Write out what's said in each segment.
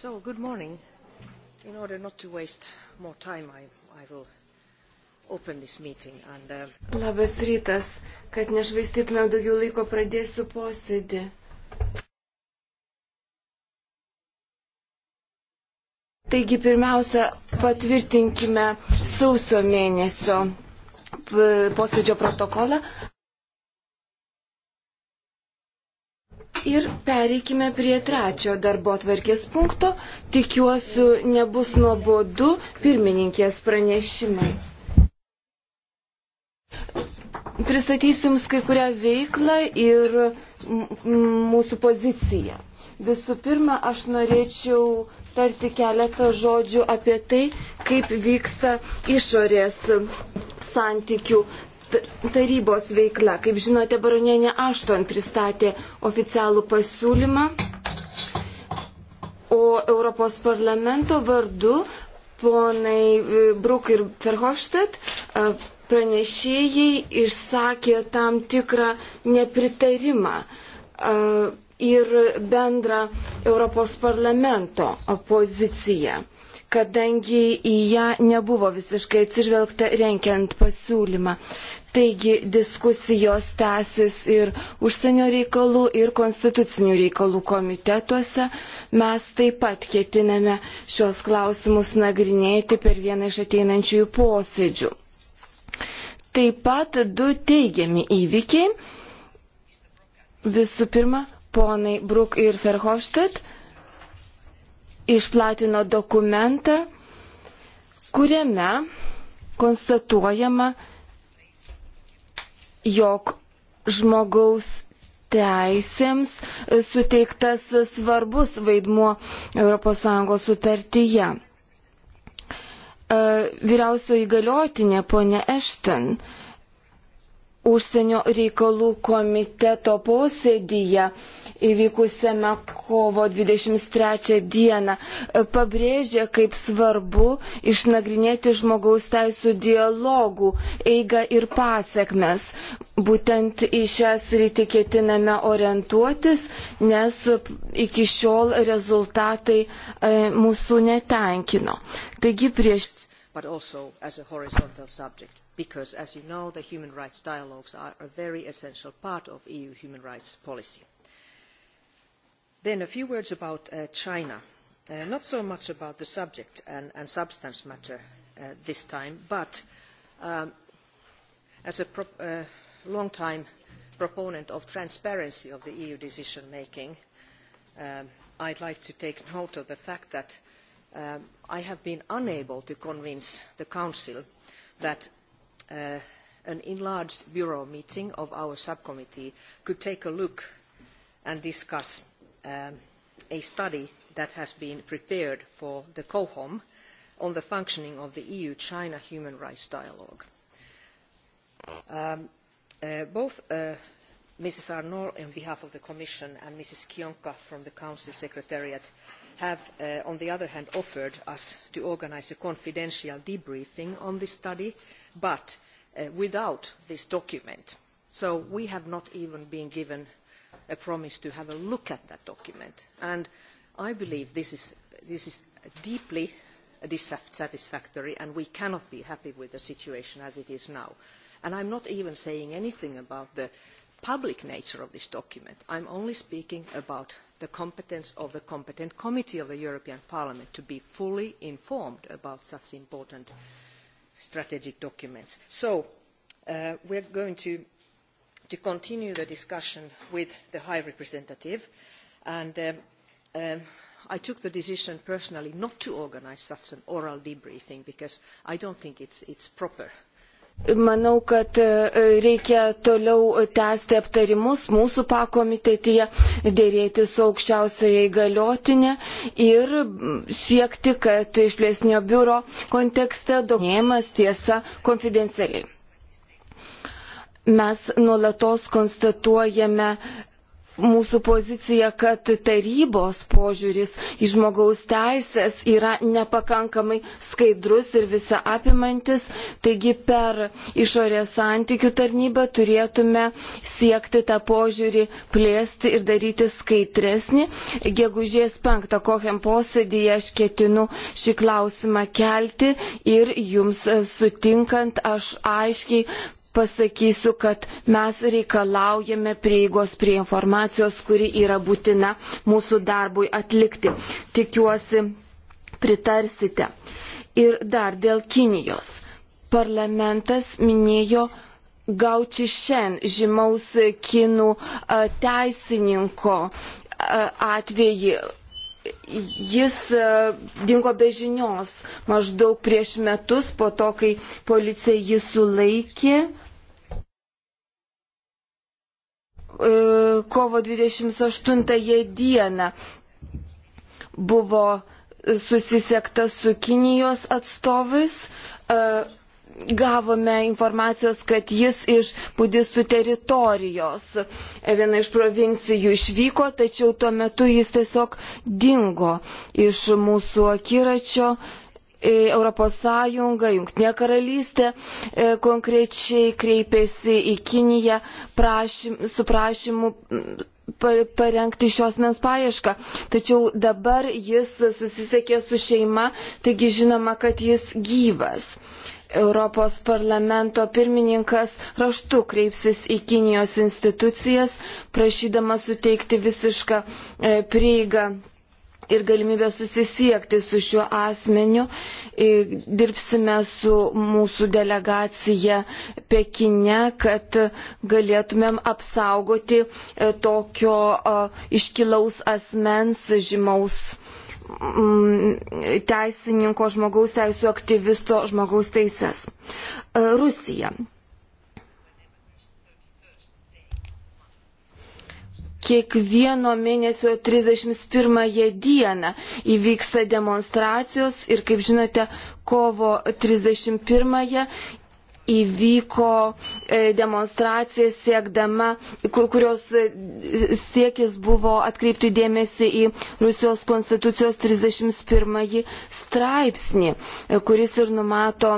So, good morning. In order not to waste more time, I, I will open this meeting. And, uh... Labas rytas. Kad nešvaistytumėm daugiau laiko, pradėsiu posėdį. Taigi, pirmiausia, patvirtinkime sausio mėnesio posėdžio protokolą. Ir pereikime prie trečio darbo tvarkės punkto. Tikiuosi, nebus nuobodu pirmininkės pranešimai. Pristatysiu Jums kai kurią veiklą ir mūsų poziciją. Visų pirma, aš norėčiau tarti keletą žodžių apie tai, kaip vyksta išorės santykių tarybos veikla. Kaip žinote, baronienė Ašton pristatė oficialų pasiūlymą, o Europos parlamento vardu ponai e, Bruk ir Ferhofstadt e, pranešėjai išsakė tam tikrą nepritarimą e, ir bendrą Europos parlamento poziciją, kadangi į ją nebuvo visiškai atsižvelgta renkiant pasiūlymą. Taigi diskusijos tęsis ir užsienio reikalų, ir konstitucinių reikalų komitetuose. Mes taip pat ketiname šios klausimus nagrinėti per vieną iš ateinančiųjų posėdžių. Taip pat du teigiami įvykiai. Visų pirma, ponai Bruk ir Ferhofštet išplatino dokumentą, kuriame konstatuojama, jog žmogaus teisėms suteiktas svarbus vaidmuo ES sutartyje. E, vyriausioji galiotinė ponė Ešten užsienio reikalų komiteto posėdyje įvykusiame kovo 23 dieną e, pabrėžė, kaip svarbu išnagrinėti žmogaus teisų dialogų eigą ir pasiekmes. Būtent į šią sritį ketiname orientuotis, nes iki šiol rezultatai e, mūsų netenkino. Taigi prieš. But also as a horizontal subject because, as you know, the human rights dialogues are a very essential part of EU human rights policy. Then a few words about uh, China. Uh, not so much about the subject and, and substance matter uh, this time, but um, as a pro uh, long-time proponent of transparency of the EU decision-making, um, I'd like to take note of the fact that um, I have been unable to convince the Council that uh, an enlarged bureau meeting of our subcommittee could take a look and discuss um, a study that has been prepared for the COHOM on the functioning of the EU-China human rights dialogue. Um, uh, both uh, Mrs. Arnault on behalf of the Commission and Mrs. Kionka from the Council Secretariat have, uh, on the other hand, offered us to organize a confidential debriefing on this study uh, but uh, without this document. So we have not even been given a promise to have a look at that document. And I believe this is, this is deeply dissatisfactory and we cannot be happy with the situation as it is now. And I'm not even saying anything about the public nature of this document. I'm only speaking about the competence of the competent committee of the European Parliament to be fully informed about such important uh, strategic documents. So uh, we're going to, to continue the discussion with the High Representative and um, um, I took the decision personally not to organize such an oral debriefing because I don't think it's, it's proper uh, Manau, kad e, reikia toliau tęsti aptarimus mūsų pakomitetyje, dėrėti su aukščiausiai galiotinė ir siekti, kad išplėsnio biuro kontekste domėjimas tiesa konfidencialiai. Mes nuolatos konstatuojame mūsų pozicija, kad tarybos požiūris į žmogaus teisės yra nepakankamai skaidrus ir visa apimantis, taigi per išorės santykių tarnybą turėtume siekti tą požiūrį plėsti ir daryti skaidresnį. Gegužės penktą kokiam posėdėje aš ketinu šį klausimą kelti ir jums sutinkant aš aiškiai pasakysiu, kad mes reikalaujame prieigos prie informacijos, kuri yra būtina mūsų darbui atlikti. Tikiuosi, pritarsite. Ir dar dėl Kinijos. Parlamentas minėjo Gauči Šen, žymaus kinų teisininko atvejį jis e, dingo be žinios maždaug prieš metus po to, kai policija jį sulaikė. E, kovo 28 dieną buvo susisiekta su Kinijos atstovais, e, gavome informacijos, kad jis iš budistų teritorijos e, viena iš provincijų išvyko, tačiau tuo metu jis tiesiog dingo iš mūsų akiračio. E, Europos Sąjunga, Junktinė karalystė e, konkrečiai kreipėsi į Kiniją prašym, su prašymu parengti šios mens paiešką. Tačiau dabar jis susisiekė su šeima, taigi žinoma, kad jis gyvas. Europos parlamento pirmininkas raštu kreipsis į Kinijos institucijas, prašydamas suteikti visišką e, prieigą ir galimybę susisiekti su šiuo asmeniu. E, dirbsime su mūsų delegacija Pekine, kad galėtumėm apsaugoti e, tokio iškilaus asmens žymaus Mm, teisininko, žmogaus teisų aktyvisto žmogaus teises. E, Rusija. Kiekvieno mėnesio 31 dieną įvyksta demonstracijos ir, kaip žinote, kovo 31 įvyko e, demonstracija siekdama, kurios e, siekis buvo atkreipti dėmesį į Rusijos konstitucijos 31 straipsnį, e, kuris ir numato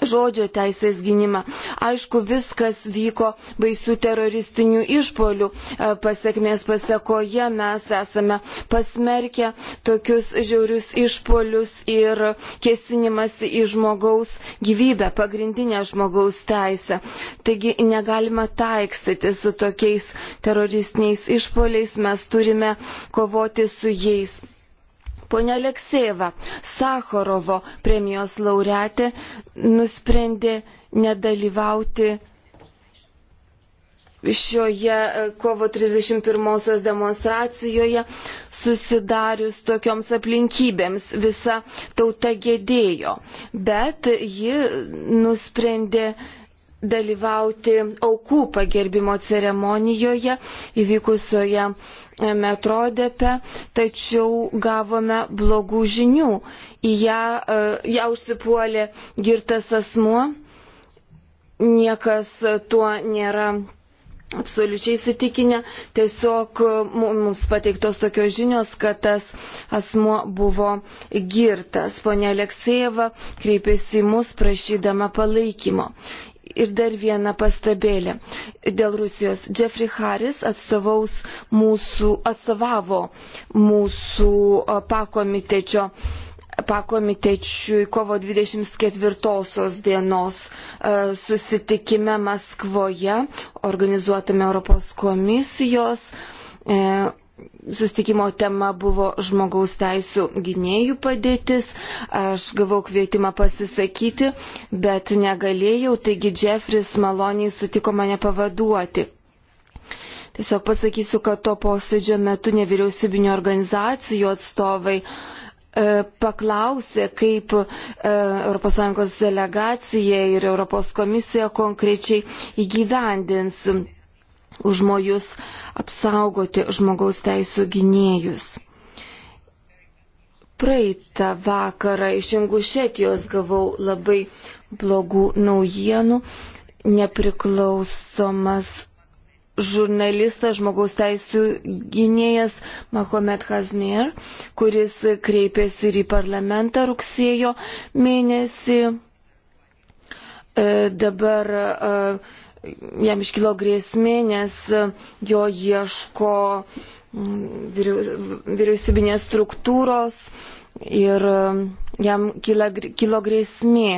žodžio teisės gynimą. Aišku, viskas vyko baisių teroristinių išpolių e, pasiekmės pasiekoje. Mes esame pasmerkę tokius žiaurius išpolius ir kėsinimas į žmogaus gyvybę, pagrindinę žmogaus teisę. Taigi negalima taikstyti su tokiais teroristiniais išpoliais, mes turime kovoti su jais. Pone Alekseva, Sakorovo premijos laureatė nusprendė nedalyvauti šioje e, kovo 31 demonstracijoje susidarius tokioms aplinkybėms visa tauta gėdėjo, bet ji nusprendė dalyvauti aukų pagerbimo ceremonijoje įvykusioje e, metrodepe, tačiau gavome blogų žinių. Į ją, e, ją užsipuolė girtas asmuo, niekas tuo nėra. Absoliučiai įsitikinę, tiesiog e, mums pateiktos tokios žinios, kad tas asmuo buvo girtas. Pone Aleksejeva kreipėsi į mus prašydama palaikymo. Ir dar viena pastabėlė dėl Rusijos. Jeffrey Harris atstovaus mūsų, atstovavo mūsų pakomitečio pakomitečiui kovo 24 dienos susitikime Maskvoje, organizuotame Europos komisijos. E, sustikimo tema buvo žmogaus teisų gynėjų padėtis. Aš gavau kvietimą pasisakyti, bet negalėjau, taigi Jeffris maloniai sutiko mane pavaduoti. Tiesiog pasakysiu, kad to posėdžio metu nevyriausybinio organizacijų atstovai e, paklausė, kaip e, ES delegacija ir ES komisija konkrečiai įgyvendins užmojus apsaugoti žmogaus teisų gynėjus. Praeitą vakarą iš Ingušetijos gavau labai blogų naujienų. Nepriklausomas žurnalistas, žmogaus teisų gynėjas Mahomet Hazmir, kuris kreipėsi ir į parlamentą rugsėjo mėnesį. E, dabar e, jam iškilo grėsmė, nes jo ieško mm, vyriausybinės struktūros ir mm, jam kilo grėsmė.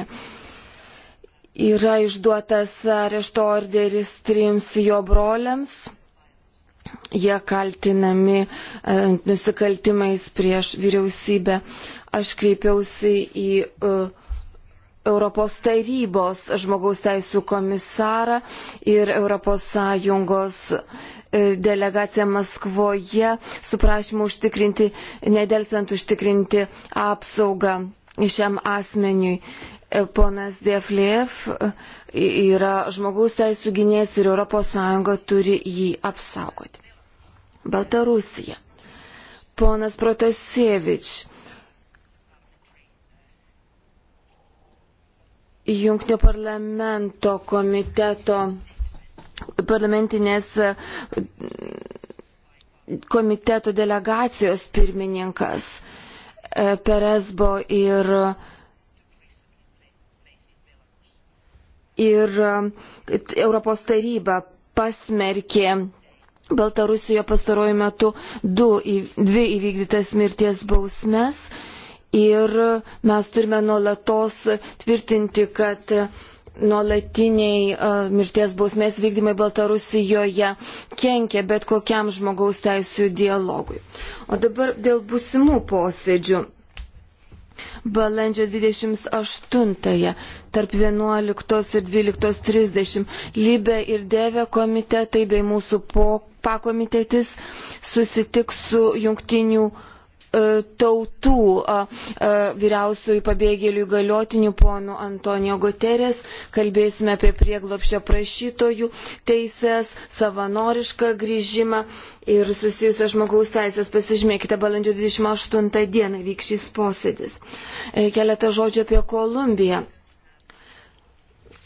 Yra išduotas arešto orderis trims jo broliams. Jie kaltinami e, nusikaltimais prieš vyriausybę. Aš kreipiausi į uh, Europos tarybos žmogaus teisų komisarą ir ES e, delegaciją Maskvoje su prašymu užtikrinti, nedelsiant užtikrinti apsaugą šiam asmeniui. E, ponas Defliev e, yra žmogaus teisų gynėjas ir ES turi jį apsaugoti. Baltarusija. Ponas Protasievič Junktinio parlamento komiteto parlamentinės komiteto delegacijos pirmininkas e, Peresbo ir, ir Europos taryba pasmerkė Baltarusijoje pastaruoju metu du, dvi įvykdytas mirties bausmes ir mes turime nuolatos tvirtinti, kad nuolatiniai e, mirties bausmės vykdymai Baltarusijoje kenkia bet kokiam žmogaus teisų dialogui. O dabar dėl busimų posėdžių. Balandžio 28 tarp 11 ir 12.30 Libė ir Dėvė komitetai bei mūsų pakomitetis susitiks su jungtinių E, tautų e, vyriausiųjų pabėgėlių įgaliotinių ponų Antonijo Guterės, kalbėsime apie prieglopščio prašytojų teises, savanorišką grįžimą ir susijusią žmogaus teisės. Pasižymėkite, balandžio 28 dieną vyks šis posėdis. E, keletą žodžių apie Kolumbiją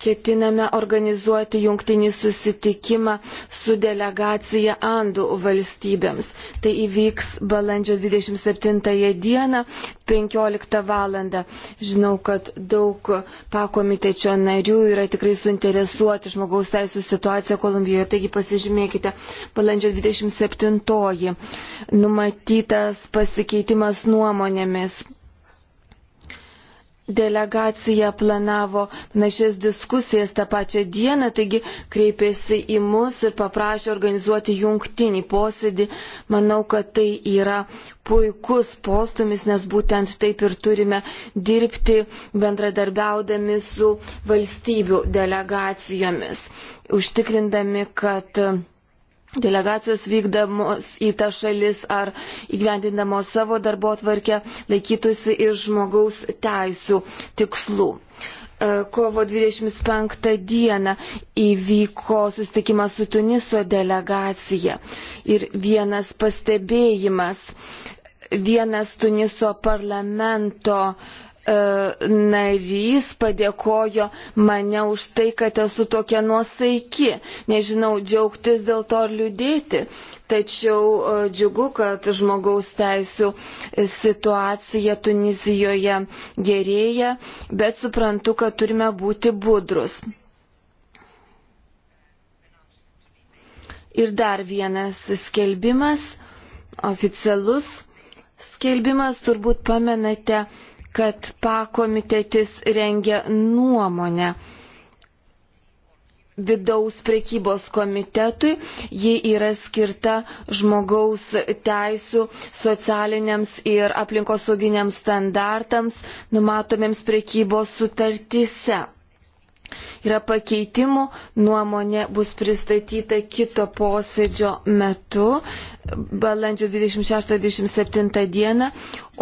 ketiname organizuoti jungtinį susitikimą su delegacija Andų valstybėms. Tai įvyks balandžio 27 dieną 15 val. Žinau, kad daug pakomitečio narių yra tikrai suinteresuoti žmogaus teisų situaciją Kolumbijoje, taigi pasižymėkite balandžio 27 numatytas pasikeitimas nuomonėmis delegacija planavo panašias diskusijas tą pačią dieną, taigi kreipėsi į mus ir paprašė organizuoti jungtinį posėdį. Manau, kad tai yra puikus postumis, nes būtent taip ir turime dirbti bendradarbiaudami su valstybių delegacijomis, užtikrindami, kad delegacijos vykdamos į tą šalis ar įgyvendindamos savo darbo atvarkę laikytųsi ir žmogaus teisų tikslų. E, kovo 25 dieną įvyko susitikimas su Tuniso delegacija ir vienas pastebėjimas, vienas Tuniso parlamento uh, E, narys padėkojo mane už tai, kad esu tokia nuosaiki. Nežinau, džiaugtis dėl to ar liūdėti. Tačiau e, džiugu, kad žmogaus teisų situacija Tunizijoje gerėja, bet suprantu, kad turime būti budrus. Ir dar vienas skelbimas, oficialus skelbimas, turbūt pamenate, kad pakomitetis rengia nuomonę vidaus prekybos komitetui, ji yra skirta žmogaus teisų socialiniams ir aplinkosauginiams standartams numatomiems prekybos sutartyse. Yra pakeitimų, nuomonė bus pristatyta kito posėdžio metu, balandžio 26-27 dieną,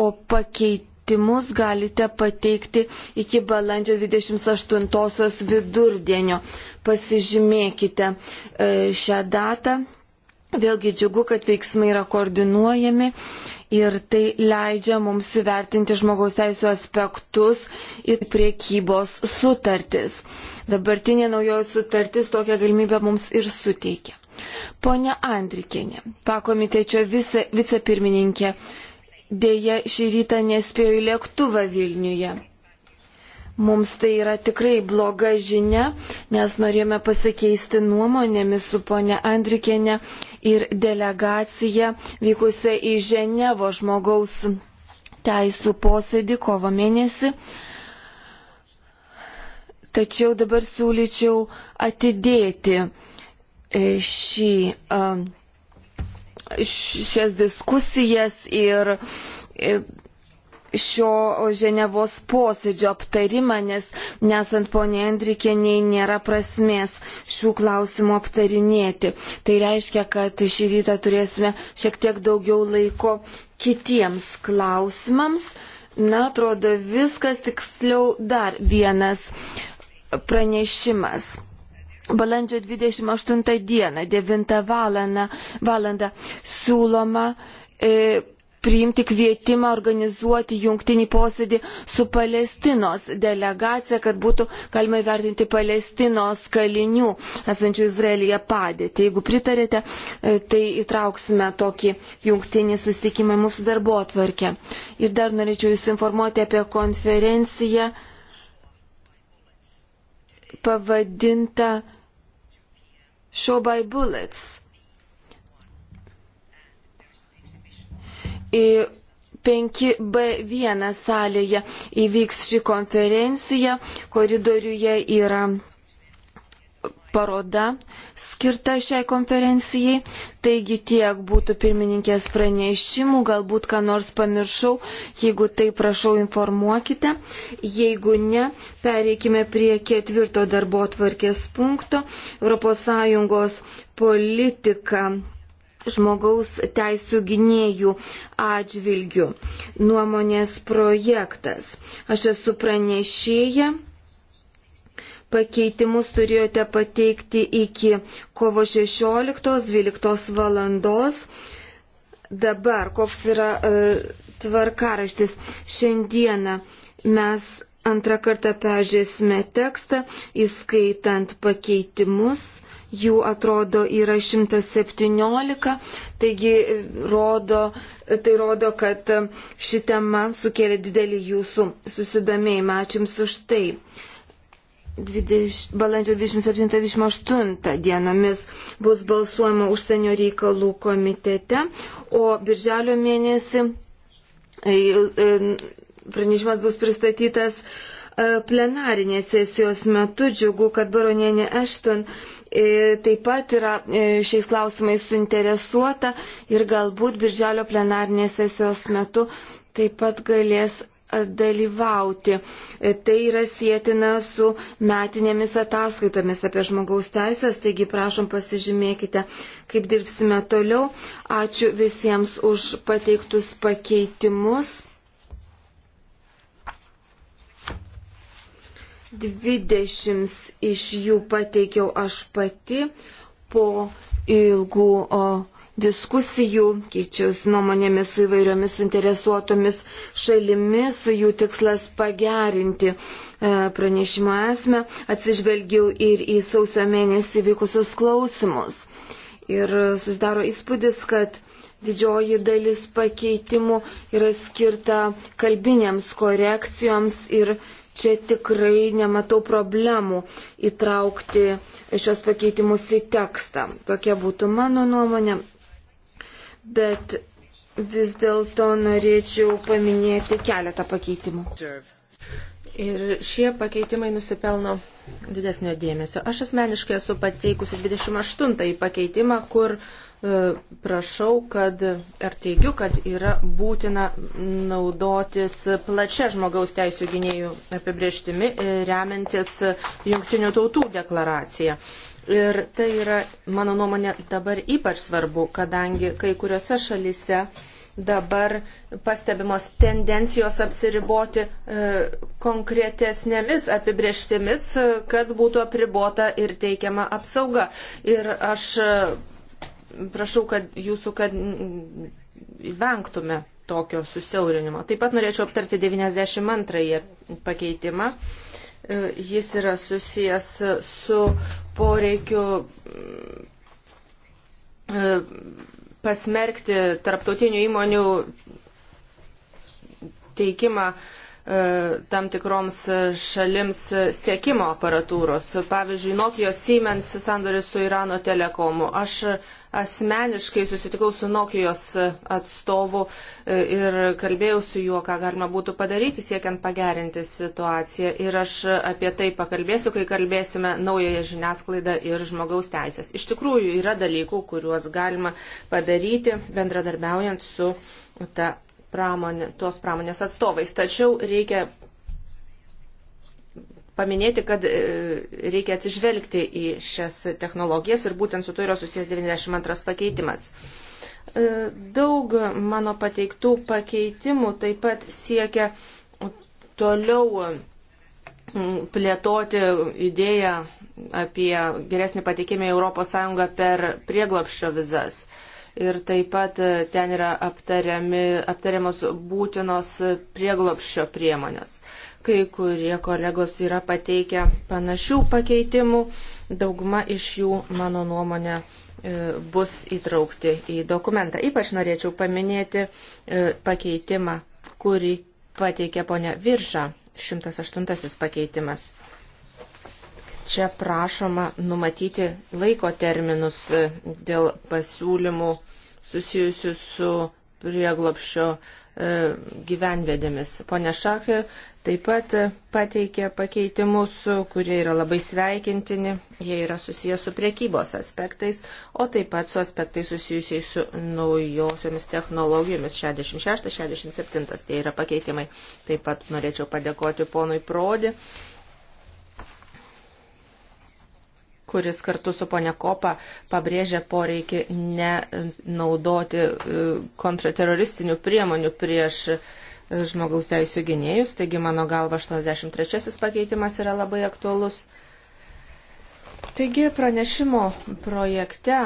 o pakeitimų pakeitimus galite pateikti iki balandžio 28 vidurdienio. Pasižymėkite e, šią datą. Vėlgi džiugu, kad veiksmai yra koordinuojami ir tai leidžia mums įvertinti žmogaus teisų aspektus ir priekybos sutartis. Dabartinė naujoji sutartis tokią galimybę mums ir suteikia. Pone Andrikinė, pakomitečio vice, vicepirmininkė, Deja, šį rytą nespėjau į lėktuvą Vilniuje. Mums tai yra tikrai bloga žinia, nes norėjome pasikeisti nuomonėmis su ponia Andrikėne ir delegacija vykusia į Ženevo žmogaus teisų posėdį kovo mėnesį. Tačiau dabar siūlyčiau atidėti e, šį. Uh, šias diskusijas ir šio Ženevos posėdžio aptarimą, nes nesant ponė Andrikieniai nėra prasmės šių klausimų aptarinėti. Tai reiškia, kad šį rytą turėsime šiek tiek daugiau laiko kitiems klausimams. Na, atrodo, viskas tiksliau dar vienas pranešimas balandžio 28 dieną 9 valandą, valandą siūloma e, priimti kvietimą organizuoti jungtinį posėdį su Palestinos delegacija, kad būtų galima įvertinti Palestinos kalinių esančių Izraelyje padėtį. Jeigu pritarėte, e, tai įtrauksime tokį jungtinį sustikimą mūsų darbo atvarkę. Ir dar norėčiau Jūs informuoti apie konferenciją pavadinta Show by Bullets. Į 5B1 salėje įvyks ši konferencija, koridoriuje yra paroda skirta šiai konferencijai. Taigi tiek būtų pirmininkės pranešimų, galbūt ką nors pamiršau. Jeigu tai, prašau, informuokite. Jeigu ne, pereikime prie ketvirto darbo tvarkės punkto ES politika žmogaus teisų gynėjų atžvilgių nuomonės projektas. Aš esu pranešėja Pakeitimus turėjote pateikti iki kovo 16-12 valandos. Dabar koks yra e, tvarkaraštis. Šiandieną mes antrą kartą peržiūrėsime tekstą, įskaitant pakeitimus jų atrodo yra 117, taigi rodo, tai rodo, kad ši tema sukėlė didelį jūsų susidomėjimą. Ačiū Jums už tai. 20, balandžio 27-28 dienomis bus balsuojama užsienio reikalų komitete, o birželio mėnesį e, e, pranešimas bus pristatytas e, plenarinės sesijos metu. Džiugu, kad baronienė Ešton taip pat yra šiais klausimais suinteresuota ir galbūt birželio plenarinės sesijos metu taip pat galės dalyvauti. Tai yra sėtina su metinėmis ataskaitomis apie žmogaus teisės, taigi prašom pasižymėkite, kaip dirbsime toliau. Ačiū visiems už pateiktus pakeitimus. 20 iš jų pateikiau aš pati po ilgų o, diskusijų, keičiausi nuomonėmis su įvairiomis suinteresuotomis šalimis, jų tikslas pagerinti e, pranešimo esmę, atsižvelgiau ir į sausio mėnesį vykusius klausimus. Ir susidaro įspūdis, kad didžioji dalis pakeitimų yra skirta kalbinėms korekcijoms ir čia tikrai nematau problemų įtraukti šios pakeitimus į tekstą. Tokia būtų mano nuomonė bet vis dėlto norėčiau paminėti keletą pakeitimų. Ir šie pakeitimai nusipelno didesnio dėmesio. Aš asmeniškai esu pateikusi 28 pakeitimą, kur e, prašau, kad, ar teigiu, kad yra būtina naudotis plačia žmogaus teisų gynėjų apibrieštimi, e, remiantis Junktinių tautų deklaraciją. Ir tai yra, mano nuomonė, dabar ypač svarbu, kadangi kai kuriuose šalise dabar pastebimos tendencijos apsiriboti e, konkretesnėmis apibrieštimis, kad būtų apribota ir teikiama apsauga. Ir aš e, prašau kad jūsų, kad vengtume tokio susiaurinimo. Taip pat norėčiau aptarti 92 pakeitimą. E, jis yra susijęs su poreikiu e, pasmerkti tarptautinių įmonių teikimą uh, E, tam tikroms šalims sėkimo aparatūros. Pavyzdžiui, Nokijos Siemens sandoris su Irano telekomu. Aš asmeniškai susitikau su Nokijos atstovu e, ir kalbėjau su juo, ką galima būtų padaryti, siekiant pagerinti situaciją. Ir aš apie tai pakalbėsiu, kai kalbėsime naująją žiniasklaidą ir žmogaus teisės. Iš tikrųjų, yra dalykų, kuriuos galima padaryti bendradarbiaujant su ta pramonė, tos pramonės atstovais. Tačiau reikia paminėti, kad e, reikia atsižvelgti į šias technologijas ir būtent su tuo yra susijęs 92 pakeitimas. E, daug mano pateiktų pakeitimų taip pat siekia toliau e, plėtoti idėją apie geresnį patikimį ES per prieglapščio vizas. Uh, ir taip pat e, ten yra aptariamos būtinos prieglopščio priemonės. Kai kurie kolegos yra pateikę panašių pakeitimų, dauguma iš jų, mano nuomonė, e, bus įtraukti į dokumentą. Ypač norėčiau paminėti e, pakeitimą, kurį pateikė ponia Virža, 108 pakeitimas čia prašoma numatyti laiko terminus dėl pasiūlymų susijusių su prieglopščio e, gyvenvedėmis. Pone Šacher taip pat pateikė pakeitimus, kurie yra labai sveikintini, jie yra susijęs su priekybos aspektais, o taip pat su aspektais susijusiais su naujosiomis technologijomis 66-67, tai yra pakeitimai. Taip pat norėčiau padėkoti ponui Prodi kuris kartu su ponia Kopa pabrėžia poreikį nenaudoti e, kontrateroristinių priemonių prieš e, žmogaus teisų gynėjus. Taigi, mano galva, 83 pakeitimas yra labai aktuolus. Taigi, pranešimo projekte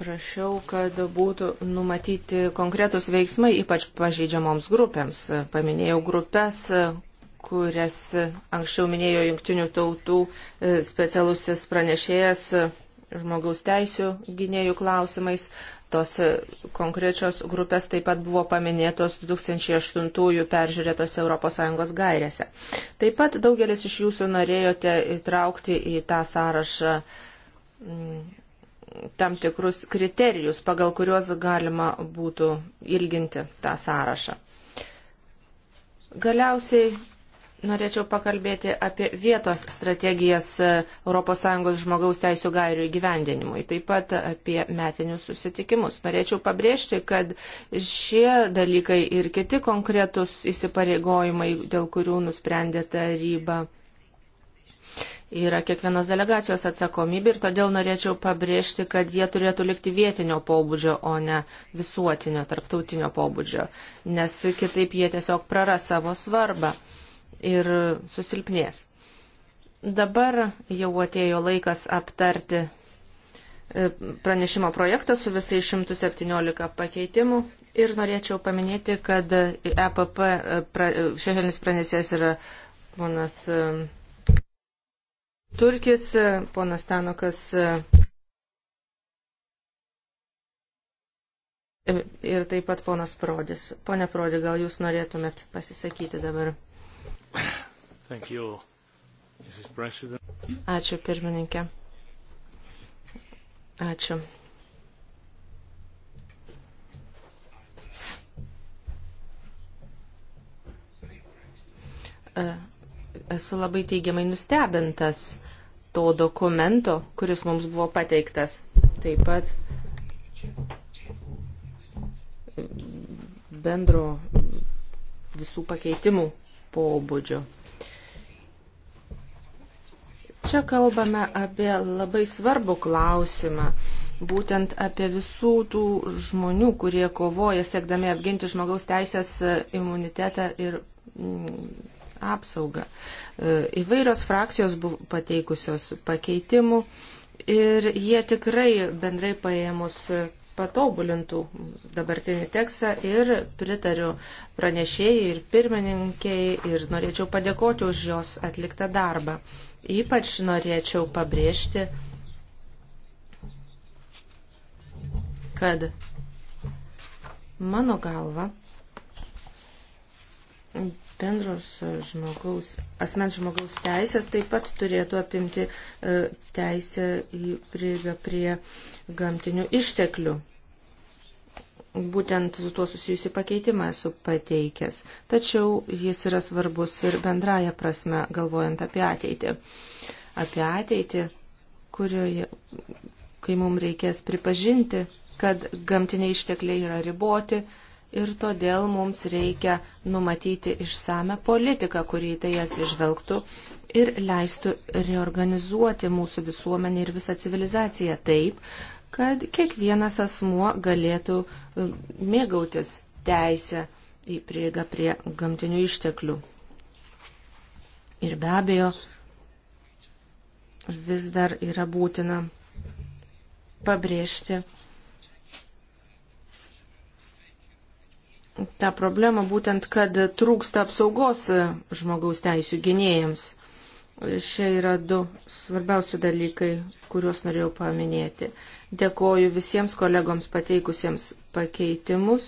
prašiau, kad būtų numatyti konkretus veiksmai, ypač pažeidžiamoms grupėms. Paminėjau grupės, kurias anksčiau minėjo jungtinių tautų e, specialusis pranešėjas e, žmogaus teisų gynėjų klausimais. Tos e, konkrečios grupės taip pat buvo paminėtos 2008-ųjų peržiūrėtos ES gairėse. Taip pat daugelis iš jūsų norėjote įtraukti į tą sąrašą mm, tam tikrus kriterijus, pagal kuriuos galima būtų ilginti tą sąrašą. Galiausiai Norėčiau pakalbėti apie vietos strategijas ES žmogaus teisų gairių įgyvendinimui, taip pat apie metinius susitikimus. Norėčiau pabrėžti, kad šie dalykai ir kiti konkretus įsipareigojimai, dėl kurių nusprendė taryba, yra kiekvienos delegacijos atsakomybė ir todėl norėčiau pabrėžti, kad jie turėtų likti vietinio pobūdžio, o ne visuotinio, tarptautinio pobūdžio, nes kitaip jie tiesiog praras savo svarbą ir susilpnės. Dabar jau atėjo laikas aptarti e, pranešimo projektą su visai 117 pakeitimų ir norėčiau paminėti, kad EPP e, e, šešėlis pranešės yra ponas Turkis, ponas Tanukas ir taip pat ponas Prodis. Pone Prodi, gal jūs norėtumėt pasisakyti dabar? Ačiū pirmininkė. Ačiū. E, esu labai teigiamai nustebintas to dokumento, kuris mums buvo pateiktas. Taip pat bendro visų pakeitimų pobūdžio. Čia kalbame apie labai svarbų klausimą, būtent apie visų tų žmonių, kurie kovoja siekdami apginti žmogaus teisės imunitetą ir mm, apsaugą. E, įvairios frakcijos buvo pateikusios pakeitimų ir jie tikrai bendrai paėmus patobulintų dabartinį tekstą ir pritariu pranešėjai ir pirmininkiai ir norėčiau padėkoti už jos atliktą darbą. Ypač norėčiau pabrėžti, kad mano galva bendros žmogaus, asmens žmogaus teisės taip pat turėtų apimti e, teisę į prieigą prie gamtinių išteklių būtent su tuo susijusi pakeitimą esu pateikęs, tačiau jis yra svarbus ir bendraja prasme, galvojant apie ateitį. Apie ateitį, kurioje, kai mums reikės pripažinti, kad gamtiniai ištekliai yra riboti ir todėl mums reikia numatyti išsame politiką, kurį tai atsižvelgtų ir leistų reorganizuoti mūsų visuomenį ir visą civilizaciją taip, kad kiekvienas asmuo galėtų e, mėgautis teisę į prieigą prie gamtinių išteklių. Ir be abejo, vis dar yra būtina pabrėžti tą problemą būtent, kad trūksta apsaugos e, žmogaus teisų gynėjams. Šie yra du svarbiausi dalykai, kuriuos norėjau paminėti. Dėkoju visiems kolegoms pateikusiems pakeitimus.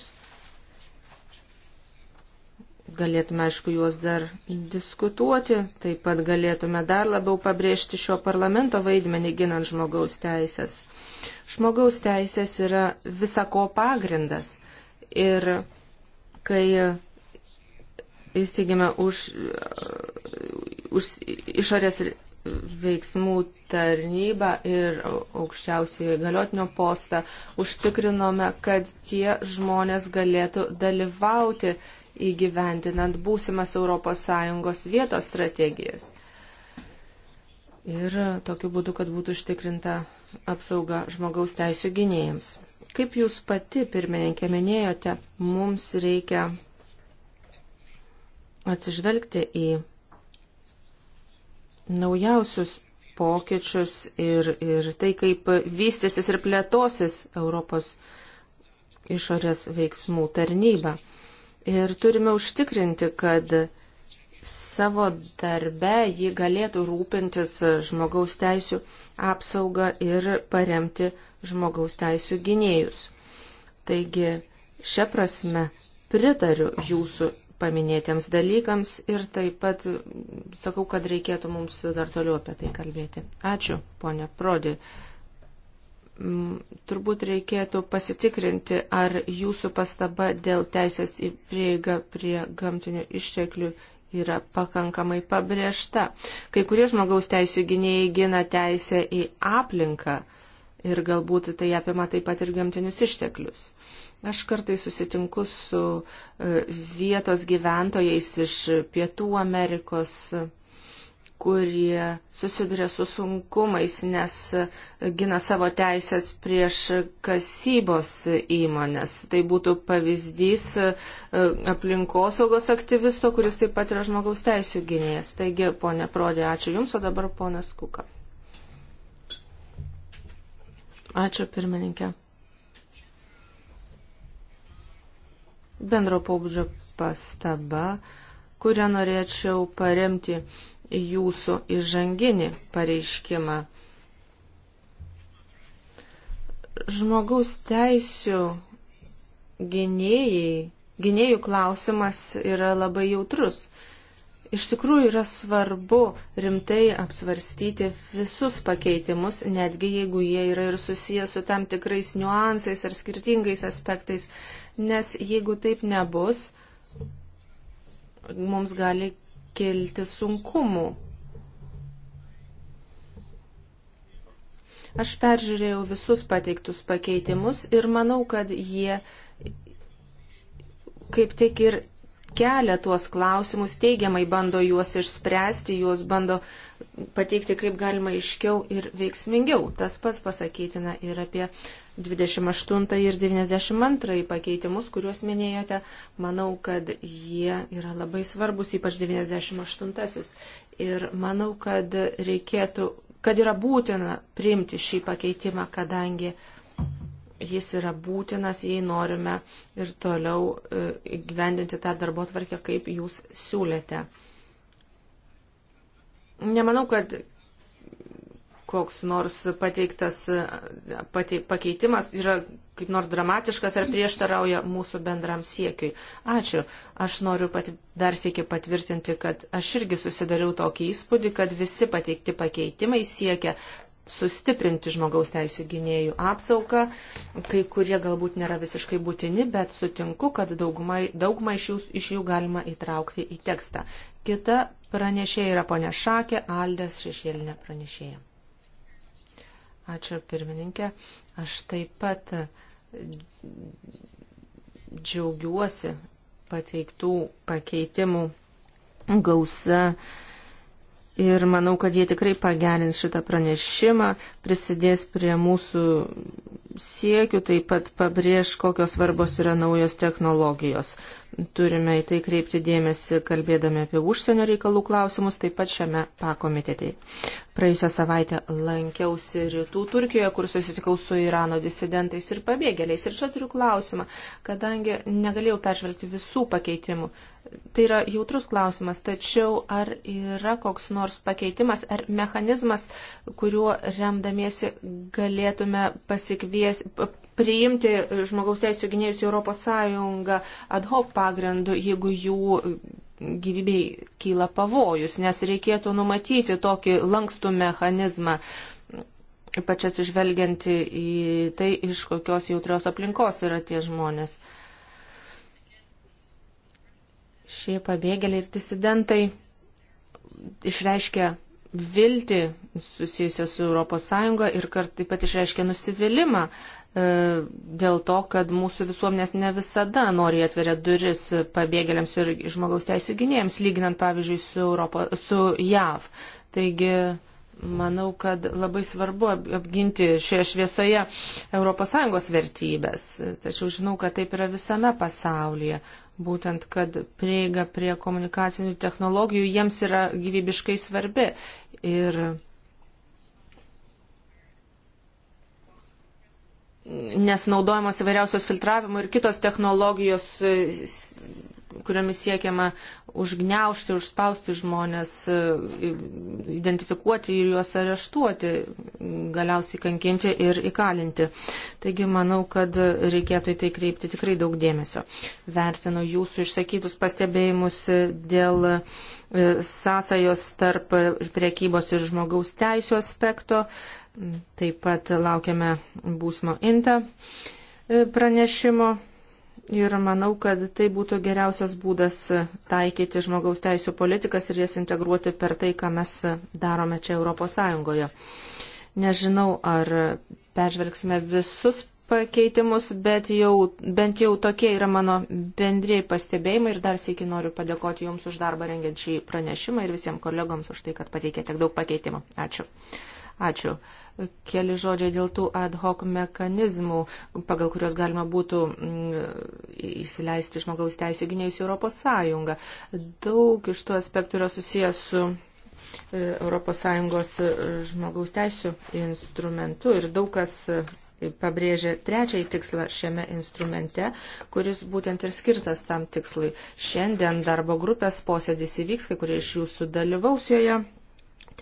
Galėtume, aišku, juos dar diskutuoti, taip pat galėtume dar labiau pabrėžti šio parlamento vaidmenį ginant žmogaus teisės. Žmogaus teisės yra visako pagrindas ir kai įsteigėme už, už išorės veiksmų tarnybą ir aukščiausiojo įgaliotinio postą užtikrinome, kad tie žmonės galėtų dalyvauti įgyvendinant būsimas ES vietos strategijas. Ir tokiu būdu, kad būtų užtikrinta apsauga žmogaus teisų gynėjams. Kaip jūs pati, pirmininkė, minėjote, mums reikia atsižvelgti į naujausius pokyčius ir, ir tai, kaip vystysis ir plėtosis Europos išorės veiksmų tarnyba. Ir turime užtikrinti, kad savo darbe jį galėtų rūpintis žmogaus teisų apsaugą ir paremti žmogaus teisų gynėjus. Taigi, šia prasme pritariu jūsų paminėtiems dalykams ir taip pat sakau, kad reikėtų mums dar toliau apie tai kalbėti. Ačiū, ponė Prodi. Mm, turbūt reikėtų pasitikrinti, ar jūsų pastaba dėl teisės į prieigą prie gamtinių išteklių yra pakankamai pabrėžta. Kai kurie žmogaus teisų gynėjai gina teisę į aplinką ir galbūt tai apima taip pat ir gamtinius išteklius. Aš kartai susitinku su e, vietos gyventojais iš Pietų Amerikos kurie susiduria su sunkumais, nes e, gina savo teisės prieš kasybos įmonės. Tai būtų pavyzdys e, aplinkosaugos aktyvisto, kuris taip pat yra žmogaus teisų gynėjas. Taigi, ponė Prodė, ačiū Jums, o dabar ponas Kuka. Ačiū pirmininkė. bendro pobūdžio pastaba, kurią norėčiau paremti jūsų įžanginį pareiškimą. Žmogaus teisių gynėjai, gynėjų klausimas yra labai jautrus. Iš tikrųjų yra svarbu rimtai apsvarstyti visus pakeitimus, netgi jeigu jie yra ir susijęs su tam tikrais niuansais ar skirtingais aspektais, nes jeigu taip nebus, mums gali kilti sunkumų. Aš peržiūrėjau visus pateiktus pakeitimus ir manau, kad jie kaip tik ir kelia tuos klausimus, teigiamai bando juos išspręsti, juos bando pateikti kaip galima iškiau ir veiksmingiau. Tas pats pasakytina ir apie 28 ir 92 pakeitimus, kuriuos minėjote, manau, kad jie yra labai svarbus, ypač 98. Ir manau, kad reikėtų, kad yra būtina priimti šį pakeitimą, kadangi jis yra būtinas, jei norime ir toliau e, gyvendinti tą darbo tvarkę, kaip jūs siūlėte. Nemanau, kad koks nors pateiktas pateik, pakeitimas yra kaip nors dramatiškas ar prieštarauja mūsų bendram siekiui. Ačiū. Aš noriu pat, dar sėki patvirtinti, kad aš irgi susidariau tokį įspūdį, kad visi pateikti pakeitimai siekia sustiprinti žmogaus teisų gynėjų apsaugą, kai kurie galbūt nėra visiškai būtini, bet sutinku, kad daugumą, daugumą iš, jų, iš jų galima įtraukti į tekstą. Kita pranešėja yra ponė Šakė, Aldės šešėlinė pranešėja. Ačiū pirmininkė. Aš taip pat džiaugiuosi pateiktų pakeitimų gausa. Uh, Ir manau, kad jie tikrai pagerins šitą pranešimą, prisidės prie mūsų siekių, taip pat pabrėž, kokios svarbos yra naujos technologijos. Turime į tai kreipti dėmesį, kalbėdami apie užsienio reikalų klausimus, taip pat šiame pakomitetėje. Praėjusią savaitę lankiausi rytų Turkijoje, kur susitikau su Irano disidentais ir pabėgėliais. Ir čia turiu klausimą, kadangi negalėjau peržvelgti visų pakeitimų. Tai yra jautrus klausimas, tačiau ar yra koks nors pakeitimas ar mechanizmas, kuriuo remdamiesi galėtume pasikvies, priimti žmogaus teisų gynėjus į Europos Sąjungą ad hoc pagrindu, jeigu jų gyvybei kyla pavojus, nes reikėtų numatyti tokį lankstų mechanizmą, ypač atsižvelgianti į tai, iš kokios jautrios aplinkos yra tie žmonės. Šie pabėgėliai ir disidentai išreiškia viltį susijusią su ES ir kart taip pat išreiškia nusivylimą e, dėl to, kad mūsų visuomenės ne visada nori atveria duris pabėgėliams ir žmogaus teisų gynėjams, lyginant pavyzdžiui su, Europo, su JAV. Taigi manau, kad labai svarbu apginti šioje šviesoje ES vertybės. Tačiau žinau, kad taip yra visame pasaulyje būtent, kad prieiga prie komunikacinių technologijų jiems yra gyvybiškai svarbi. Ir nes naudojamos įvairiausios filtravimo ir kitos technologijos kuriomis siekiama užgneušti, užspausti žmonės, e, identifikuoti ir juos areštuoti, galiausiai kankinti ir įkalinti. Taigi manau, kad reikėtų į tai kreipti tikrai daug dėmesio. Vertinu jūsų išsakytus pastebėjimus dėl e, sąsajos tarp priekybos ir žmogaus teisų aspekto. Taip pat laukiame būsimo INTA e, pranešimo. Ir manau, kad tai būtų geriausias būdas taikyti žmogaus teisų politikas ir jas integruoti per tai, ką mes darome čia Europos Sąjungoje. Nežinau, ar peržvelgsime visus pakeitimus, bet jau, bent jau tokie yra mano bendrėjai pastebėjimai ir dar sėki noriu padėkoti Jums už darbą rengiant šį pranešimą ir visiems kolegoms už tai, kad pateikė tiek daug pakeitimų. Ačiū. Ačiū. Keli žodžiai dėl tų ad hoc mechanizmų, pagal kurios galima būtų mm, įsileisti žmogaus teisų gynėjus į Europos Sąjungą. Daug iš tų aspektų yra susijęs su ES e, žmogaus teisų instrumentu ir daug kas e, pabrėžia trečiąjį tikslą šiame instrumente, kuris būtent ir skirtas tam tikslui. Šiandien darbo grupės posėdis įvyks, kai kurie iš jūsų dalyvaus joje.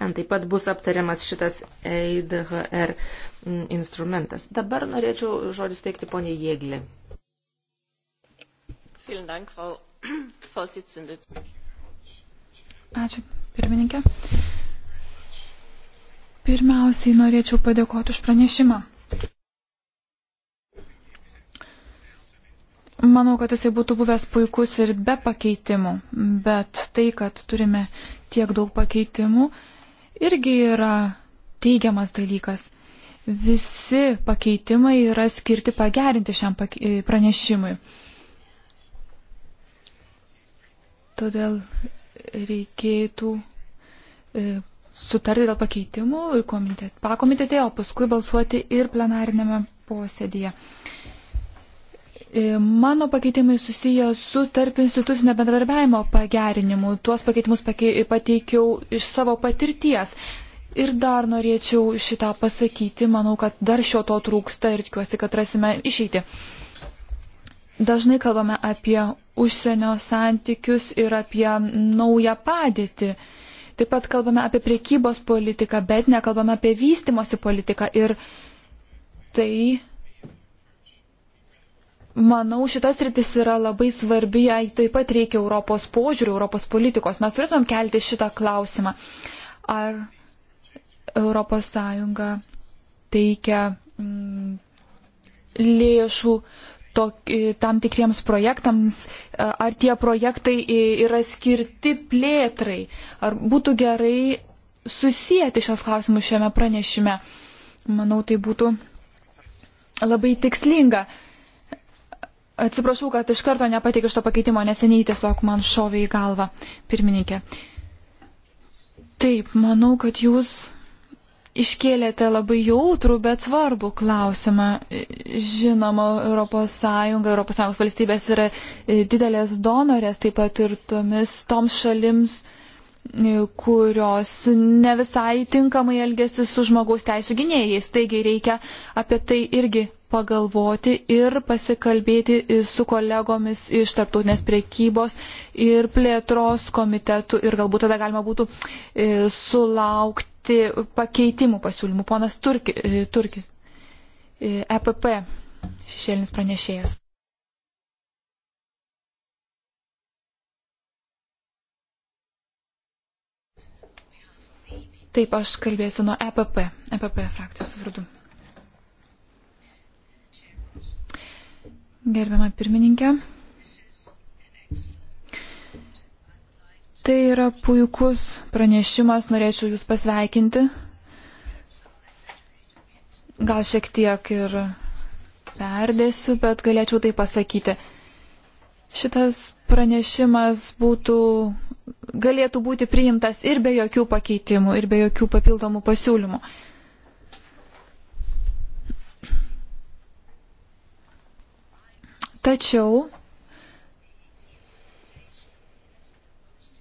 Ten taip pat bus aptariamas šitas EIDHR mm, instrumentas. Dabar norėčiau žodį steigti poniai Jėglį. Ačiū, pirmininkė. Pirmiausiai norėčiau padėkoti už pranešimą. Manau, kad jisai būtų buvęs puikus ir be pakeitimų, bet tai, kad turime tiek daug pakeitimų, irgi yra teigiamas dalykas. Visi pakeitimai yra skirti pagerinti šiam e, pranešimui. Todėl reikėtų e, sutarti dėl pakeitimų ir komitet, pakomitete, o paskui balsuoti ir plenarinėme posėdėje. E, mano pakeitimai susiję su tarp institucinio bendradarbiavimo pagerinimu. Tuos pakeitimus pateikiau iš savo patirties. Ir dar norėčiau šitą pasakyti, manau, kad dar šio to trūksta ir tikiuosi, kad rasime išeitį. Dažnai kalbame apie užsienio santykius ir apie naują padėtį. Taip pat kalbame apie priekybos politiką, bet nekalbame apie vystimosi politiką. Ir tai Manau, šitas rytis yra labai svarbi, jai taip pat reikia Europos požiūrių, Europos politikos. Mes turėtumėm kelti šitą klausimą. Ar ES teikia mm, lėšų tok, tam tikriems projektams, ar tie projektai yra skirti plėtrai, ar būtų gerai susijęti šios klausimus šiame pranešime. Manau, tai būtų labai tikslinga. Atsiprašau, kad iš karto nepateikiu šito pakeitimo, neseniai tiesiog man šovė į galvą pirmininkė. Taip, manau, kad jūs iškėlėte labai jautrų, bet svarbų klausimą. Žinoma, ES, ES valstybės yra e, didelės donorės, taip pat ir tomis toms šalims, e, kurios ne visai tinkamai elgesi su žmogaus teisų gynėjais. Taigi reikia apie tai irgi pagalvoti ir pasikalbėti su kolegomis iš tarptautinės priekybos ir plėtros komitetų ir galbūt tada galima būtų e, sulaukti pakeitimų pasiūlymų. Ponas Turki, e, Turki EPP e šešėlinis pranešėjas. Taip, aš kalbėsiu nuo EPP, EPP frakcijos vardu. Gerbiama pirmininkė. Tai yra puikus pranešimas, norėčiau Jūs pasveikinti. Gal šiek tiek ir perdėsiu, bet galėčiau tai pasakyti. Šitas pranešimas būtų, galėtų būti priimtas ir be jokių pakeitimų, ir be jokių papildomų pasiūlymų. Tačiau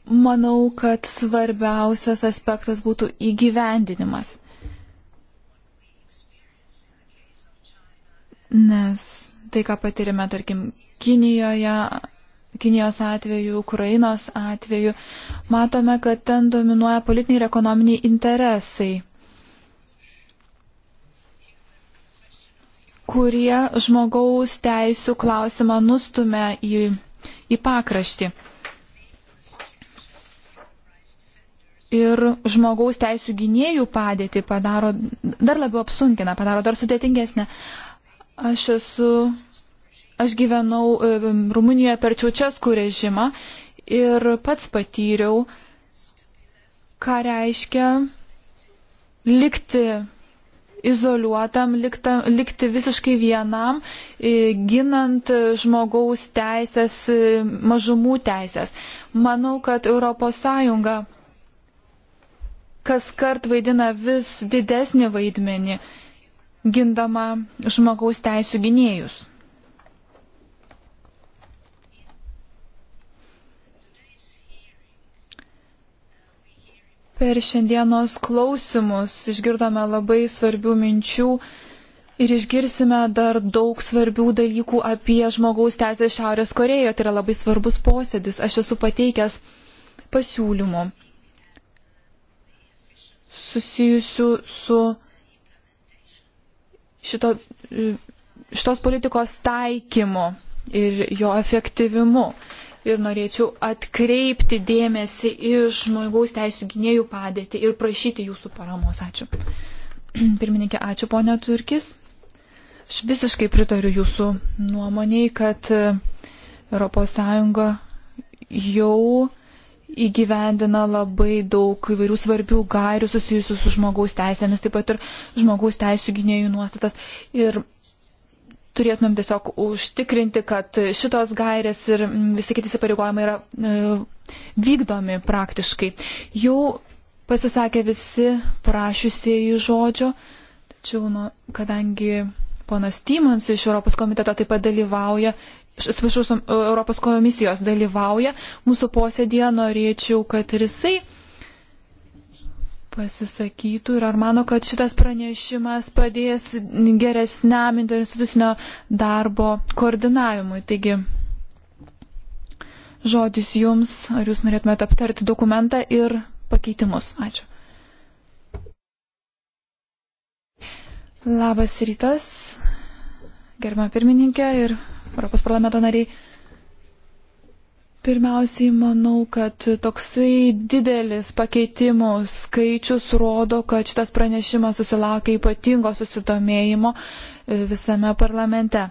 manau, kad svarbiausias aspektas būtų įgyvendinimas. Nes tai, ką patirime, tarkim, Kinijoje, Kinijos atveju, Ukrainos atveju, matome, kad ten dominuoja politiniai ir ekonominiai interesai. kurie žmogaus teisų klausimą nustumia į, į pakraštį. ir žmogaus teisų gynėjų padėtį padaro dar labiau apsunkina, padaro dar sudėtingesnę. Aš esu, aš gyvenau e, Rumunijoje per Čiaučeskų režimą ir pats patyriau, ką reiškia likti izoliuotam, liktam, likti visiškai vienam, e, ginant žmogaus teisės, e, mažumų teisės. Manau, kad ES kas kart vaidina vis didesnį vaidmenį, gindama žmogaus teisų gynėjus. Per šiandienos klausimus išgirdome labai svarbių minčių ir išgirsime dar daug svarbių dalykų apie žmogaus teisės Šiaurės Korejoje. Tai yra labai svarbus posėdis. Aš esu pateikęs pasiūlymų susijusių su šito, šitos politikos taikymu ir jo efektyvimu ir norėčiau atkreipti dėmesį į žmogaus teisų gynėjų padėtį ir prašyti jūsų paramos. Ačiū. Pirmininkė, ačiū ponė Turkis. Aš visiškai pritariu jūsų nuomoniai, kad ES jau įgyvendina labai daug įvairių svarbių gairių susijusių su žmogaus teisėmis, taip pat ir žmogaus teisų gynėjų nuostatas. Ir turėtumėm tiesiog užtikrinti, kad šitos gairės ir mm, visi kiti įsipareigojimai yra e, vykdomi praktiškai. Jau pasisakė visi prašiusieji žodžio, tačiau nu, kadangi ponas Tymans iš Europos komiteto taip pat dalyvauja, atsiprašau, Europos komisijos dalyvauja mūsų posėdėje, norėčiau, kad ir jisai pasisakytų ir ar mano, kad šitas pranešimas padės geresniam interinstitucinio darbo koordinavimui. Taigi, žodis jums, ar jūs norėtumėte aptarti dokumentą ir pakeitimus. Ačiū. Labas rytas, gerbiamą pirmininkę ir Europos parlamento nariai. Pirmiausiai manau, kad toksai didelis pakeitimų skaičius rodo, kad šitas pranešimas susilaukia ypatingo susidomėjimo e, visame parlamente.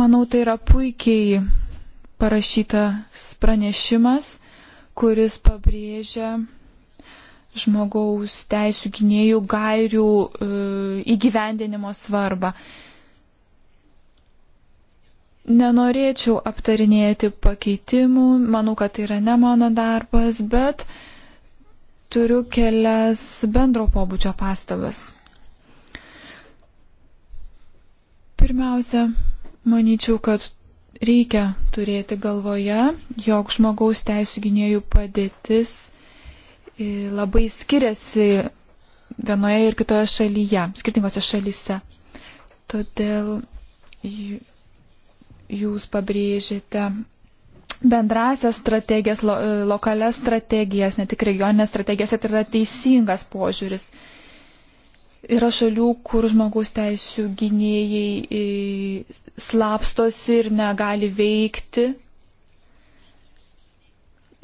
Manau, tai yra puikiai parašytas pranešimas, kuris pabrėžia žmogaus teisų gynėjų gairių e, įgyvendinimo svarbą. E, Nenorėčiau aptarinėti pakeitimų, manau, kad tai yra ne mano darbas, bet turiu kelias bendro pobūdžio pastabas. Pirmiausia, manyčiau, kad reikia turėti galvoje, jog žmogaus teisų gynėjų padėtis e, labai skiriasi vienoje ir kitoje šalyje, skirtingose šalyse. Todėl jūs pabrėžėte bendrasias strategijas, lo, lokales strategijas, ne tik regioninės strategijas, tai yra teisingas požiūris. Yra šalių, kur žmogaus teisų gynėjai e, slapstosi ir negali veikti.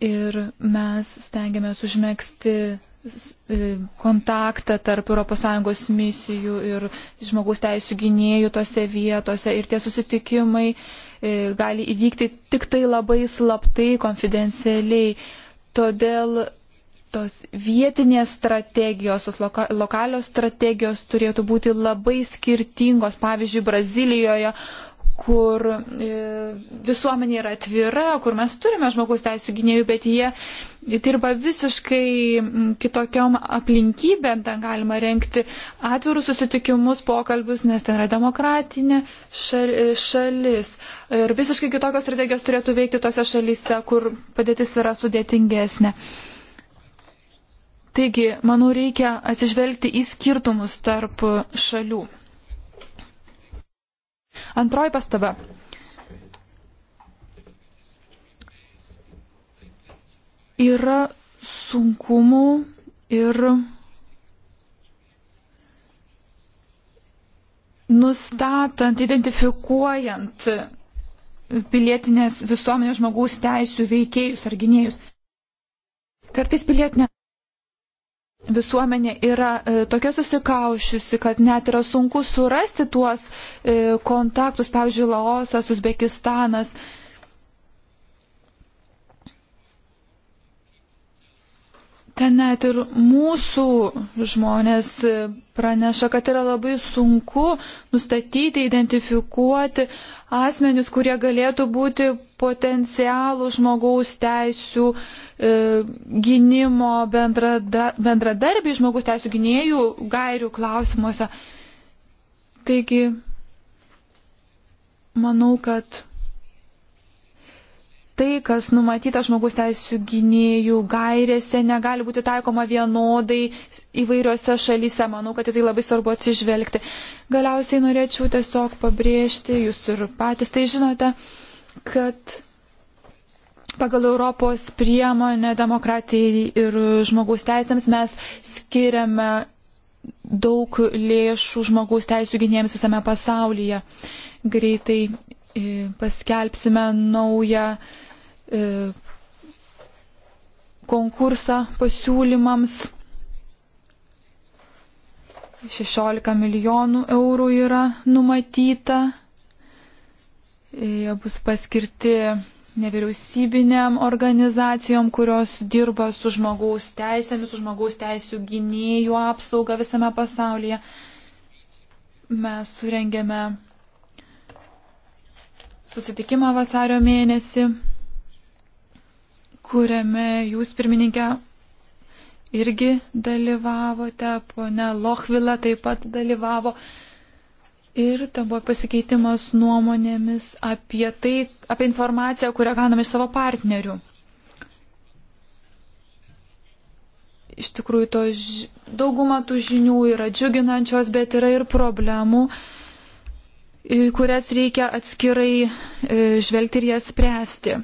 Ir mes stengiamės užmėgsti E, kontaktą tarp ES misijų ir žmogaus teisų gynėjų tose vietose ir tie susitikimai e, gali įvykti tik tai labai slaptai, konfidencialiai. Todėl tos vietinės strategijos, tos loka, lokalios strategijos turėtų būti labai skirtingos. Pavyzdžiui, Brazilijoje kur e, visuomenė yra atvira, kur mes turime žmogaus teisų gynėjų, bet jie dirba visiškai kitokiom aplinkybėm, ten galima renkti atvirus susitikimus, pokalbius, nes ten yra demokratinė šalis. Ir visiškai kitokios strategijos turėtų veikti tose šalyse, kur padėtis yra sudėtingesnė. Taigi, manau, reikia atsižvelgti į skirtumus tarp šalių. Antroji pastaba. Yra sunkumų ir nustatant, identifikuojant pilietinės visuomenės žmogaus teisų veikėjus ar gynėjus. Kartais pilietinė visuomenė yra e, tokia susikaušiusi, kad net yra sunku surasti tuos e, kontaktus, pavyzdžiui, Laosas, Uzbekistanas. ten net ir mūsų žmonės praneša, kad yra labai sunku nustatyti, identifikuoti asmenius, kurie galėtų būti potencialų žmogaus teisų e, gynimo bendrada, bendradarbiai žmogaus teisų gynėjų gairių klausimuose. Taigi, manau, kad tai, kas numatyta žmogus teisų gynėjų gairėse, negali būti taikoma vienodai įvairiose šalyse. Manau, kad į tai labai svarbu atsižvelgti. Galiausiai norėčiau tiesiog pabrėžti, jūs ir patys tai žinote, kad pagal Europos priemonę demokratijai ir žmogaus teisėms mes skiriame daug lėšų žmogaus teisų gynėjams visame pasaulyje. Greitai e, paskelbsime naują E, konkursą pasiūlymams. 16 milijonų eurų yra numatyta. E, jie bus paskirti nevyriausybinėm organizacijom, kurios dirba su žmogaus teisėmis, su žmogaus teisų gynėjų apsauga visame pasaulyje. Mes surengėme susitikimą vasario mėnesį kuriame jūs pirmininkė irgi dalyvavote, ponia Lochvila taip pat dalyvavo. Ir ten buvo pasikeitimas nuomonėmis apie tai, apie informaciją, kurią gauname iš savo partnerių. Iš tikrųjų, to ž... dauguma tų žinių yra džiuginančios, bet yra ir problemų, kurias reikia atskirai e, žvelgti ir jas spręsti.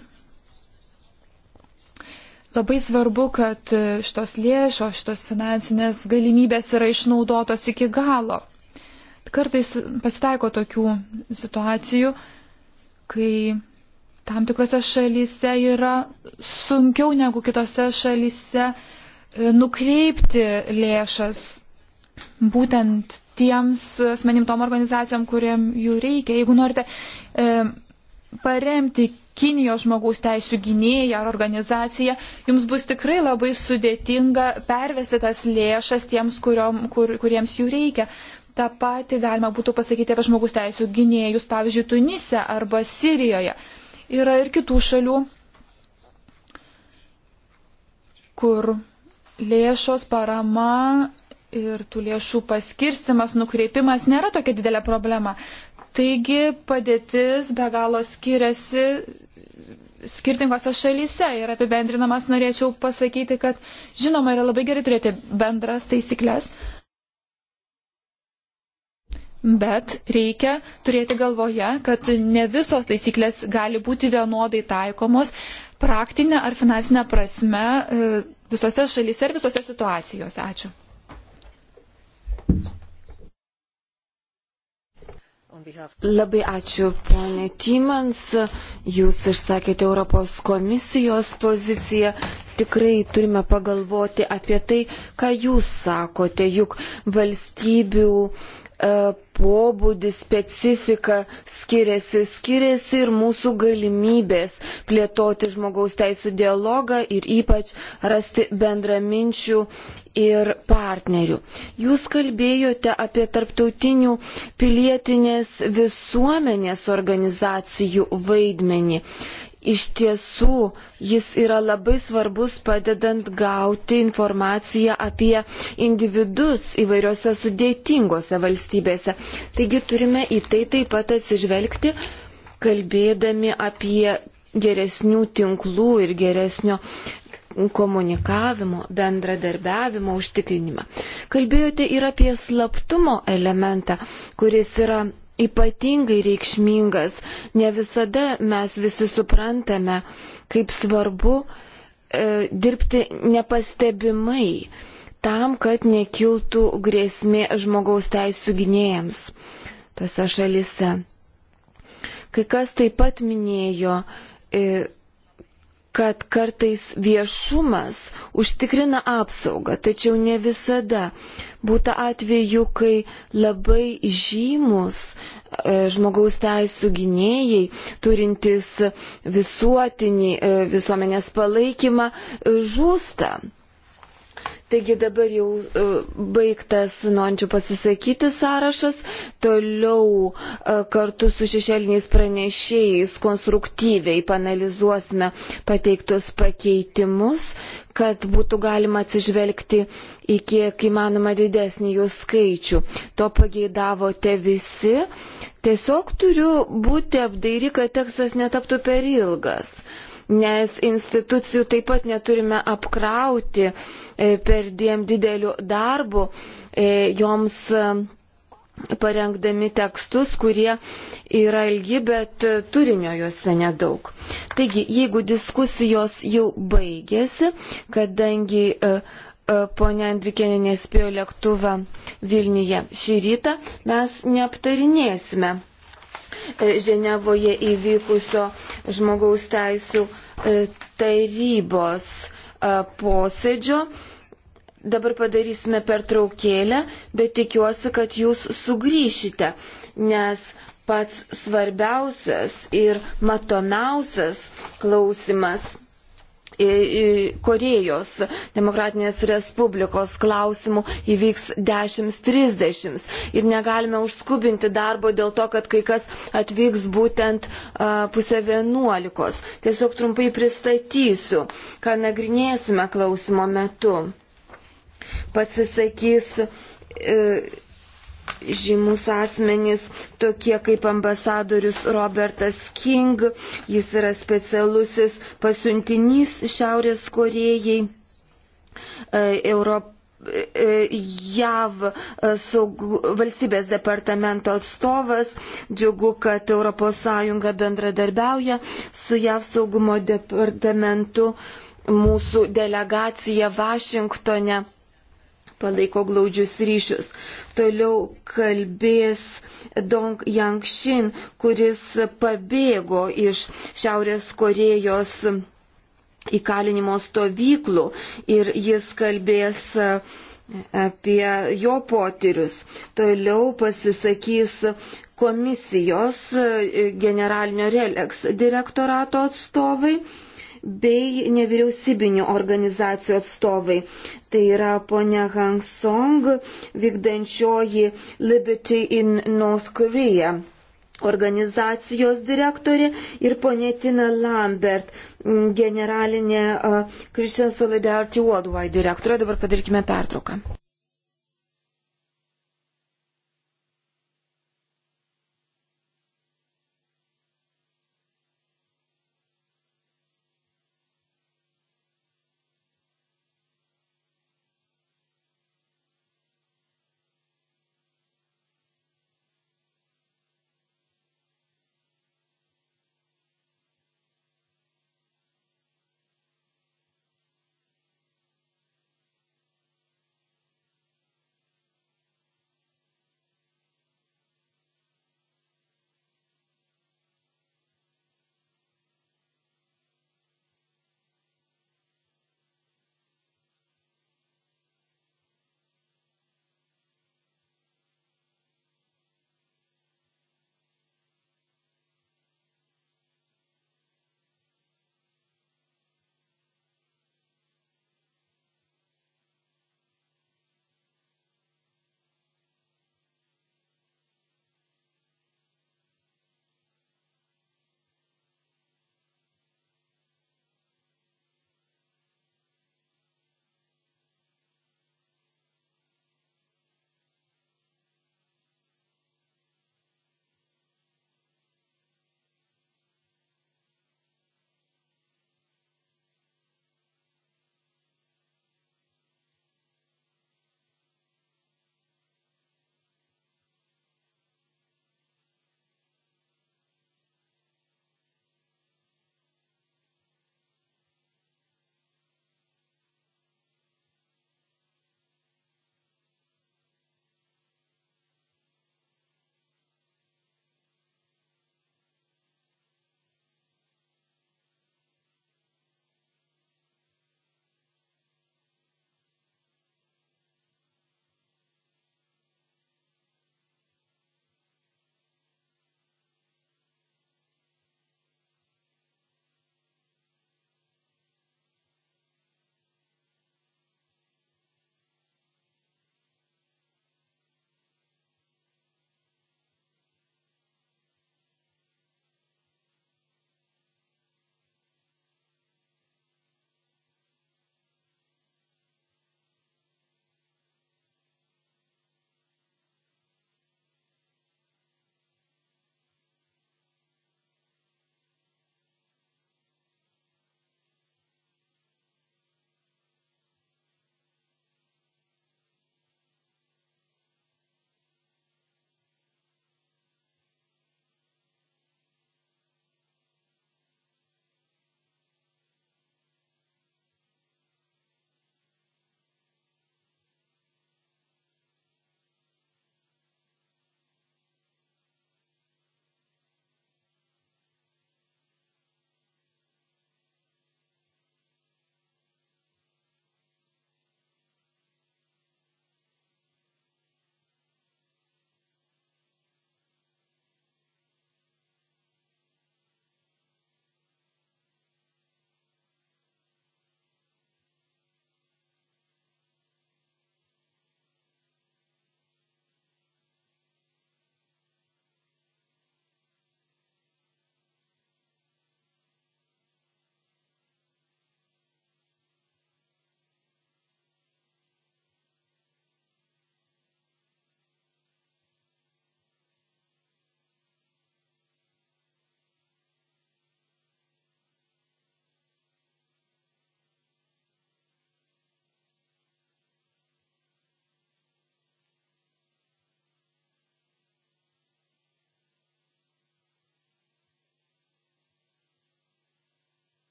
Labai svarbu, kad šitos lėšos, šitos finansinės galimybės yra išnaudotos iki galo. Kartais pasitaiko tokių situacijų, kai tam tikrose šalyse yra sunkiau negu kitose šalyse e, nukreipti lėšas būtent tiems asmenim, tom organizacijom, kuriem jų reikia. Jeigu norite e, paremti Kinijos žmogaus teisų gynėja ar organizacija, jums bus tikrai labai sudėtinga pervesti tas lėšas tiems, kuriom, kur, kuriems jų reikia. Ta pati galima būtų pasakyti apie žmogus teisų gynėjus, pavyzdžiui, Tunise arba Sirijoje. Yra ir kitų šalių, kur lėšos parama ir tų lėšų paskirstimas, nukreipimas nėra tokia didelė problema. Taigi padėtis be galo skiriasi skirtingose šalyse ir apibendrinamas norėčiau pasakyti, kad žinoma yra labai gerai turėti bendras taisyklės, bet reikia turėti galvoje, kad ne visos taisyklės gali būti vienodai taikomos praktinė ar finansinė prasme e, visose šalyse ir visose situacijose. Ačiū. Labai ačiū, ponė Tymans. Jūs išsakėte Europos komisijos poziciją. Tikrai turime pagalvoti apie tai, ką jūs sakote, juk valstybių e, pobūdis, specifika skiriasi, skiriasi ir mūsų galimybės plėtoti žmogaus teisų dialogą ir ypač rasti bendraminčių ir partnerių. Jūs kalbėjote apie tarptautinių pilietinės visuomenės organizacijų vaidmenį. Iš tiesų, jis yra labai svarbus padedant gauti informaciją apie individus įvairiose sudėtingose valstybėse. Taigi turime į tai taip pat atsižvelgti, kalbėdami apie geresnių tinklų ir geresnio komunikavimo, bendradarbiavimo užtikrinimą. Kalbėjote ir apie slaptumo elementą, kuris yra ypatingai reikšmingas. Ne visada mes visi suprantame, kaip svarbu e, dirbti nepastebimai tam, kad nekiltų grėsmė žmogaus teisų gynėjams tose šalise. Kai kas taip pat minėjo, e, kad kartais viešumas užtikrina apsaugą, tačiau ne visada. Būta atveju, kai labai žymus e, žmogaus teisų gynėjai, turintys visuotinį e, visuomenės palaikymą, e, žūsta. Taigi dabar jau e, baigtas norinčių pasisakyti sąrašas. Toliau e, kartu su šešėliniais pranešėjais konstruktyviai panalizuosime pateiktus pakeitimus, kad būtų galima atsižvelgti į kiek įmanoma didesnį jų skaičių. To pageidavote visi. Tiesiog turiu būti apdairi, kad tekstas netaptų per ilgas. Uh, nes institucijų taip pat neturime apkrauti e, per diem dideliu darbu e, joms e, parengdami tekstus, kurie yra ilgi, bet turinio juose nedaug. Taigi, jeigu diskusijos jau baigėsi, kadangi uh, ponia Andrikėnė nespėjo lėktuvą Vilniuje šį rytą, mes neaptarinėsime E, Ženevoje įvykusio žmogaus teisų e, tarybos e, posėdžio. Dabar padarysime pertraukėlę, bet tikiuosi, kad jūs sugrįšite, nes pats svarbiausias ir matomiausias klausimas Korejos demokratinės respublikos klausimų įvyks 10.30 ir negalime užskubinti darbo dėl to, kad kai kas atvyks būtent pusę 11. Tiesiog trumpai pristatysiu, ką nagrinėsime klausimo metu. Pasisakys e, žymus asmenys, tokie kaip ambasadorius Robertas King, jis yra specialusis pasiuntinys Šiaurės Korejai, e, Europos. E, JAV e, saugų, valstybės departamento atstovas. Džiugu, kad ES bendradarbiauja su JAV saugumo departamentu mūsų delegacija Vašingtone palaiko glaudžius ryšius. Toliau kalbės Dong Yangshin, kuris pabėgo iš Šiaurės Korejos įkalinimo stovyklų ir jis kalbės e, apie jo potyrius. Toliau pasisakys komisijos e, generalinio Relex direktorato atstovai bei nevyriausybinių organizacijų atstovai. Tai yra ponia Hang Song, vykdančioji Liberty in North Korea organizacijos direktorė ir ponė Tina Lambert, mm, generalinė Christian Solidarity Worldwide direktorė. Dabar padarykime pertrauką.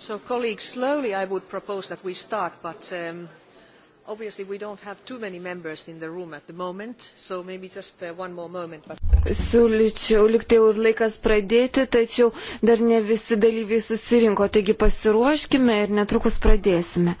So, colleagues, slowly I would propose that we start, but um, obviously we don't have too many members in the room at the moment, so maybe just uh, one more moment. But... Siūlyčiau, liktai jau ir laikas pradėti, tačiau dar ne visi dalyviai susirinko, taigi pasiruoškime ir netrukus pradėsime.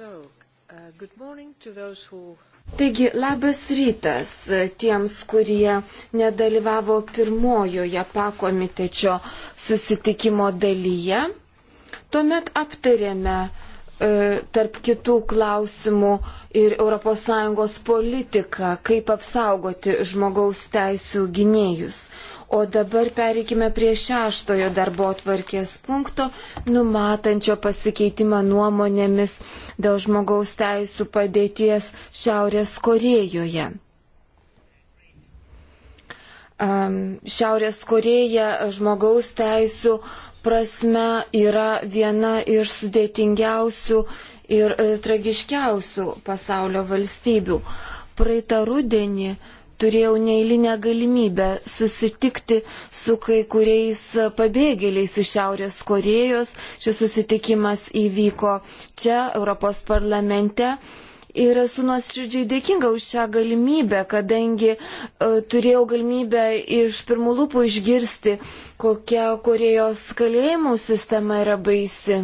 So, uh, who... Taigi, labas rytas e, tiems, kurie nedalyvavo pirmojoje pakomitečio susitikimo dalyje. Tuomet aptarėme e, tarp kitų klausimų ir ES politiką, kaip apsaugoti žmogaus teisų gynėjus. O dabar pereikime prie šeštojo darbo atvarkės punkto, numatančio pasikeitimą nuomonėmis dėl žmogaus teisų padėties Šiaurės Korejoje. Šiaurės Koreja žmogaus teisų prasme yra viena iš sudėtingiausių ir e, tragiškiausių pasaulio valstybių. Praeitą rudenį turėjau neįlinę galimybę susitikti su kai kuriais pabėgėliais iš Šiaurės Korejos. Šis susitikimas įvyko čia, Europos parlamente. Ir esu nuoširdžiai dėkinga už šią galimybę, kadangi uh, turėjau galimybę iš pirmų lūpų išgirsti, kokia Korejos kalėjimų sistema yra baisi.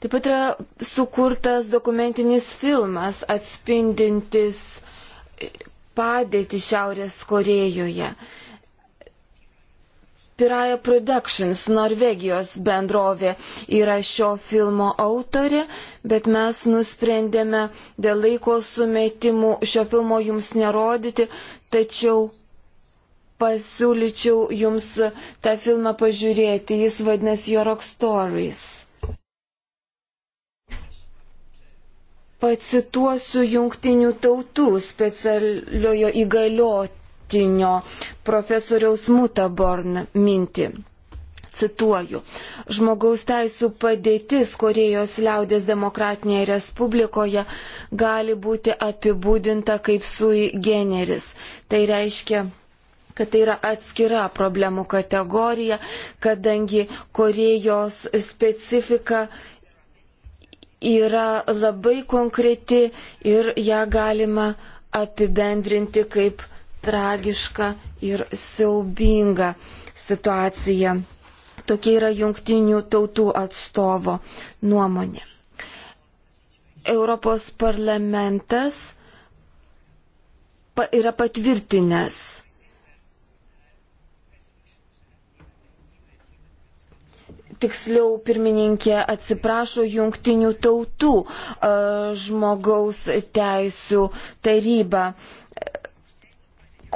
Taip pat yra sukurtas dokumentinis filmas atspindintis padėtį Šiaurės Korejoje. Piraya Productions, Norvegijos bendrovė, yra šio filmo autori, bet mes nusprendėme dėl laiko sumetimų šio filmo jums nerodyti, tačiau pasiūlyčiau jums tą filmą pažiūrėti. Jis vadinasi Your Rock Stories. pacituosiu jungtinių tautų specialiojo įgaliotinio profesoriaus Mutaborn mintį. Cituoju, žmogaus teisų padėtis Korejos liaudės demokratinėje respublikoje gali būti apibūdinta kaip sui generis. Tai reiškia, kad tai yra atskira problemų kategorija, kadangi Korejos specifika uh, yra labai konkreti ir ją galima apibendrinti kaip tragišką ir siaubingą situaciją. Tokia yra jungtinių tautų atstovo nuomonė. Europos parlamentas yra patvirtinęs tiksliau pirmininkė atsiprašo jungtinių tautų žmogaus teisų taryba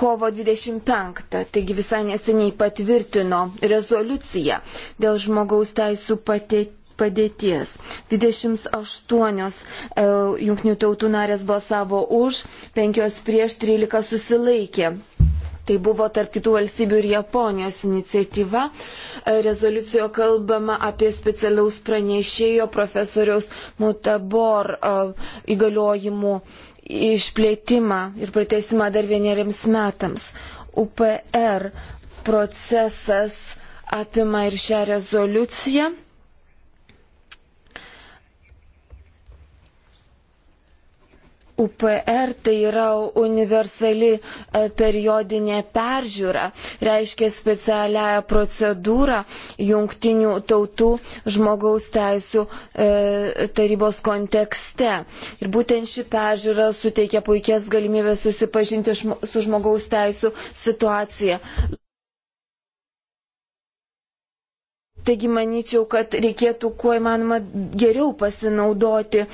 kovo 25, taigi visai neseniai patvirtino rezoliuciją dėl žmogaus teisų padėties. 28 e, jungtinių tautų narės balsavo už, 5 prieš 13 susilaikė. Tai buvo tarp kitų valstybių ir Japonijos iniciatyva. E, rezoliucijoje kalbama apie specialiaus pranešėjo profesoriaus Mutabor e, įgaliojimų išplėtimą ir pratesimą dar vieneriems metams. UPR procesas apima ir šią rezoliuciją. UPR tai yra universali e, periodinė peržiūra, reiškia specialiąją procedūrą jungtinių tautų žmogaus teisų e, tarybos kontekste. Ir būtent ši peržiūra suteikia puikias galimybės susipažinti žmo, su žmogaus teisų situacija. Taigi manyčiau, kad reikėtų kuo įmanoma geriau pasinaudoti e,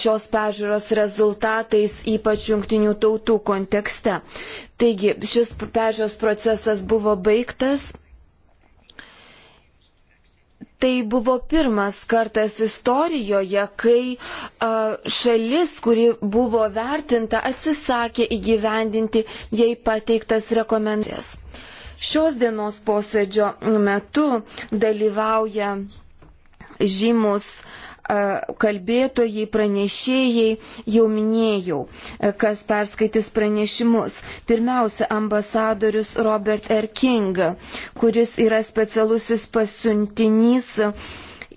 šios pežiūros rezultatais, ypač jungtinių tautų kontekste. Taigi šis pežiūros procesas buvo baigtas. Tai buvo pirmas kartas istorijoje, kai e, šalis, kuri buvo vertinta, atsisakė įgyvendinti jai pateiktas rekomendacijas. Šios dienos posėdžio metu dalyvauja žymus e, kalbėtojai, pranešėjai, jau minėjau, e, kas perskaitys pranešimus. Pirmiausia, ambasadorius Robert R. King, kuris yra specialusis pasiuntinys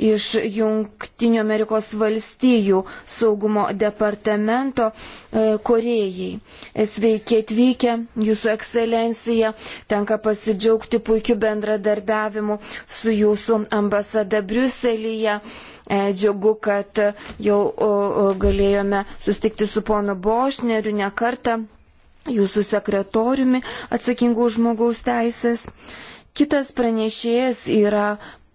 iš Junktinių Amerikos valstijų saugumo departamento e, Korejai. E, sveiki atvykę, Jūsų ekscelencija, tenka pasidžiaugti puikiu bendradarbiavimu su Jūsų ambasada Briuselyje. E, džiugu, kad jau galėjome sustikti su ponu Bošneriu ne kartą, jūsų sekretoriumi atsakingu už žmogaus teisės. Kitas pranešėjas yra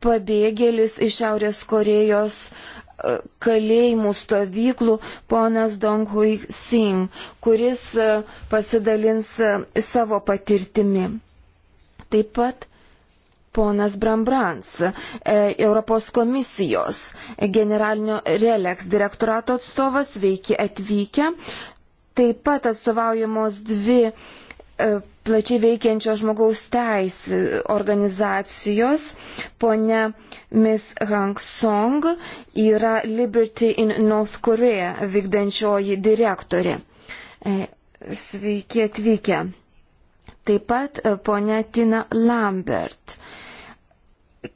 pabėgėlis iš Šiaurės Korejos e, kalėjimų stovyklų ponas Donghui Singh, kuris e, pasidalins e, savo patirtimi. Taip pat ponas Brambrans, Europos komisijos generalinio Relex direktorato atstovas, veiki atvykę. Taip pat atstovaujamos dvi E, plačiai veikiančios žmogaus teisų e, organizacijos. Pone Miss Hang Song yra Liberty in North Korea vykdančioji direktorė. E, sveiki atvykę. Taip pat ponia Tina Lambert,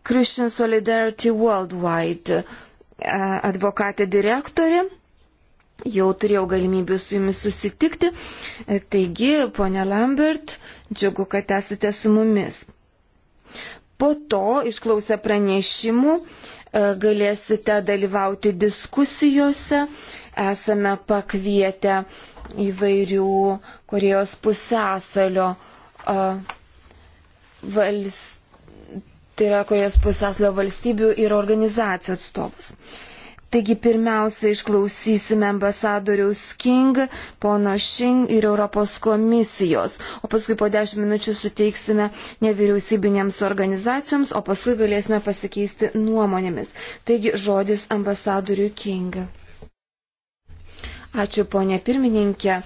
Christian Solidarity Worldwide advokatė direktorė jau turėjau galimybę su jumis susitikti. E, taigi, ponia Lambert, džiugu, kad esate su mumis. Po to, išklausę pranešimų, e, galėsite dalyvauti diskusijose. Esame pakvietę įvairių Korejos pusęsalio e, valstybių. Tai yra Korejos pusęsalio valstybių ir organizacijų atstovus. Taigi pirmiausia išklausysime ambasadoriaus King, pono Šing ir Europos komisijos, o paskui po 10 minučių suteiksime nevyriausybinėms organizacijoms, o paskui galėsime pasikeisti nuomonėmis. Taigi žodis ambasadoriui King. Ačiū ponė pirmininkė,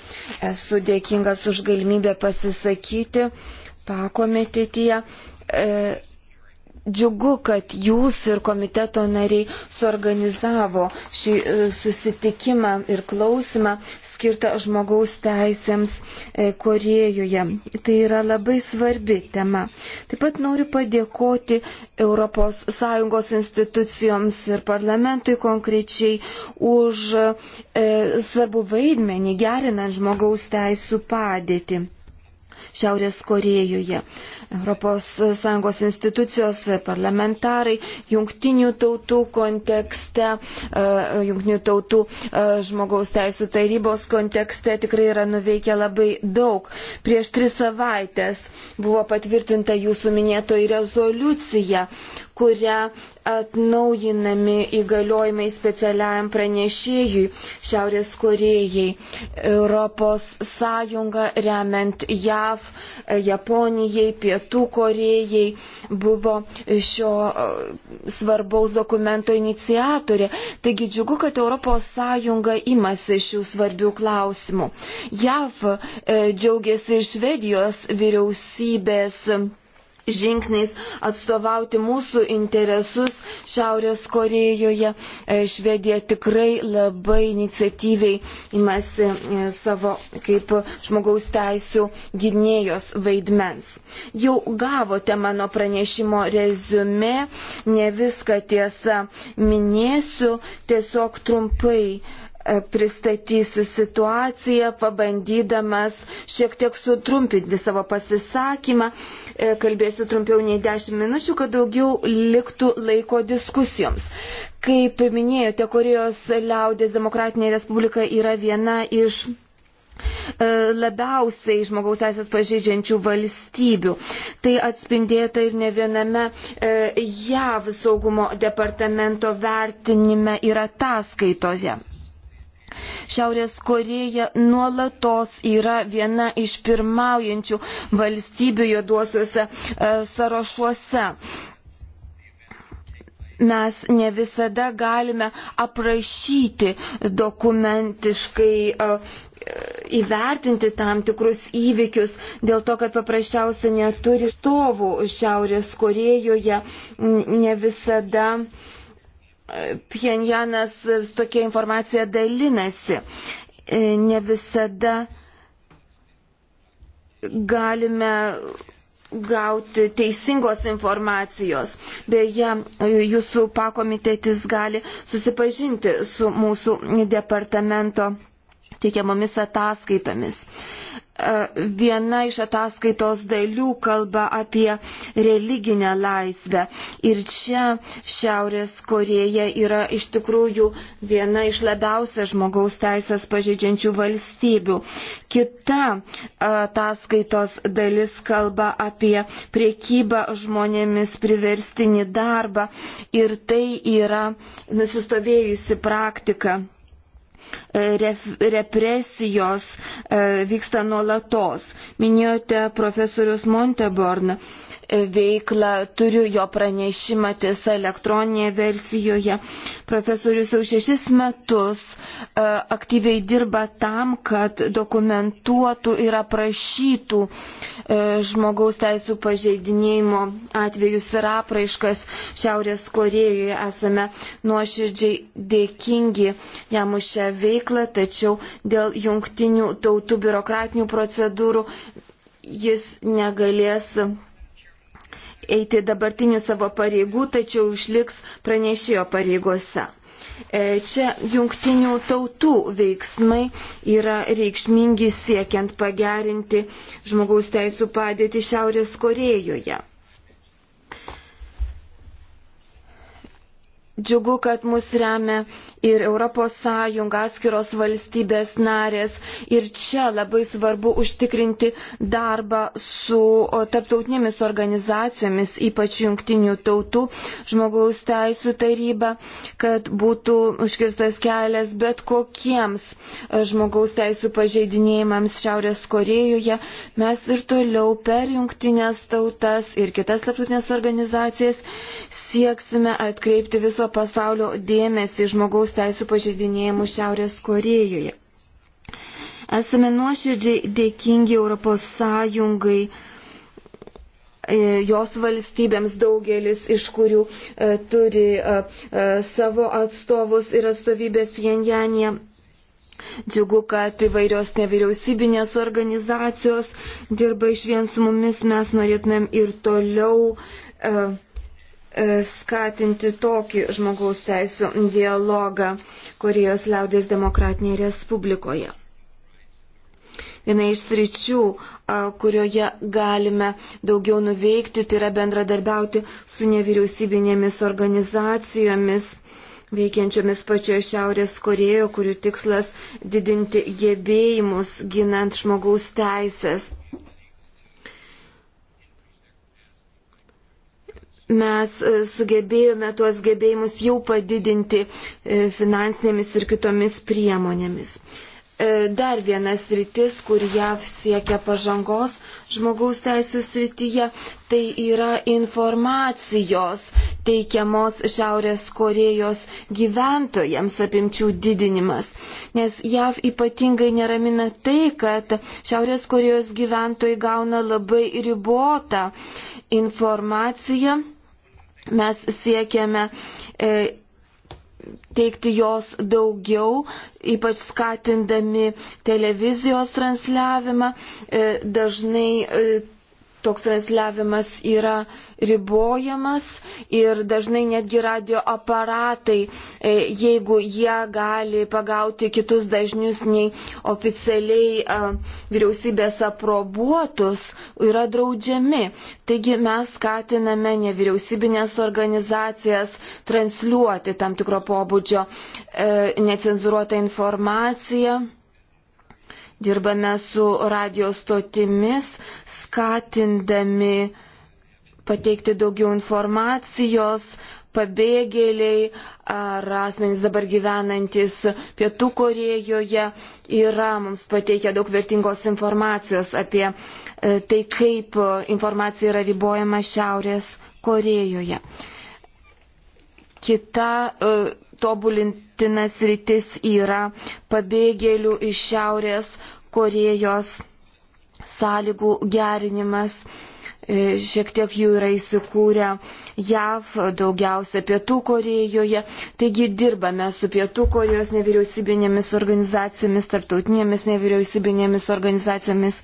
esu dėkingas už galimybę pasisakyti pakomitetyje. E, Džiugu, kad jūs ir komiteto nariai suorganizavo šį e, susitikimą ir klausimą skirtą žmogaus teisėms e, Korejoje. Tai yra labai svarbi tema. Taip pat noriu padėkoti ES institucijoms ir parlamentui konkrečiai už e, svarbų vaidmenį gerinant žmogaus teisų padėtį. Šiaurės Korejoje. ES institucijos, parlamentarai, jungtinių tautų kontekste, e, jungtinių tautų e, žmogaus teisų tarybos kontekste tikrai yra nuveikę labai daug. Prieš tris savaitės buvo patvirtinta jūsų minėtoji rezoliucija, kuria atnaujinami įgaliojimai specialiajam pranešėjui Šiaurės Korejai. Europos Sąjunga remiant JAV, Japonijai, Pietų Korejai buvo šio e, svarbaus dokumento iniciatorė. Taigi džiugu, kad Europos Sąjunga imasi šių svarbių klausimų. JAV e, džiaugiasi Švedijos vyriausybės žingsniais atstovauti mūsų interesus Šiaurės Korejoje. E, Švedija tikrai labai iniciatyviai imasi e, savo kaip žmogaus teisų gynėjos vaidmens. Jau gavote mano pranešimo rezume, ne viską tiesa minėsiu, tiesiog trumpai uh, E, pristatysiu situaciją, pabandydamas šiek tiek sutrumpinti savo pasisakymą. E, kalbėsiu trumpiau nei 10 minučių, kad daugiau liktų laiko diskusijoms. Kaip minėjote, Korejos liaudės demokratinė respublika yra viena iš e, labiausiai žmogaus teisės pažeidžiančių valstybių. Tai atspindėta ir ne viename JAV saugumo departamento vertinime ir ataskaitoje. Šiaurės Koreja nuolatos yra viena iš pirmaujančių valstybių juoduosiuose e, sąrašuose mes ne visada galime aprašyti dokumentiškai e, e, įvertinti tam tikrus įvykius dėl to, kad paprasčiausiai neturi stovų Šiaurės Korejoje, ne visada uh, Pienjanas e, tokia informacija dalinasi. E, ne visada galime gauti teisingos informacijos. Beje, jūsų pakomitetis gali susipažinti su mūsų departamento teikiamomis ataskaitomis. E, viena iš ataskaitos dalių kalba apie religinę laisvę. Ir čia Šiaurės Koreja yra iš tikrųjų viena iš labiausia žmogaus teisės pažeidžiančių valstybių. Kita e, ataskaitos dalis kalba apie priekybą žmonėmis priverstinį darbą ir tai yra nusistovėjusi praktika represijos e, vyksta nuolatos. Minėjote profesorius Monteborn e, veiklą, turiu jo pranešimą tiesa elektroninėje versijoje. Profesorius jau šešis metus e, aktyviai dirba tam, kad dokumentuotų ir aprašytų žmogaus teisų pažeidinėjimo atvejus ir apraiškas Šiaurės Korejoje. Esame nuoširdžiai dėkingi jam už šią veiklą veiklą, tačiau dėl jungtinių tautų biurokratinių procedūrų jis negalės eiti dabartinių savo pareigų, tačiau išliks pranešėjo pareigose. E, čia jungtinių tautų veiksmai yra reikšmingi siekiant pagerinti žmogaus teisų padėtį Šiaurės Korejoje. Džiugu, kad mus remia ir ES, atskiros valstybės narės. Ir čia labai svarbu užtikrinti darbą su tarptautinėmis organizacijomis, ypač jungtinių tautų žmogaus teisų taryba, kad būtų užkirstas kelias bet kokiems e, žmogaus teisų pažeidinėjimams Šiaurės Korejoje. Mes ir toliau per jungtinės tautas ir kitas tarptautinės organizacijas sieksime atkreipti viso viso pasaulio dėmesį žmogaus teisų pažeidinėjimų Šiaurės Korejoje. Esame nuoširdžiai dėkingi Europos Sąjungai, e, jos valstybėms daugelis iš kurių e, turi e, e, savo atstovus ir atstovybės Jenjanėje. Džiugu, kad įvairios nevyriausybinės organizacijos dirba iš vien su mumis, mes norėtumėm ir toliau uh, E, skatinti tokį žmogaus teisų dialogą Korejos liaudės demokratinėje Respublikoje. Viena iš sričių, kurioje galime daugiau nuveikti, tai yra bendradarbiauti su nevyriausybinėmis organizacijomis veikiančiomis pačioje Šiaurės Korejoje, kurių tikslas didinti gebėjimus ginant žmogaus teisės. mes e, sugebėjome tuos gebėjimus jau padidinti e, finansinėmis ir kitomis priemonėmis. E, dar vienas rytis, kur JAV siekia pažangos žmogaus teisų srityje, tai yra informacijos teikiamos Šiaurės Korejos gyventojams apimčių didinimas. Nes JAV ypatingai neramina tai, kad Šiaurės Korejos gyventojai gauna labai ribotą informaciją Mes siekiame e, teikti jos daugiau, ypač skatindami televizijos transliavimą. E, dažnai e, toks transliavimas yra ribojamas ir dažnai netgi radio aparatai, e, jeigu jie gali pagauti kitus dažnius nei oficialiai e, vyriausybės aprobuotus, yra draudžiami. Taigi mes skatiname nevyriausybinės organizacijas transliuoti tam tikro pobūdžio e, necenzuruotą informaciją. Dirbame su radio stotimis, skatindami pateikti daugiau informacijos, pabėgėliai ar asmenys dabar gyvenantis Pietų Korejoje yra mums pateikę daug vertingos informacijos apie e, tai, kaip informacija yra ribojama Šiaurės Korejoje. Kita e, tobulintinas rytis yra pabėgėlių iš Šiaurės Korejos sąlygų gerinimas. E, šiek tiek jų yra įsikūrę JAV, daugiausia Pietų Korejoje. Taigi dirbame su Pietų Korejos nevyriausybinėmis organizacijomis, tarptautinėmis nevyriausybinėmis organizacijomis,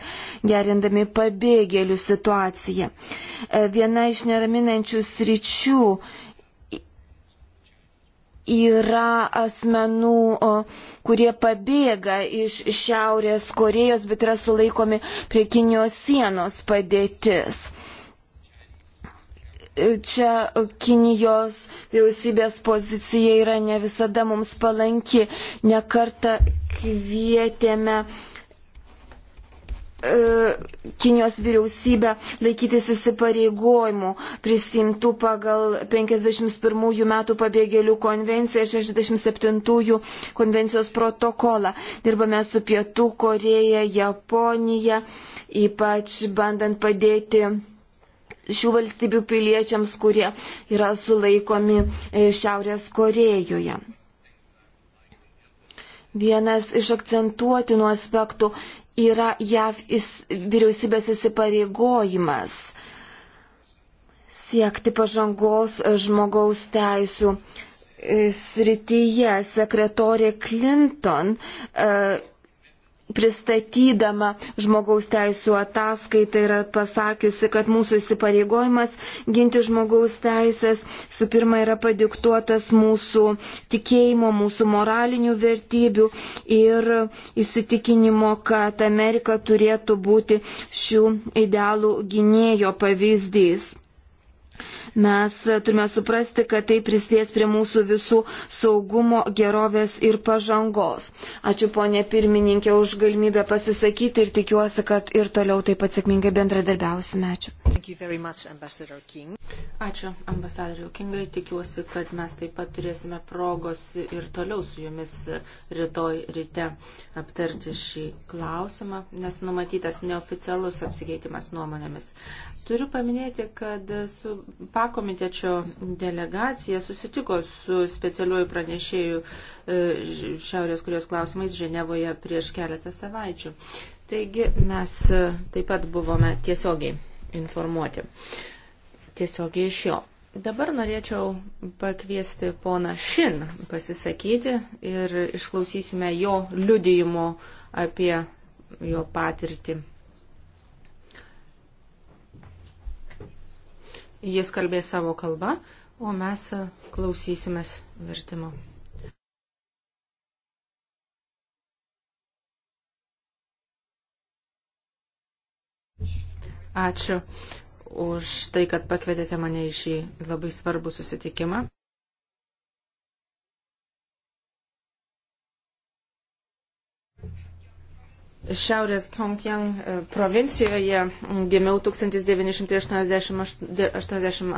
gerindami pabėgėlių situaciją. E, viena iš neraminančių sričių yra asmenų, kurie pabėga iš Šiaurės Korejos, bet yra sulaikomi prie Kinijos sienos padėtis. Čia Kinijos vyriausybės pozicija yra ne visada mums palanki. Nekarta kvietėme uh, E, Kinijos vyriausybę laikytis įsipareigojimų prisimtų pagal 51 metų pabėgėlių konvenciją ir 67 konvencijos protokolą. Dirbame su Pietų Koreja, Japonija, ypač bandant padėti šių valstybių piliečiams, kurie yra sulaikomi e, Šiaurės Korejoje. Vienas iš akcentuotinų aspektų yra JAV vyriausybės įsipareigojimas siekti pažangos e, žmogaus teisų e, srityje sekretorė Clinton e, pristatydama žmogaus teisų ataskaitą yra pasakiusi, kad mūsų įsipareigojimas ginti žmogaus teisės su pirma yra padiktuotas mūsų tikėjimo, mūsų moralinių vertybių ir įsitikinimo, kad Amerika turėtų būti šių idealų gynėjo pavyzdys. Mes turime suprasti, kad tai prisidės prie mūsų visų saugumo, gerovės ir pažangos. Ačiū ponė pirmininkė už galimybę pasisakyti ir tikiuosi, kad ir toliau taip pat sėkmingai bendradarbiausime. Ačiū. Much, Ačiū ambasadoriu Kingai, tikiuosi, kad mes taip pat turėsime progos ir toliau su jumis rytoj ryte aptarti šį klausimą, nes numatytas neoficialus apsikeitimas nuomonėmis. Turiu paminėti, kad su pakomitečio delegacija susitiko su specialiuoju pranešėju e, Šiaurės Korejos klausimais Ženevoje prieš keletą savaičių. Taigi mes e, taip pat buvome tiesiogiai informuoti. Tiesiogiai iš jo. Dabar norėčiau pakviesti poną Šin pasisakyti ir išklausysime jo liudijimo apie jo patirtį Jis kalbės savo kalbą, o mes klausysimės vertimo. Ačiū už tai, kad pakvietėte mane į šį labai svarbų susitikimą. Šiaurės Pyongyang e, provincijoje gimiau 1982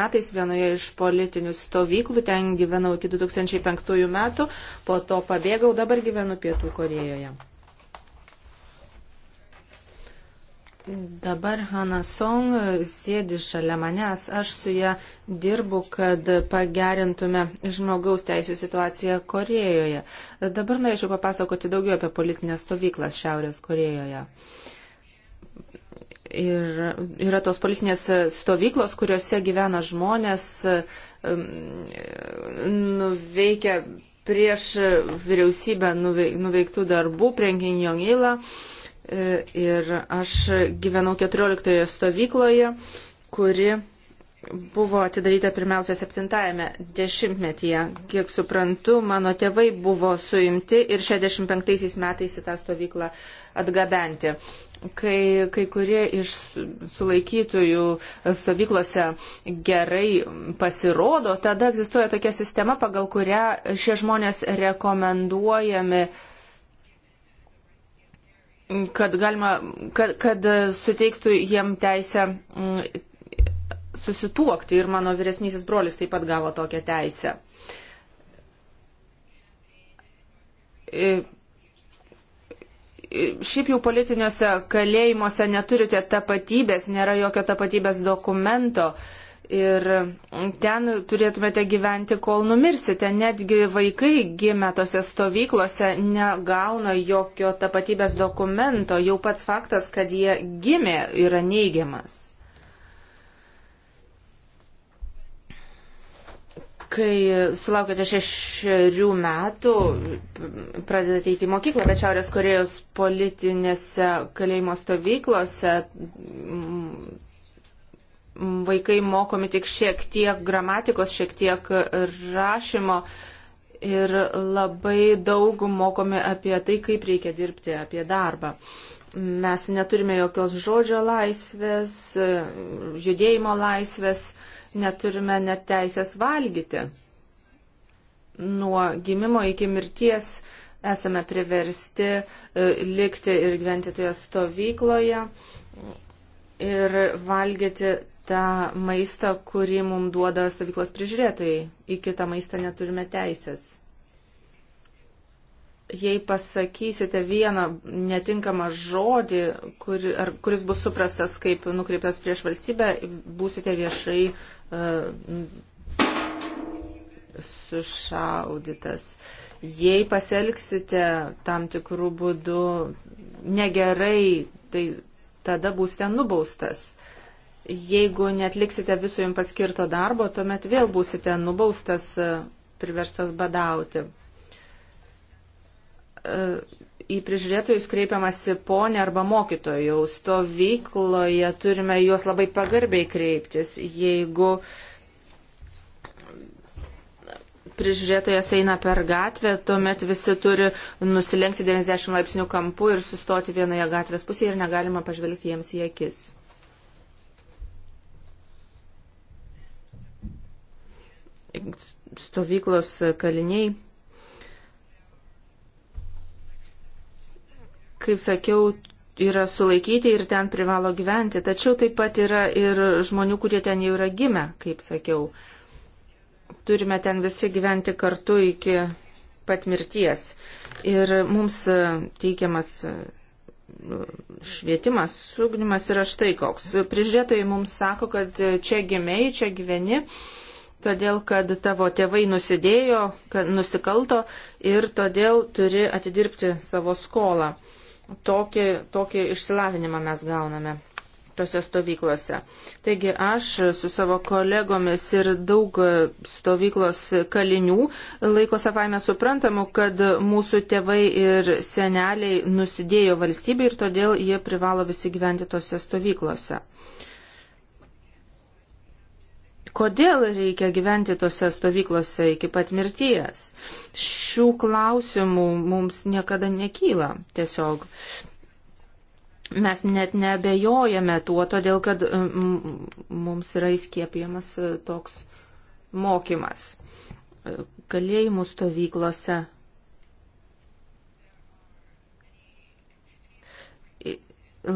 metais vienoje iš politinių stovyklų, ten gyvenau iki 2005 metų, po to pabėgau, dabar gyvenu Pietų Korejoje. Dabar Hanna Song sėdi šalia manęs. Aš su ją dirbu, kad pagerintume žmogaus teisų situaciją Korejoje. Dabar norėčiau papasakoti daugiau apie politinės stovyklas Šiaurės Korejoje. Ir yra tos politinės stovyklos, kuriuose gyvena žmonės, nuveikia prieš vyriausybę nuveiktų darbų, prenginio gilą ir aš gyvenau 14 stovykloje, kuri buvo atidaryta pirmiausia 70-ame dešimtmetyje. Kiek suprantu, mano tėvai buvo suimti ir 65 metais į tą stovyklą atgabenti. Kai, kai kurie iš sulaikytųjų stovyklose gerai pasirodo, tada egzistuoja tokia sistema, pagal kurią šie žmonės rekomenduojami uh, kad, galima, kad, kad suteiktų jiem teisę mm, susituokti ir mano vyresnysis brolis taip pat gavo tokią teisę. E, e, šiaip jau politiniuose kalėjimuose neturite tapatybės, nėra jokio tapatybės dokumento. Uh, Ir ten turėtumėte gyventi, kol numirsite. Netgi vaikai gimę tose stovyklose negauna jokio tapatybės dokumento. Jau pats faktas, kad jie gimė, yra neigiamas. Kai sulaukėte šešių metų, pradedate eiti į mokyklą, bet Šiaurės Korejos politinėse kalėjimo stovyklose vaikai mokomi tik šiek tiek gramatikos, šiek tiek rašymo ir labai daug mokomi apie tai, kaip reikia dirbti, apie darbą. Mes neturime jokios žodžio laisvės, judėjimo laisvės, neturime net teisės valgyti. Nuo gimimo iki mirties esame priversti e, likti ir gyventi toje stovykloje ir valgyti tą maistą, kurį mums duoda stovyklos prižiūrėtojai. Į kitą maistą neturime teisės. Jei pasakysite vieną netinkamą žodį, kur, ar, kuris bus suprastas kaip nukreiptas prieš valstybę, būsite viešai uh, sušaudytas. Jei pasielgsite tam tikrų būdų negerai, tai tada būsite nubaustas Jeigu netliksite viso jums paskirto darbo, tuomet vėl būsite nubaustas, e, priverstas badauti. E, į prižiūrėtojus kreipiamasi ponė arba mokytojų. Stovykloje turime juos labai pagarbiai kreiptis. Jeigu prižiūrėtojas eina per gatvę, tuomet visi turi nusilenkti 90 laipsnių kampu ir sustoti vienoje gatvės pusėje ir negalima pažvelgti jiems į akis. stovyklos kaliniai. Kaip sakiau, yra sulaikyti ir ten privalo gyventi, tačiau taip pat yra ir žmonių, kurie ten jau yra gimę, kaip sakiau. Turime ten visi gyventi kartu iki pat mirties. Ir mums teikiamas e, švietimas, sugnimas yra štai koks. Prižiūrėtojai mums sako, kad e, čia gimiai, čia gyveni todėl kad tavo tėvai nusidėjo, kad nusikalto ir todėl turi atidirbti savo skolą. Tokį, tokį išsilavinimą mes gauname tose stovyklose. Taigi aš su savo kolegomis ir daug stovyklos kalinių laiko savaime suprantamu, kad mūsų tėvai ir seneliai nusidėjo valstybė ir todėl jie privalo visi gyventi tose stovyklose. Uh, Kodėl reikia gyventi tose stovyklose iki pat mirties? Šių klausimų mums niekada nekyla. Tiesiog mes net nebejojame tuo, todėl kad mums yra įskiepijamas e, toks mokymas. E, kalėjimų stovyklose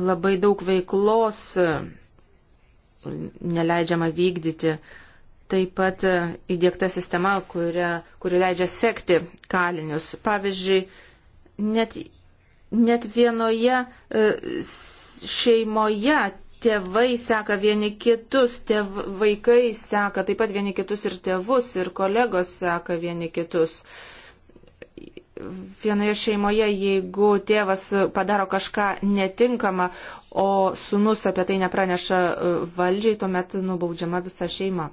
labai daug veiklos e, neleidžiama vykdyti. Taip pat įdėkta sistema, kuria, kuri leidžia sekti kalinius. Pavyzdžiui, net, net vienoje e, šeimoje tėvai seka vieni kitus, tėv, vaikai seka taip pat vieni kitus ir tėvus, ir kolegos seka vieni kitus. Uh, vienoje šeimoje, jeigu tėvas padaro kažką netinkamą, o sunus apie tai nepraneša e, valdžiai, tuomet nubaudžiama visa šeima.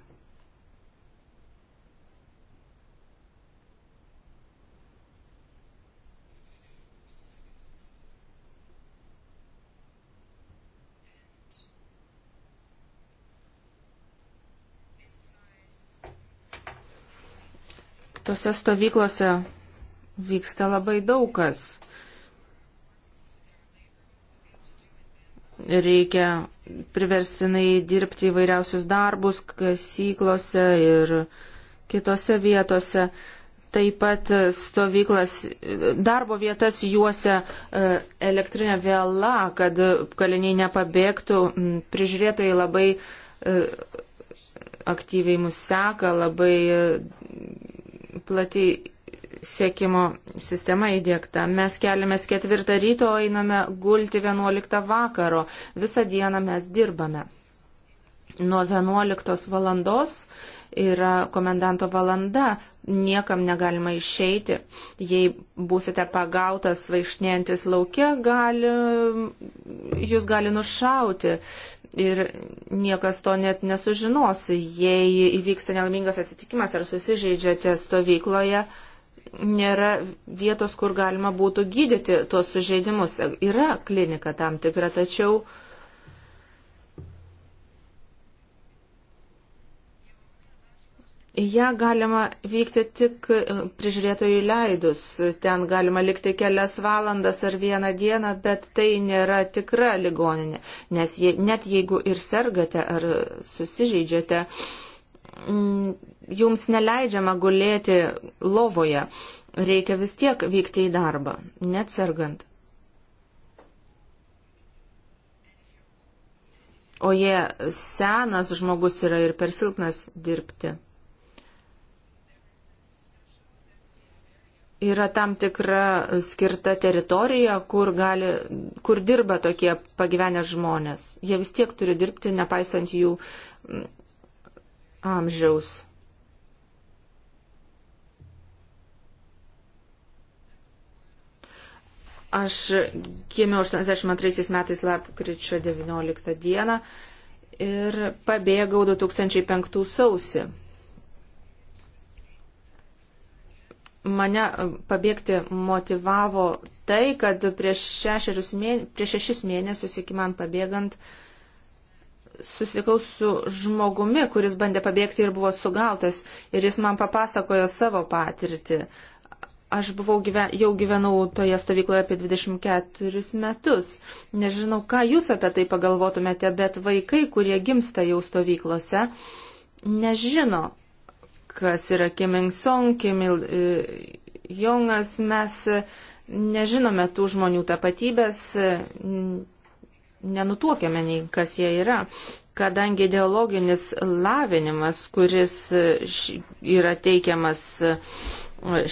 tose stovyklose vyksta labai daug kas. Reikia priverstinai dirbti įvairiausius darbus kasyklose ir kitose vietose. Taip pat stovyklas, darbo vietas juose e, elektrinė vėla, kad kaliniai nepabėgtų. Mm, prižiūrėtojai labai e, aktyviai mus seka, labai e, platiai sekimo sistema įdėkta. Mes keliamės ketvirtą ryto, einame gulti vienuoliktą vakaro. Visą dieną mes dirbame. Nuo vienuoliktos valandos yra komendanto valanda, niekam negalima išeiti. Jei būsite pagautas vaikšnėjantis laukia, gali, jūs gali nušauti ir niekas to net nesužinos. Jei įvyksta nelaimingas atsitikimas ar susižeidžiate stovykloje, uh, nėra vietos, kur galima būtų gydyti tuos sužeidimus. Yra klinika tam tikra, tačiau Į ją galima vykti tik e, prižiūrėtojų leidus. Ten galima likti kelias valandas ar vieną dieną, bet tai nėra tikra ligoninė. Nes je, net jeigu ir sergate ar susižeidžiate, uh, Mm, jums neleidžiama gulėti lovoje, reikia vis tiek vykti į darbą, net sergant. O jie senas žmogus yra ir per silpnas dirbti. Yra tam tikra skirta teritorija, kur, gali, kur dirba tokie pagyvenę žmonės. Jie vis tiek turi dirbti, nepaisant jų amžiaus. Aš gimiau 82 metais lapkričio 19 dieną ir pabėgau 2005 sausį. Mane e, pabėgti motivavo tai, kad prieš, mėne, prieš šešis mėnesius iki man pabėgant uh, susitikau su žmogumi, kuris bandė pabėgti ir buvo sugautas ir jis man papasakojo savo patirtį. Aš buvau gyven, jau gyvenau toje stovykloje apie 24 metus. Nežinau, ką jūs apie tai pagalvotumėte, bet vaikai, kurie gimsta jau stovyklose, nežino, kas yra Kim Il-sung, Kim Il-jongas, mes nežinome tų žmonių tapatybės, nenutuokiame nei kas jie yra, kadangi ideologinis lavinimas, kuris e, yra teikiamas e,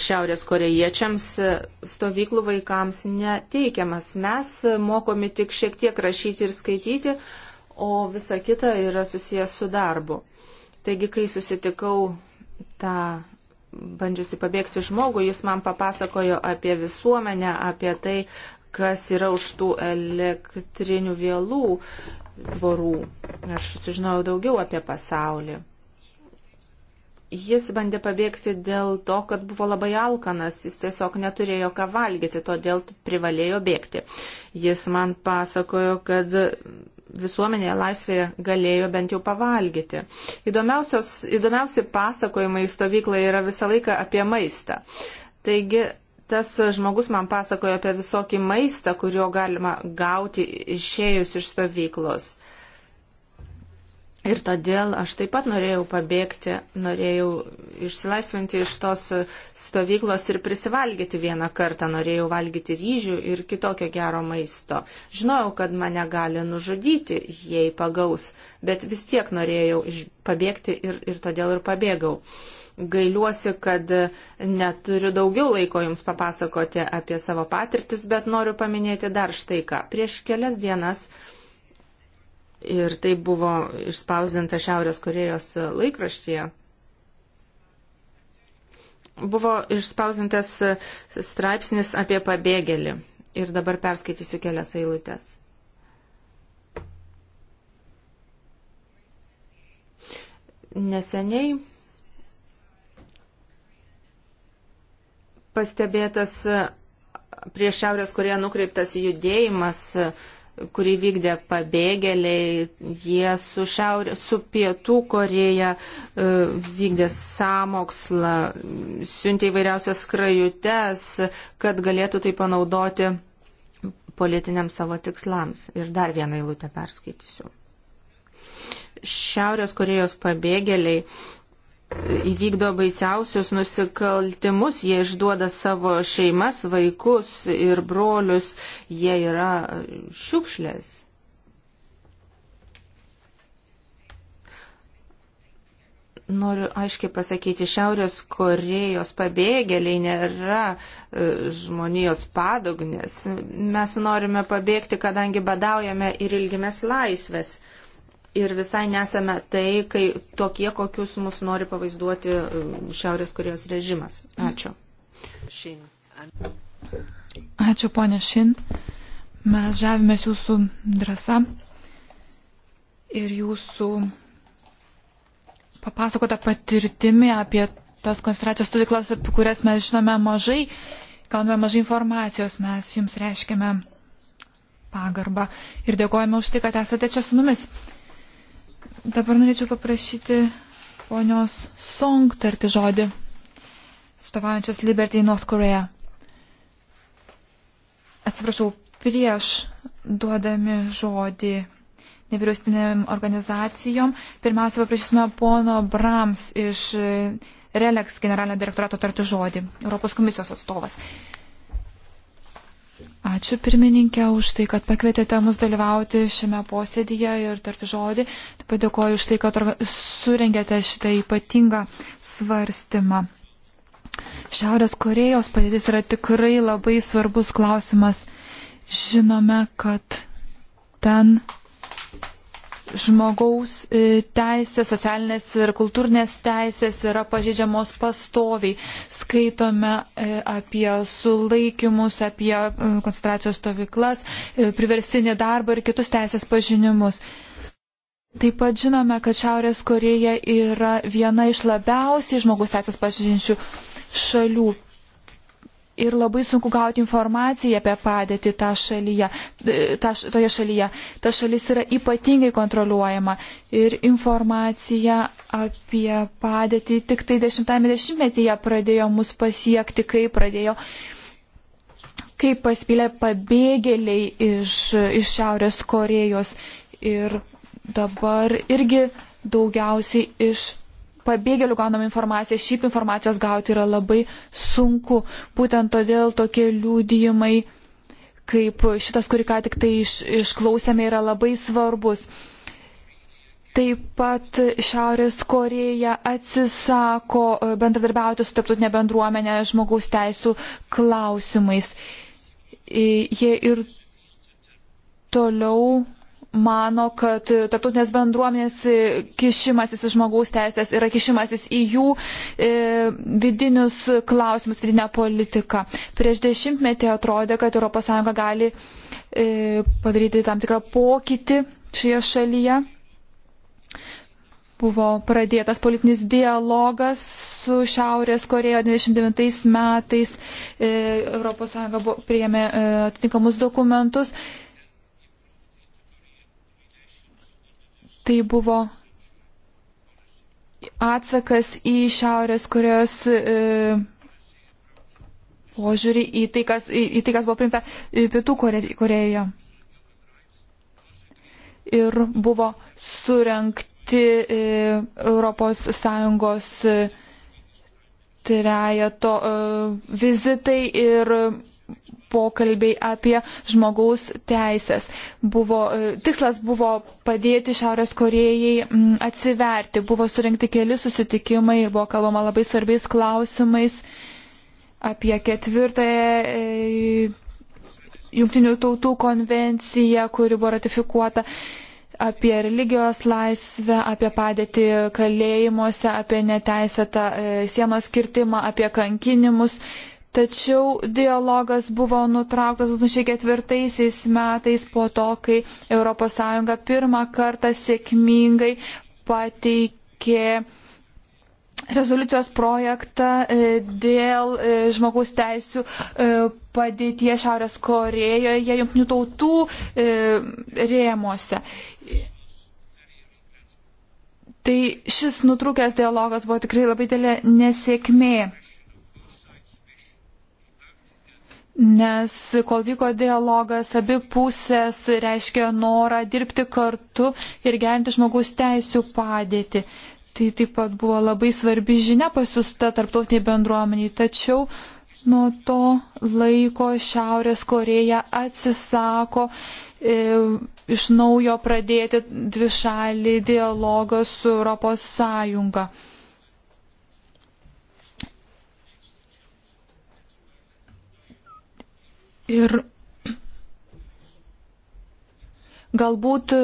Šiaurės korejiečiams e, stovyklų vaikams neteikiamas. Mes mokomi tik šiek tiek rašyti ir skaityti, o visa kita yra susijęs su darbu. Taigi, kai susitikau tą bandžiusi pabėgti žmogų, jis man papasakojo apie visuomenę, apie tai, kas yra už tų elektrinių vėlų tvorų. Aš sužinojau daugiau apie pasaulį. Jis bandė pabėgti dėl to, kad buvo labai alkanas, jis tiesiog neturėjo ką valgyti, todėl privalėjo bėgti. Jis man pasakojo, kad visuomenėje laisvėje galėjo bent jau pavalgyti. Įdomiausi pasakojimai stovykloje yra visą laiką apie maistą. Taigi tas žmogus man pasakojo apie visokį maistą, kurio galima gauti išėjus iš stovyklos. Ir todėl aš taip pat norėjau pabėgti, norėjau išsilaisvinti iš tos stovyklos ir prisivalgyti vieną kartą, norėjau valgyti ryžių ir kitokio gero maisto. Žinojau, kad mane gali nužudyti, jei pagaus, bet vis tiek norėjau pabėgti ir, ir todėl ir pabėgau. Uh, Gailiuosi, kad neturiu daugiau laiko Jums papasakoti apie savo patirtis, bet noriu paminėti dar štai ką. Prieš kelias dienas, ir tai buvo išspausdinta Šiaurės Korejos laikraštyje, buvo išspausdintas straipsnis apie pabėgėlį. Ir dabar perskaitysiu kelias eilutes. Neseniai pastebėtas prieš Šiaurės Koreją nukreiptas judėjimas, kurį vykdė pabėgėliai. Jie su, šiaurė, su Pietų Koreja e, vykdė samokslą, siuntė įvairiausias skrajutes, kad galėtų tai panaudoti politiniams savo tikslams. Ir dar vieną eilutę perskaitysiu. Šiaurės Korejos pabėgėliai įvykdo baisiausius nusikaltimus, jie išduoda savo šeimas, vaikus ir brolius, jie yra šiukšlės. Noriu aiškiai pasakyti, Šiaurės Korejos pabėgėliai nėra e, žmonijos padugnės. Mes norime pabėgti, kadangi badaujame ir ilgimės laisvės ir visai nesame tai, kai tokie, kokius mus nori pavaizduoti um, Šiaurės Korejos režimas. Ačiū. Ačiū, ponė Šin. Mes žavimės jūsų drąsa ir jūsų papasakota patirtimi apie tas koncentracijos stovyklas, apie kurias mes žinome mažai, kalbame mažai informacijos, mes jums reiškiame pagarbą ir dėkojame už tai, kad esate čia su mumis. Dabar norėčiau paprašyti ponios Song tarti žodį, stovaujančios Liberty North Korea. Atsiprašau, prieš duodami žodį nevyriausybinėm organizacijom, pirmiausia paprašysime pono Brams iš Relex generalinio direktorato tarti žodį, Europos komisijos atstovas. Ačiū pirmininkė už tai, kad pakvietėte mus dalyvauti šiame posėdėje ir tarti žodį. Padėkoju už tai, kad surengėte šitą ypatingą svarstymą. Šiaurės Korejos padėtis yra tikrai labai svarbus klausimas. Žinome, kad ten žmogaus e, teisės, socialinės ir kultūrinės teisės yra pažydžiamos pastoviai. Skaitome e, apie sulaikimus, apie e, koncentracijos stovyklas, priverstinį darbą ir kitus teisės pažinimus. Taip pat žinome, kad Šiaurės Koreja yra viena iš labiausiai žmogus teisės pažinčių šalių ir labai sunku gauti informaciją apie padėtį tą šalyje, tą, toje šalyje. Ta šalis yra ypatingai kontroliuojama ir informacija apie padėtį tik tai 10-metyje pradėjo mus pasiekti, kai pradėjo kaip paspylė pabėgėliai iš, iš Šiaurės Korejos ir dabar irgi daugiausiai iš pabėgėlių gaunam informaciją, šiaip informacijos gauti yra labai sunku. Būtent todėl tokie liūdijimai, kaip šitas, kurį ką tik tai iš, išklausėme, yra labai svarbus. Taip pat Šiaurės Koreja atsisako e, bendradarbiauti su tarptautinė bendruomenė žmogaus teisų klausimais. Jie ir toliau mano, kad tarptautinės bendruomenės kišimasis į žmogaus teisės yra kišimasis į jų e, vidinius klausimus, vidinę politiką. Prieš dešimtmetį atrodė, kad ES gali e, padaryti tam tikrą pokytį šioje šalyje. Buvo pradėtas politinis dialogas su Šiaurės Koreja 29 metais. E, ES priėmė e, atitinkamus dokumentus. E, Tai buvo atsakas į Šiaurės Korejos e, požiūrį į tai, kas, į, į tai, kas buvo primta e, Pietų Korejoje. Ir buvo surenkti e, Europos Sąjungos e, trejato e, vizitai ir pokalbiai apie žmogaus teisės. Buvo, e, tikslas buvo padėti Šiaurės Korejai atsiverti. Buvo surinkti keli susitikimai, buvo kalbama labai svarbiais klausimais apie ketvirtąją e, Junktinių tautų konvenciją, kuri buvo ratifikuota apie religijos laisvę, apie padėtį kalėjimuose, apie neteisėtą e, sienos kirtimą, apie kankinimus Tačiau dialogas buvo nutrauktas 2004 metais po to, kai ES pirmą kartą sėkmingai pateikė rezoliucijos projektą e, dėl e, žmogaus teisų e, padėtie Šiaurės Korejoje jungtinių tautų rėmose. Tai šis nutrūkęs dialogas buvo tikrai labai dėlė nesėkmė. Nes kol vyko dialogas, abi pusės reiškia norą dirbti kartu ir gerinti žmogaus teisų padėti. Tai taip pat buvo labai svarbi žinia pasiusta tarptautiniai bendruomeniai. Tačiau nuo to laiko Šiaurės Koreja atsisako e, iš naujo pradėti dvišalį dialogą su Europos Sąjunga. Ir galbūt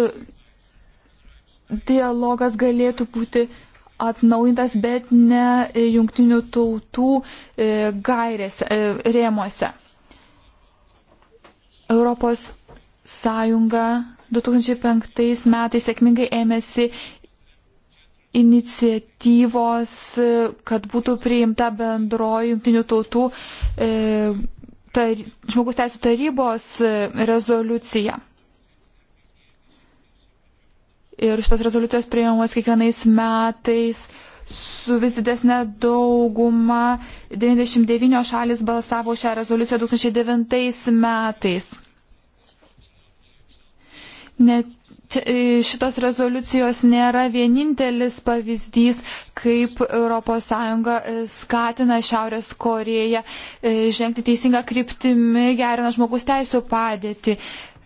dialogas galėtų būti atnaujintas, bet ne jungtinių tautų e, gairės e, rėmuose. Europos Sąjunga 2005 metais sėkmingai ėmėsi iniciatyvos, kad būtų priimta bendroji jungtinių tautų e, tar, žmogus teisų tarybos e, rezoliuciją. Ir šitos rezoliucijos priimamos kiekvienais metais su vis didesnė dauguma. 99 šalis balsavo šią rezoliuciją 2009 metais. Net E, šitos rezoliucijos nėra vienintelis pavyzdys, kaip ES e, skatina Šiaurės Koreją e, žengti teisingą kryptimį, gerina žmogus teisų padėtį.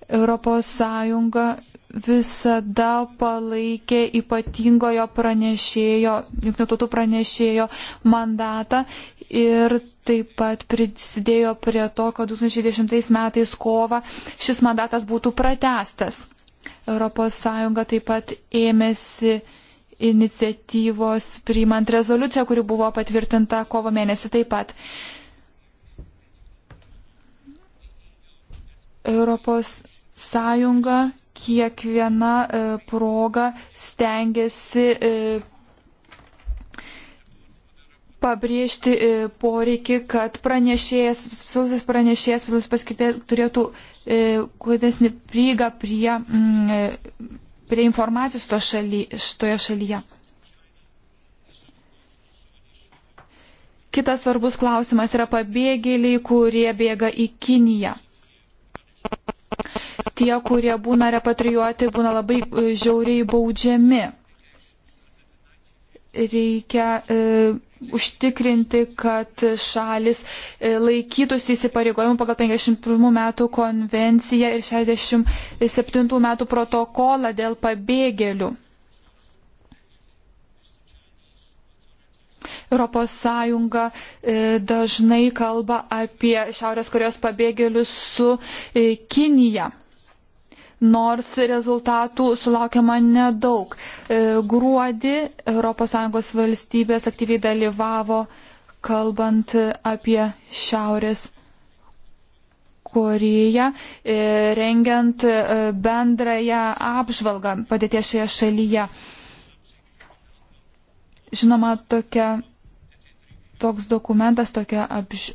ES visada palaikė ypatingojo pranešėjo, jungtinių tautų pranešėjo mandatą ir taip pat prisidėjo prie to, kad 2010 metais kova šis mandatas būtų pratestas. ES taip pat ėmėsi iniciatyvos priimant rezoliuciją, kuri buvo patvirtinta kovo mėnesį taip pat. Europos Sąjunga kiekviena e, proga stengiasi e, pabrėžti e, poreikį, kad pranešėjas, visus pranešėjas, visus paskirtės turėtų E, kuodesnį prieigą prie, m, mm, e, prie informacijos to šaly, šitoje šalyje. Kitas svarbus klausimas yra pabėgėliai, kurie bėga į Kiniją. Tie, kurie būna repatrijuoti, būna labai e, žiauriai baudžiami reikia e, užtikrinti, kad šalis e, laikytųsi įsipareigojimų pagal 51 metų konvenciją ir 67 metų protokolą dėl pabėgėlių. Europos Sąjunga e, dažnai kalba apie Šiaurės Korejos pabėgėlius su e, Kinija nors rezultatų sulaukiama nedaug. E, gruodį ES valstybės aktyviai dalyvavo, kalbant apie Šiaurės Koreją, e, rengiant e, bendrąją apžvalgą padėties šioje šalyje. Žinoma, tokia, toks dokumentas, tokia apž,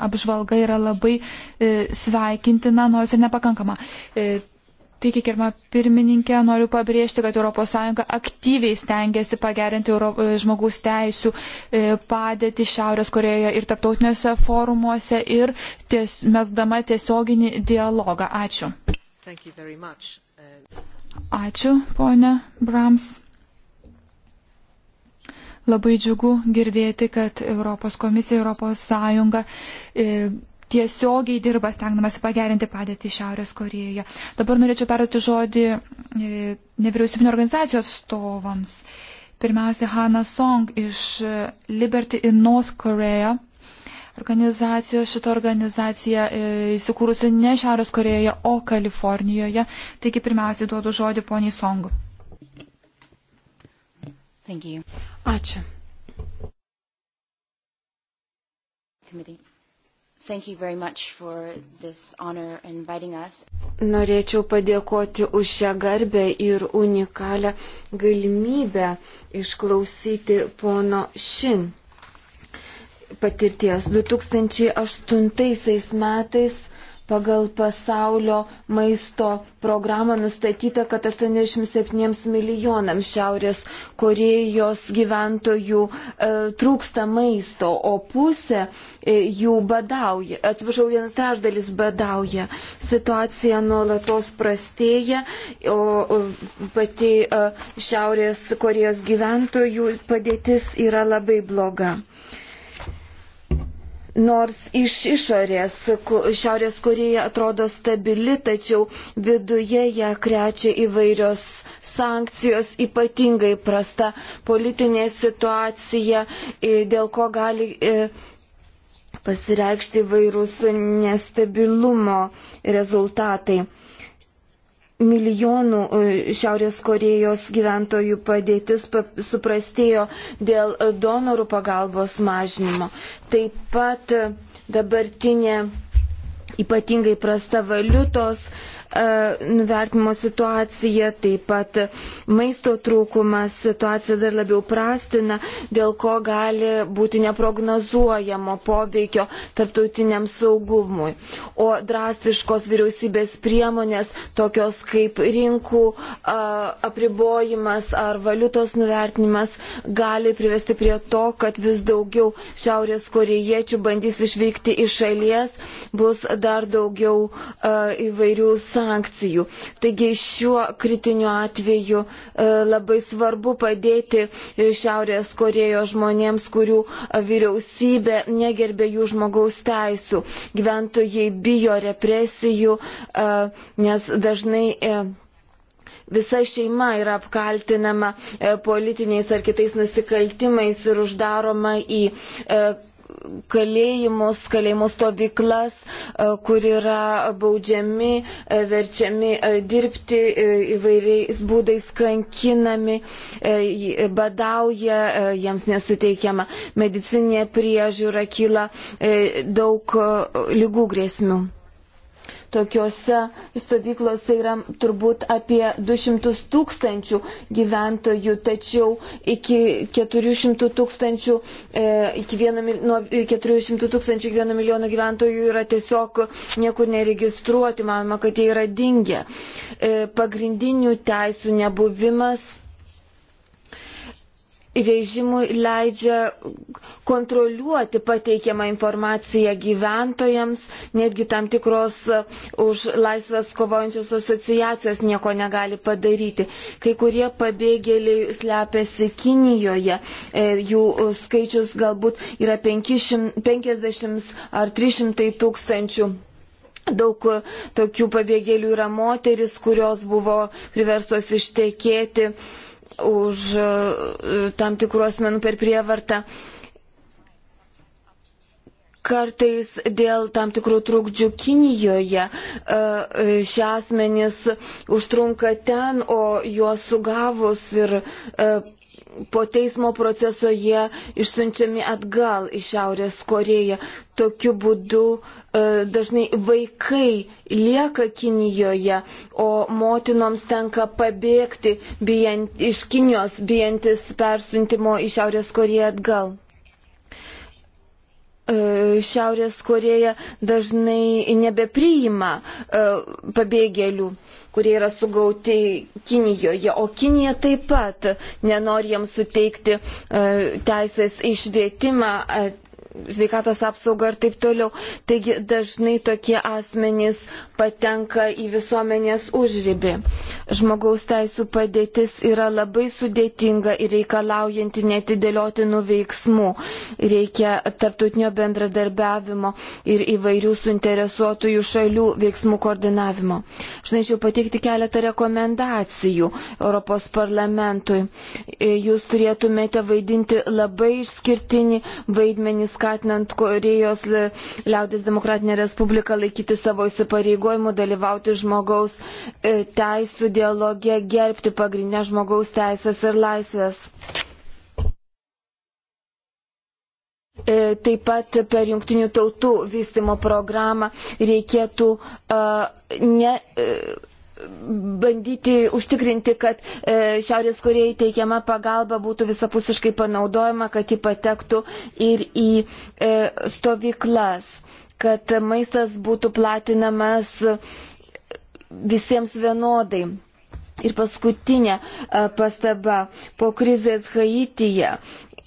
apžvalga yra labai sveikintina, nors ir nepakankama. Taigi, kirma pirmininkė, noriu pabrėžti, kad ES aktyviai stengiasi pagerinti e, žmogaus teisų e, padėtį Šiaurės Korejoje ir tarptautiniuose forumuose ir ties, mesdama tiesioginį dialogą. Ačiū. Ačiū, ponė Brams. Labai džiugu girdėti, kad Europos komisija, Europos Sąjunga. E, tiesiogiai dirba stengdamas pagerinti padėtį Šiaurės Korejoje. Dabar norėčiau perduoti žodį e, nevyriausybinio organizacijos atstovams. Pirmiausia, Hanna Song iš Liberty in North Korea organizacijos. Šita organizacija e, įsikūrusi ne Šiaurės Korejoje, o Kalifornijoje. Taigi pirmiausiai duodu žodį poniai Song. Ačiū. Committee. Norėčiau padėkoti už šią garbę ir unikalią galimybę išklausyti pono Šin patirties. 2008 metais Pagal pasaulio maisto programą nustatyta, kad 87 milijonams Šiaurės Korejos gyventojų e, trūksta maisto, o pusė e, jų badauja, atsiprašau, vienas trešdalis badauja. Situacija nuolatos prastėja, o, o pati e, Šiaurės Korejos gyventojų padėtis yra labai bloga. Nors iš išorės Šiaurės Koreja atrodo stabili, tačiau viduje ją krečia įvairios sankcijos, ypatingai prasta politinė situacija, dėl ko gali pasireikšti vairūs nestabilumo rezultatai milijonų e, Šiaurės Korejos gyventojų padėtis suprastėjo dėl e, donorų pagalbos mažinimo. Taip pat e, dabartinė ypatingai prasta valiutos E, nuvertimo situacija, taip pat maisto trūkumas situacija dar labiau prastina, dėl ko gali būti neprognozuojamo poveikio tarptautiniam saugumui. O drastiškos vyriausybės priemonės, tokios kaip rinkų e, apribojimas ar valiutos nuvertinimas, gali privesti prie to, kad vis daugiau šiaurės korejiečių bandys išvykti iš šalies, bus dar daugiau e, įvairių sąlygų sankcijų. Taigi šiuo kritiniu atveju e, labai svarbu padėti e, Šiaurės Korejos žmonėms, kurių e, vyriausybė negerbė jų žmogaus teisų. Gyventojai bijo represijų, nes dažnai visa šeima yra apkaltinama politiniais ar kitais nusikaltimais ir uždaroma į kalėjimus, kalėjimų stovyklas, e, kur yra baudžiami, e, verčiami e, dirbti įvairiais būdais, kankinami, badauja, jiems nesuteikiama medicinė priežiūra, kyla daug lygų grėsmių. Tokiuose stovyklose yra turbūt apie 200 tūkstančių gyventojų, tačiau iki 400 e, tūkstančių, iki vieno, nuo 400 tūkstančių iki 1 milijono gyventojų yra tiesiog niekur neregistruoti, manoma, kad jie yra dingę. E, pagrindinių teisų nebuvimas režimui leidžia kontroliuoti pateikiamą informaciją gyventojams, netgi tam tikros e, už laisvės kovojančios asociacijos nieko negali padaryti. Kai kurie pabėgėliai slepiasi Kinijoje, e, jų skaičius galbūt yra 500, 50 ar 300 tūkstančių. Daug e, tokių pabėgėlių yra moteris, kurios buvo priverstos ištekėti. Uh, už e, tam tikrų asmenų per prievartą. Kartais dėl tam tikrų trukdžių Kinijoje e, šie asmenys užtrunka ten, o juos sugavus ir e, po teismo proceso jie išsiunčiami atgal į Šiaurės Koreją. Tokiu būdu e, dažnai vaikai lieka Kinijoje, o motinoms tenka pabėgti bijant, iš Kinijos, bijantis persiuntimo į Šiaurės Koreją atgal. E, Šiaurės Koreja dažnai nebepriima e, pabėgėlių, kurie yra sugauti Kinijoje, o Kinija taip pat nenori jiems suteikti e, teisės išvietimą sveikatos apsaugą ir taip toliau. Taigi dažnai tokie asmenys patenka į visuomenės užribį. Žmogaus teisų padėtis yra labai sudėtinga ir reikalaujanti netidėliotinų veiksmų. Reikia tarptautinio bendradarbiavimo ir įvairių suinteresuotųjų šalių veiksmų koordinavimo. Aš norėčiau pateikti keletą rekomendacijų Europos parlamentui. Jūs turėtumėte vaidinti labai išskirtinį vaidmenį skatinant Korejos liaudės demokratinę respubliką laikyti savo įsipareigojimą įsipareigojimu dalyvauti žmogaus e, teisų dialogė, gerbti pagrindinę žmogaus teisės ir laisvės. E, taip pat per jungtinių tautų vystimo programą reikėtų uh, ne, uh, bandyti užtikrinti, kad Šiaurės Korejai teikiama pagalba būtų visapusiškai panaudojama, kad ji patektų ir į stovyklas kad maistas būtų platinamas visiems vienodai. Ir paskutinė e, pastaba po krizės Haityje.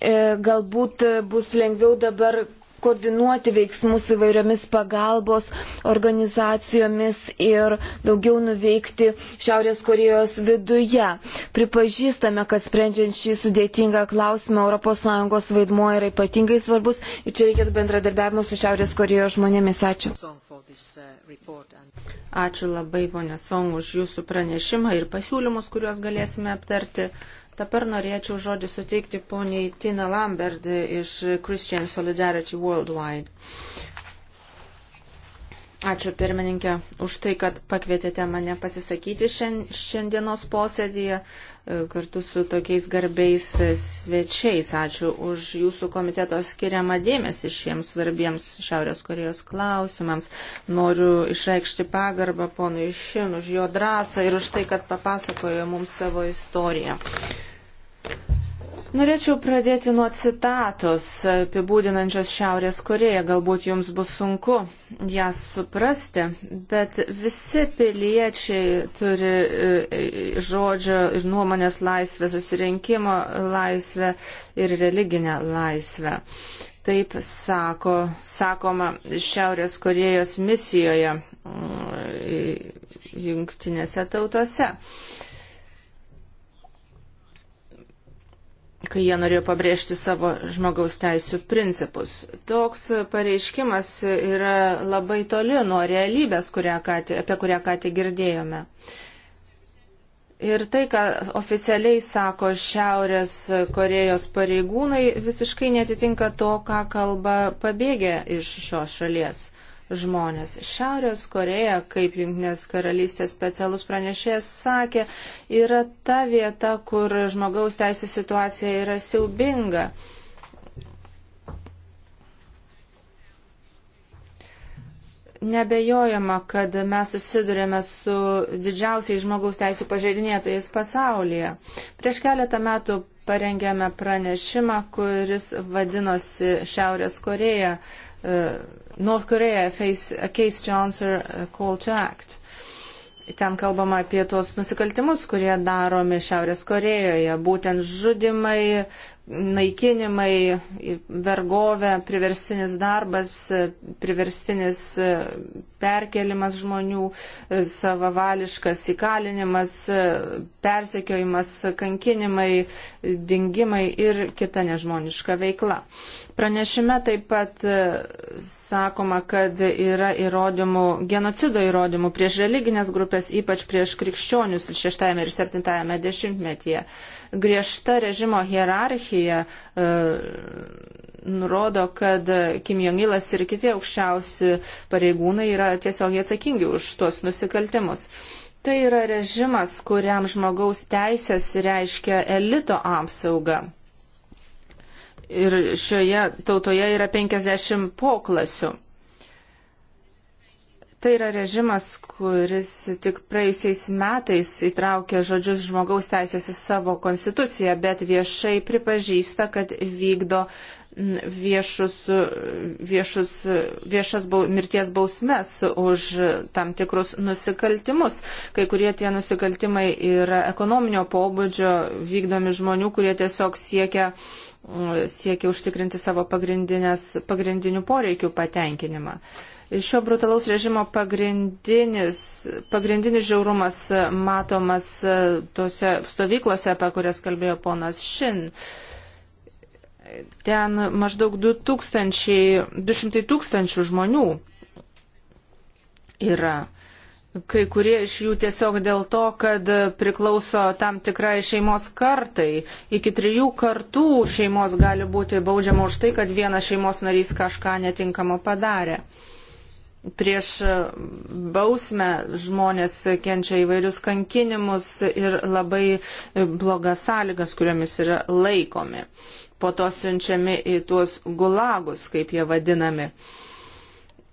E, galbūt bus lengviau dabar koordinuoti veiksmus įvairiomis pagalbos organizacijomis ir daugiau nuveikti Šiaurės Korejos viduje. Pripažįstame, kad sprendžiant šį sudėtingą klausimą ES vaidmuo yra ypatingai svarbus ir čia reikėtų bendradarbiavimo su Šiaurės Korejos žmonėmis. Ačiū. Ačiū labai, ponė Song, už jūsų pranešimą ir pasiūlymus, kuriuos galėsime aptarti. Dabar norėčiau žodį suteikti poniai Tina Lambert iš Christian Solidarity Worldwide. Ačiū pirmininkė už tai, kad pakvietėte mane pasisakyti šiandienos posėdėje e, kartu su tokiais garbiais e, svečiais. Ačiū už jūsų komiteto skiriamą dėmesį šiems svarbiems Šiaurės Korejos klausimams. Noriu išreikšti pagarbą ponui Šin už jo drąsą ir už tai, kad papasakojo mums savo istoriją. Norėčiau pradėti nuo citatos apibūdinančios Šiaurės Koreją. Galbūt jums bus sunku ją suprasti, bet visi piliečiai turi e, e, žodžio ir nuomonės laisvę, susirinkimo laisvę ir religinę laisvę. Taip sako, sakoma Šiaurės Korejos misijoje mm, e, jungtinėse tautose. kai jie norėjo pabrėžti savo žmogaus teisų principus. Toks pareiškimas yra labai toli nuo realybės, kurią kati, apie kurią ką tik girdėjome. Ir tai, ką oficialiai sako Šiaurės Korejos pareigūnai, visiškai netitinka to, ką kalba pabėgę iš šios šalies žmonės. Šiaurės Koreja, kaip Junktinės karalystės specialus pranešėjas sakė, yra ta vieta, kur žmogaus teisų situacija yra siaubinga. Nebejojama, kad mes susidurėme su didžiausiai žmogaus teisų pažeidinėtojais pasaulyje. Prieš keletą metų parengėme pranešimą, kuris vadinosi Šiaurės Koreja Uh, North Korea face a case to answer a call to act. Ten kalbama apie tos nusikaltimus, kurie daromi Šiaurės Korejoje, būtent žudimai, naikinimai, vergovė, priverstinis darbas, priverstinis uh, perkelimas žmonių, uh, savavališkas įkalinimas, persekiojimas, kankinimai, dingimai ir kita nežmoniška veikla. Pranešime taip pat e, sakoma, kad yra įrodymų, genocido įrodymų prieš religinės grupės, ypač prieš krikščionius 6 ir 7 dešimtmetyje. Griežta režimo hierarchija e, nurodo, kad Kim Jong-ilas ir kiti aukščiausi pareigūnai yra tiesiogiai atsakingi už tuos nusikaltimus. Tai yra režimas, kuriam žmogaus teisės reiškia elito apsaugą Ir šioje tautoje yra 50 poklasių. Tai yra režimas, kuris tik praėjusiais metais įtraukė žodžius žmogaus teisės į savo konstituciją, bet viešai pripažįsta, kad vykdo viešus, viešus, viešas bau, mirties bausmes už tam tikrus nusikaltimus. Kai kurie tie nusikaltimai yra ekonominio pobūdžio vykdomi žmonių, kurie tiesiog siekia siekia užtikrinti savo pagrindinių poreikių patenkinimą. Šio brutalaus režimo pagrindinis, pagrindinis žiaurumas matomas tose stovyklose, apie kurias kalbėjo ponas Šin. Ten maždaug 2000, 200 tūkstančių žmonių yra. Kai kurie iš jų tiesiog dėl to, kad priklauso tam tikrai šeimos kartai. Iki trijų kartų šeimos gali būti baudžiama už tai, kad vienas šeimos narys kažką netinkamo padarė. Prieš bausmę žmonės kenčia įvairius kankinimus ir labai blogas sąlygas, kuriomis yra laikomi. Po to siunčiami į tuos gulagus, kaip jie vadinami.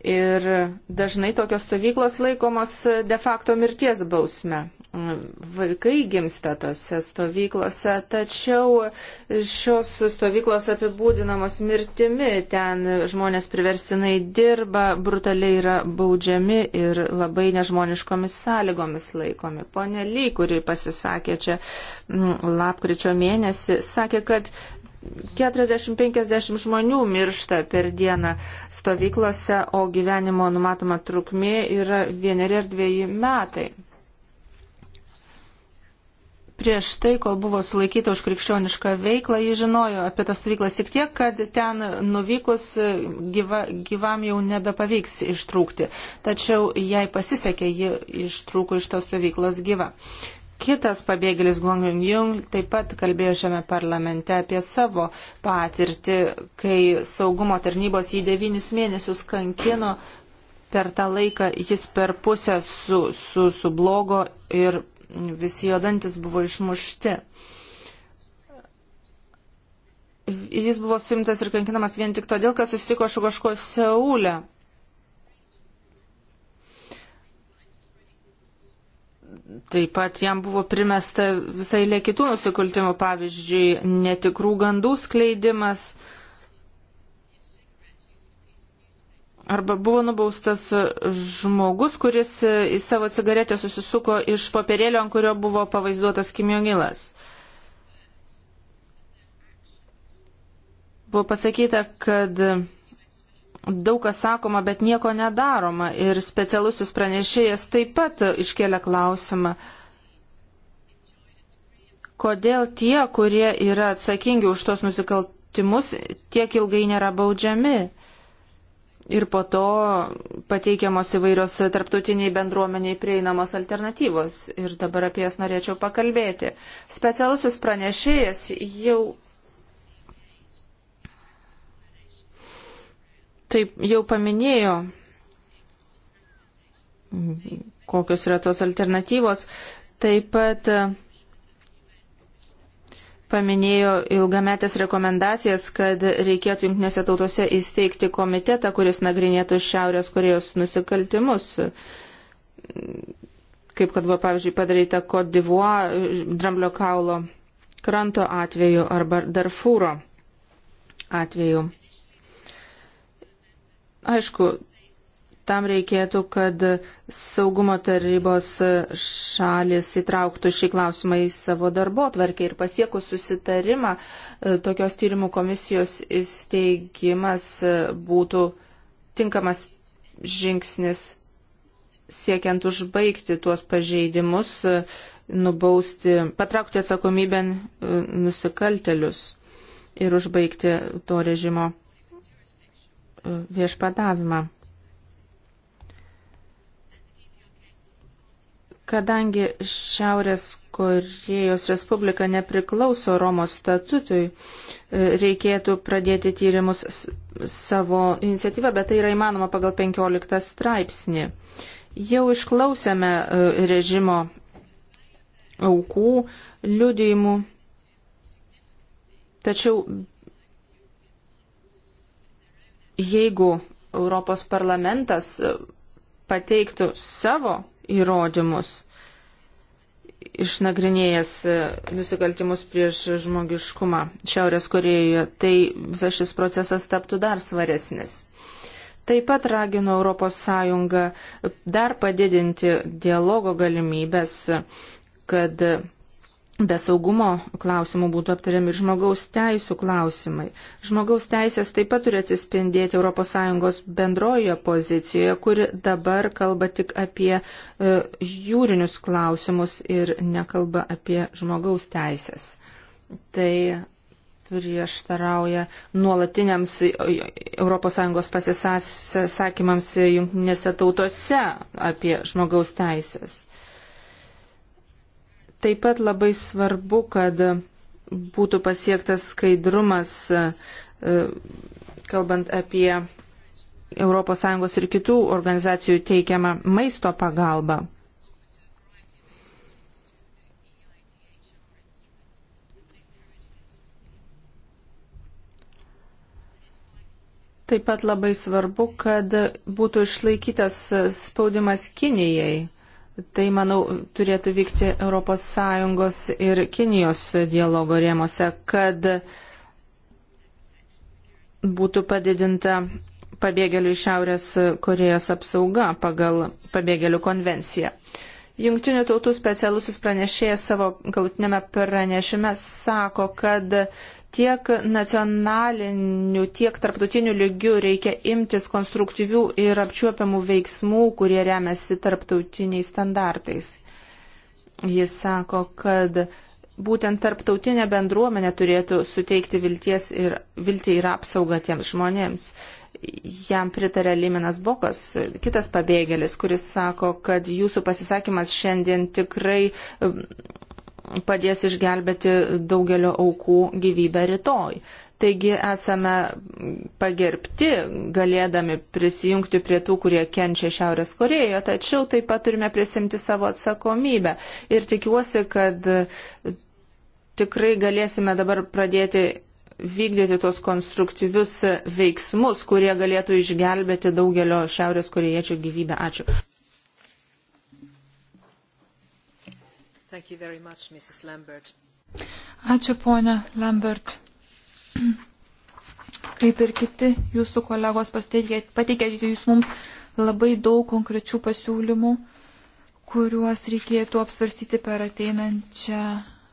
Ir dažnai tokios stovyklos laikomos e, de facto mirties bausme. Vaikai gimsta tose stovyklose, tačiau šios stovyklos apibūdinamos mirtimi. Ten žmonės priverstinai dirba, brutaliai yra baudžiami ir labai nežmoniškomis sąlygomis laikomi. Pone Ly, kuri pasisakė čia lapkričio mėnesį, sakė, kad 40-50 žmonių miršta per dieną stovyklose, o gyvenimo numatoma trukmė yra vieneri ar dviejai metai. Prieš tai, kol buvo sulaikyta už krikščionišką veiklą, ji žinojo apie tas stovyklas tik tiek, kad ten nuvykus gyva, gyvam jau nebepavyks ištrūkti. Tačiau jai pasisekė, ji ištrūko iš tos stovyklos gyva. Uh, Kitas pabėgėlis Guangyun Jung taip pat kalbėjo šiame parlamente apie savo patirtį, kai saugumo tarnybos jį devynis mėnesius kankino, per tą laiką jis per pusę su, su, su blogo ir visi jo dantis buvo išmušti jis buvo suimtas ir kankinamas vien tik todėl, kad susitiko su kažko Seule. Taip pat jam buvo primesta visai lė kitų nusikaltimų, pavyzdžiui, netikrų gandų skleidimas. Arba buvo nubaustas žmogus, kuris į savo cigaretę susisuko iš papirėlio, ant kurio buvo pavaizduotas Kim Jong-ilas. Buvo pasakyta, kad daug kas sakoma, bet nieko nedaroma. Ir specialusis pranešėjas taip pat iškėlė klausimą, kodėl tie, kurie yra atsakingi už tos nusikaltimus, tiek ilgai nėra baudžiami. Ir po to pateikiamos įvairios tarptautiniai bendruomeniai prieinamos alternatyvos. Ir dabar apie jas norėčiau pakalbėti. Specialusis pranešėjas jau taip jau paminėjo, kokios yra tos alternatyvos. Taip pat e, paminėjo ilgametės rekomendacijas, kad reikėtų jungtinėse tautose įsteigti komitetą, kuris nagrinėtų Šiaurės Korejos nusikaltimus. Kaip kad buvo, pavyzdžiui, padaryta Kodivuo, Dramblio kaulo kranto atveju arba Darfūro atveju. Aišku, tam reikėtų, kad saugumo tarybos šalis įtrauktų šį klausimą į savo darbo tvarkę ir pasiekus susitarimą, e, tokios tyrimų komisijos įsteigimas e, būtų tinkamas žingsnis siekiant užbaigti tuos pažeidimus, e, nubausti, patraukti atsakomybę nusikaltelius ir užbaigti to režimo viešpadavimą. Kadangi Šiaurės Korejos Respublika nepriklauso Romos statutui, e, reikėtų pradėti tyrimus savo iniciatyvą, bet tai yra įmanoma pagal 15 straipsnį. Jau išklausėme e, režimo aukų liudijimų, tačiau jeigu Europos parlamentas e, pateiktų savo įrodymus, išnagrinėjęs e, nusikaltimus prieš žmogiškumą Šiaurės Korejoje, tai visas šis procesas taptų dar svaresnis. Taip pat ragino ES dar padidinti dialogo galimybės, kad be saugumo klausimų būtų aptariami ir žmogaus teisų klausimai. Žmogaus teisės taip pat turi atsispindėti ES bendrojoje pozicijoje, kuri dabar kalba tik apie e, jūrinius klausimus ir nekalba apie žmogaus teisės. Tai prieštarauja nuolatiniams ES pasisakymams jungtinėse tautose apie žmogaus teisės. Taip pat labai svarbu, kad būtų pasiektas skaidrumas, e, kalbant apie ES ir kitų organizacijų teikiamą maisto pagalbą. Taip pat labai svarbu, kad būtų išlaikytas spaudimas Kinijai Tai, manau, turėtų vykti ES ir Kinijos dialogo rėmose, kad būtų padidinta pabėgėlių iš Šiaurės Korejos apsauga pagal pabėgėlių konvenciją. Junktinių tautų specialusis pranešėjas savo galutinėme pranešime sako, kad Tiek nacionaliniu, tiek tarptautiniu lygiu reikia imtis konstruktyvių ir apčiuopiamų veiksmų, kurie remiasi tarptautiniais standartais. Jis sako, kad būtent tarptautinė bendruomenė turėtų suteikti vilties ir, viltį ir apsaugą tiems žmonėms. Jam pritarė Liminas Bokas, kitas pabėgėlis, kuris sako, kad jūsų pasisakymas šiandien tikrai padės išgelbėti daugelio aukų gyvybę rytoj. Taigi esame pagerbti, galėdami prisijungti prie tų, kurie kenčia Šiaurės Korejoje, tačiau taip pat turime prisimti savo atsakomybę. Ir tikiuosi, kad tikrai galėsime dabar pradėti vykdyti tuos konstruktyvius veiksmus, kurie galėtų išgelbėti daugelio Šiaurės Korejiečių gyvybę. Ačiū. Much, Ačiū, ponia Lambert. Kaip ir kiti jūsų kolegos pateikėte jūs mums labai daug konkrečių pasiūlymų, kuriuos reikėtų apsvarstyti per ateinančią,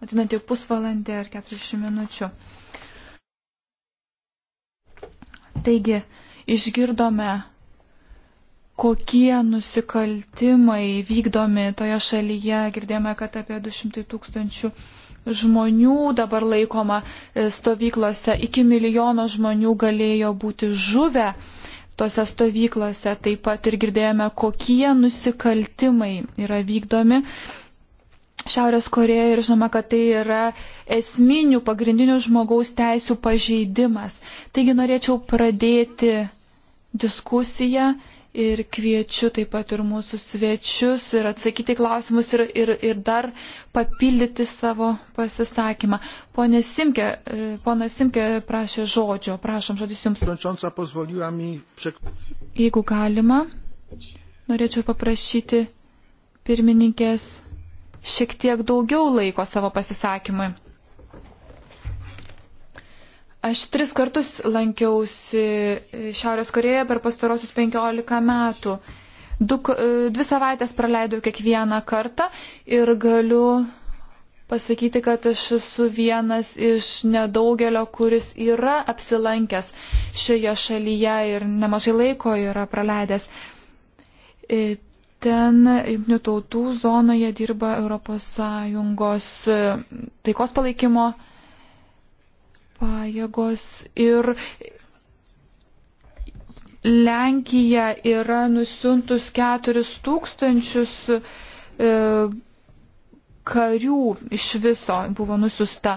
ateinantį pusvalandį ar 40 minučių. Taigi, išgirdome kokie nusikaltimai vykdomi toje šalyje. Girdėjome, kad apie 200 tūkstančių žmonių dabar laikoma e, stovyklose, iki milijono žmonių galėjo būti žuvę tose stovyklose. Taip pat ir girdėjome, kokie nusikaltimai yra vykdomi. Šiaurės Koreja ir žinoma, kad tai yra esminių pagrindinių žmogaus teisų pažeidimas. Taigi norėčiau pradėti diskusiją ir kviečiu taip pat ir mūsų svečius ir atsakyti klausimus ir, ir, ir dar papildyti savo pasisakymą. Pone Simke, e, pona Simke prašė žodžio, prašom žodis jums. Jeigu galima, norėčiau paprašyti pirmininkės šiek tiek daugiau laiko savo pasisakymui. Aš tris kartus lankiausi Šiaurės Korejoje per pastarosius 15 metų. Du, dvi savaitės praleidau kiekvieną kartą ir galiu pasakyti, kad aš esu vienas iš nedaugelio, kuris yra apsilankęs šioje šalyje ir nemažai laiko yra praleidęs. E, ten jungtinių tautų zonoje dirba ES taikos palaikymo pajėgos ir Lenkija yra nusintus 4000 e, karių iš viso buvo nusiusta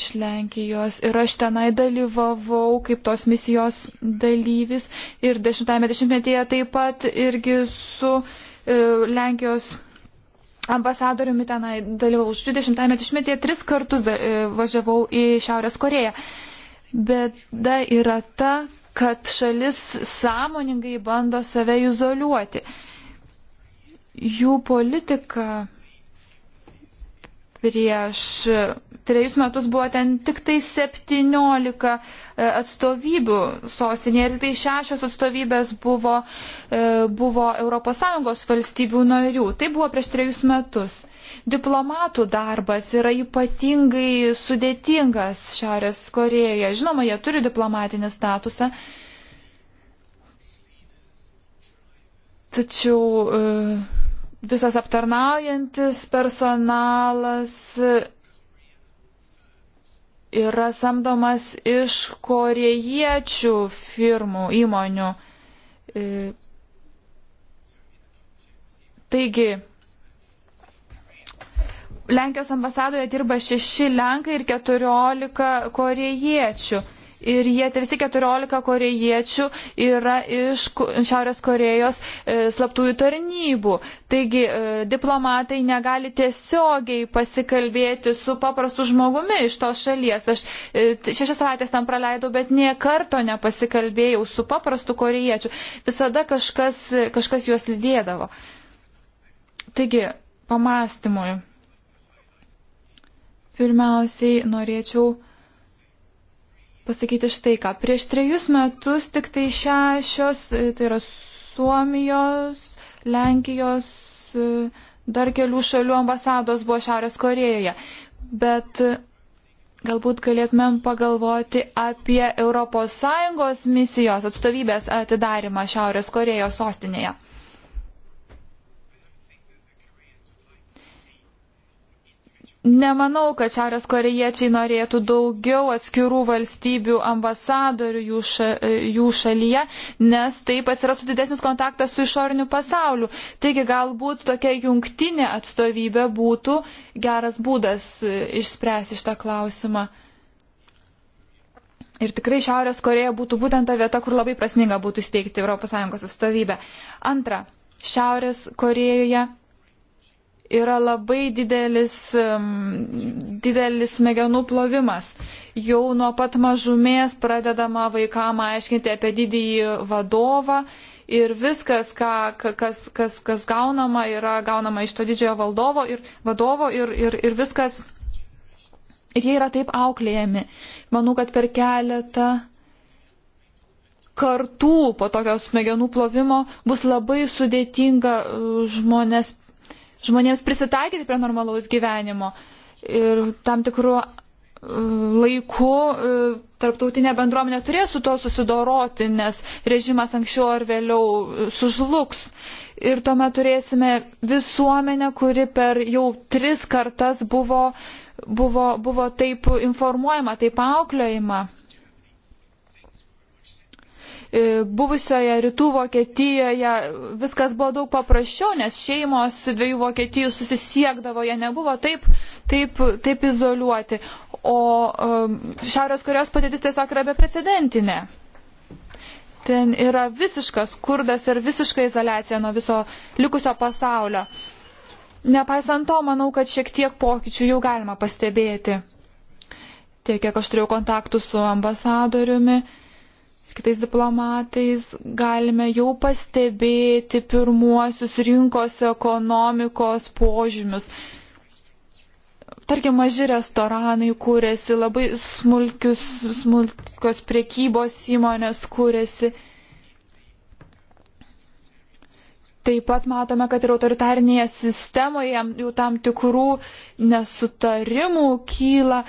iš Lenkijos ir aš tenai dalyvavau kaip tos misijos dalyvis ir 10-metyje taip pat irgi su e, Lenkijos ambasadoriumi tenai dalyvau. Už 20-ąjį metį tris kartus e, važiavau į Šiaurės Koreją. Bėda yra ta, kad šalis sąmoningai bando save izoliuoti. Jų politika Prieš trejus metus buvo ten tik tai 17 e, atstovybių sostinėje ir tai šešios atstovybės buvo, e, buvo ES valstybių narių. Tai buvo prieš trejus metus. Diplomatų darbas yra ypatingai sudėtingas Šiaurės Korejoje. Žinoma, jie turi diplomatinį statusą. Tačiau e, visas aptarnaujantis personalas yra samdomas iš korejiečių firmų įmonių. E, taigi, Lenkijos ambasadoje dirba šeši Lenkai ir keturiolika korejiečių. Ir jie, tai visi 14 korejiečių yra iš Šiaurės Korejos e, slaptųjų tarnybų. Taigi e, diplomatai negali tiesiogiai pasikalbėti su paprastu žmogumi iš tos šalies. Aš e, šešias savaitės tam praleidau, bet nie karto nepasikalbėjau su paprastu korejiečiu. Visada kažkas, kažkas juos lydėdavo. Taigi, pamastymui. Pirmiausiai norėčiau pasakyti štai ką. Prieš trejus metus tik tai šešios, e, tai yra Suomijos, Lenkijos, e, dar kelių šalių ambasados buvo Šiaurės Korejoje. Bet e, galbūt galėtumėm pagalvoti apie ES misijos atstovybės atidarimą Šiaurės Korejos sostinėje. Nemanau, kad Šiaurės korejiečiai norėtų daugiau atskirų valstybių ambasadorių jų, ša, jų šalyje, nes taip atsirastų didesnis kontaktas su išoriniu pasauliu. Taigi galbūt tokia jungtinė atstovybė būtų geras būdas e, išspręsti šitą klausimą. Ir tikrai Šiaurės Koreja būtų būtent ta vieta, kur labai prasminga būtų steigti ES atstovybę. Antra, Šiaurės Korejoje yra labai didelis, didelis smegenų plovimas. Jau nuo pat mažumės pradedama vaikam aiškinti apie didįjį vadovą ir viskas, ką, kas, kas, kas gaunama, yra gaunama iš to didžiojo valdovo ir vadovo ir, ir, ir viskas. Ir jie yra taip auklėjami. Manau, kad per keletą kartų po tokio smegenų plovimo bus labai sudėtinga uh, žmonės žmonėms prisitaikyti prie normalaus gyvenimo. Ir tam tikru e, laiku e, tarptautinė bendruomenė turės su to susidoroti, nes režimas anksčiau ar vėliau e, sužlugs. Ir tuomet turėsime visuomenę, kuri per jau tris kartas buvo, buvo, buvo taip informuojama, taip auklėjama. E, buvusioje rytų Vokietijoje viskas buvo daug paprasčiau, nes šeimos dviejų Vokietijų susisiekdavo, jie nebuvo taip, taip, taip izoliuoti. O e, Šiaurės Korejos padėtis tiesiog yra beprecedentinė. Ten yra visiškas skurdas ir visiška izolacija nuo viso likusio pasaulio. Nepaisant to, manau, kad šiek tiek pokyčių jau galima pastebėti. Tiek, kiek aš turėjau kontaktų su ambasadoriumi, kitais diplomatais galime jau pastebėti pirmuosius rinkos ekonomikos požymius. Tarkim, maži restoranai kūrėsi, labai smulkius, smulkios priekybos įmonės kūrėsi. Taip pat matome, kad ir autoritarnėje sistemoje jau tam tikrų nesutarimų kyla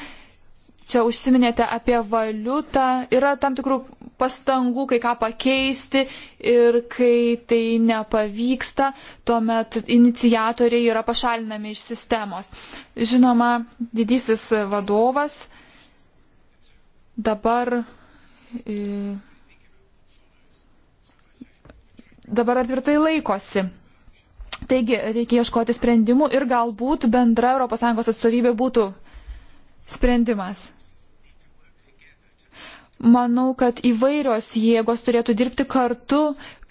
čia užsiminėte apie valiutą, yra tam tikrų pastangų kai ką pakeisti ir kai tai nepavyksta, tuomet inicijatoriai yra pašalinami iš sistemos. Žinoma, didysis vadovas dabar. E, dabar atvirtai laikosi. Taigi reikia ieškoti sprendimų ir galbūt bendra ES atstovybė būtų sprendimas. Manau, kad įvairios jėgos turėtų dirbti kartu,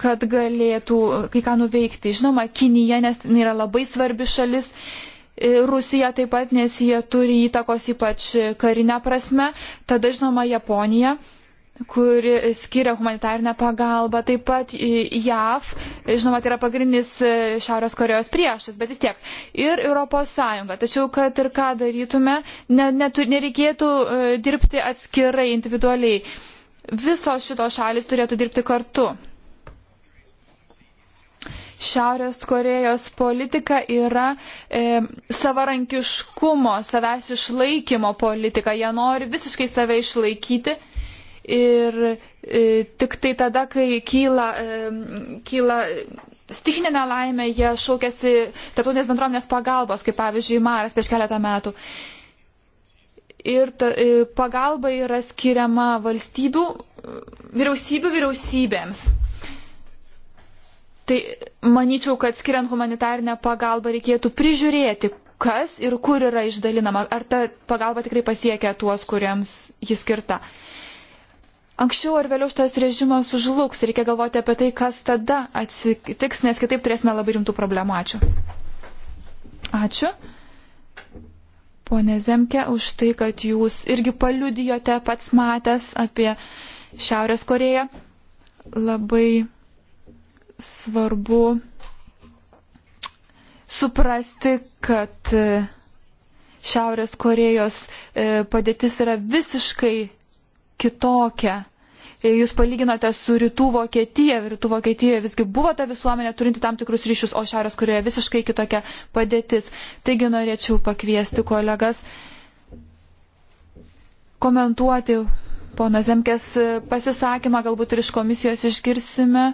kad galėtų e, kai ką nuveikti. Žinoma, Kinija, nes tai yra labai svarbi šalis, e, Rusija taip pat, nes jie turi įtakos ypač karinę prasme, tada žinoma Japonija kuri skiria humanitarinę pagalbą. Taip pat JAV, žinoma, tai yra pagrindinis e, Šiaurės Korejos priešas, bet vis tiek. Ir ES. Tačiau, kad ir ką darytume, ne, netu, nereikėtų e, dirbti atskirai, individualiai. Visos šitos šalis turėtų dirbti kartu. Šiaurės Korejos politika yra e, savarankiškumo, savęs išlaikymo politika. Jie nori visiškai save išlaikyti ir e, tik tai tada, kai kyla, e, kyla stichinė nelaimė, jie šaukėsi tarptautinės bendruomenės pagalbos, kaip pavyzdžiui Maras prieš keletą metų. Ir ta, e, pagalba yra skiriama valstybių, vyriausybių vyriausybėms. Tai manyčiau, kad skiriant humanitarinę pagalbą reikėtų prižiūrėti, kas ir kur yra išdalinama, ar ta pagalba tikrai pasiekia tuos, kuriems ji skirta. Uh, Anksčiau ar vėliau šitas režimas sužlugs ir reikia galvoti apie tai, kas tada atsitiks, nes kitaip turėsime labai rimtų problemų. Ačiū. Ačiū. Pone Zemke, už tai, kad jūs irgi paliudijote pats matęs apie Šiaurės Koreją. Labai svarbu suprasti, kad e, Šiaurės Korejos e, padėtis yra visiškai kitokia jūs palyginote su rytų Vokietija. Rytų Vokietijoje visgi buvo ta visuomenė turinti tam tikrus ryšius, o Šiaurės Korejoje visiškai kitokia padėtis. Taigi norėčiau pakviesti kolegas komentuoti pono Zemkės pasisakymą, galbūt ir iš komisijos išgirsime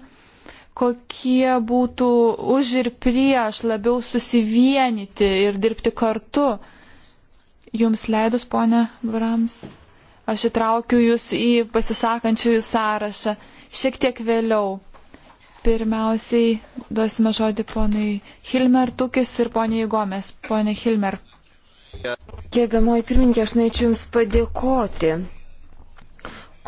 kokie būtų už ir prieš labiau susivienyti ir dirbti kartu. Jums leidus, ponė Brams. Aš įtraukiu jūs į pasisakančiųjų sąrašą šiek tiek vėliau. Pirmiausiai duosime žodį ponui Hilmer Tukis ir poniai Gomes. Pone Hilmer. Gerbiamoji pirmininkė, aš norėčiau Jums padėkoti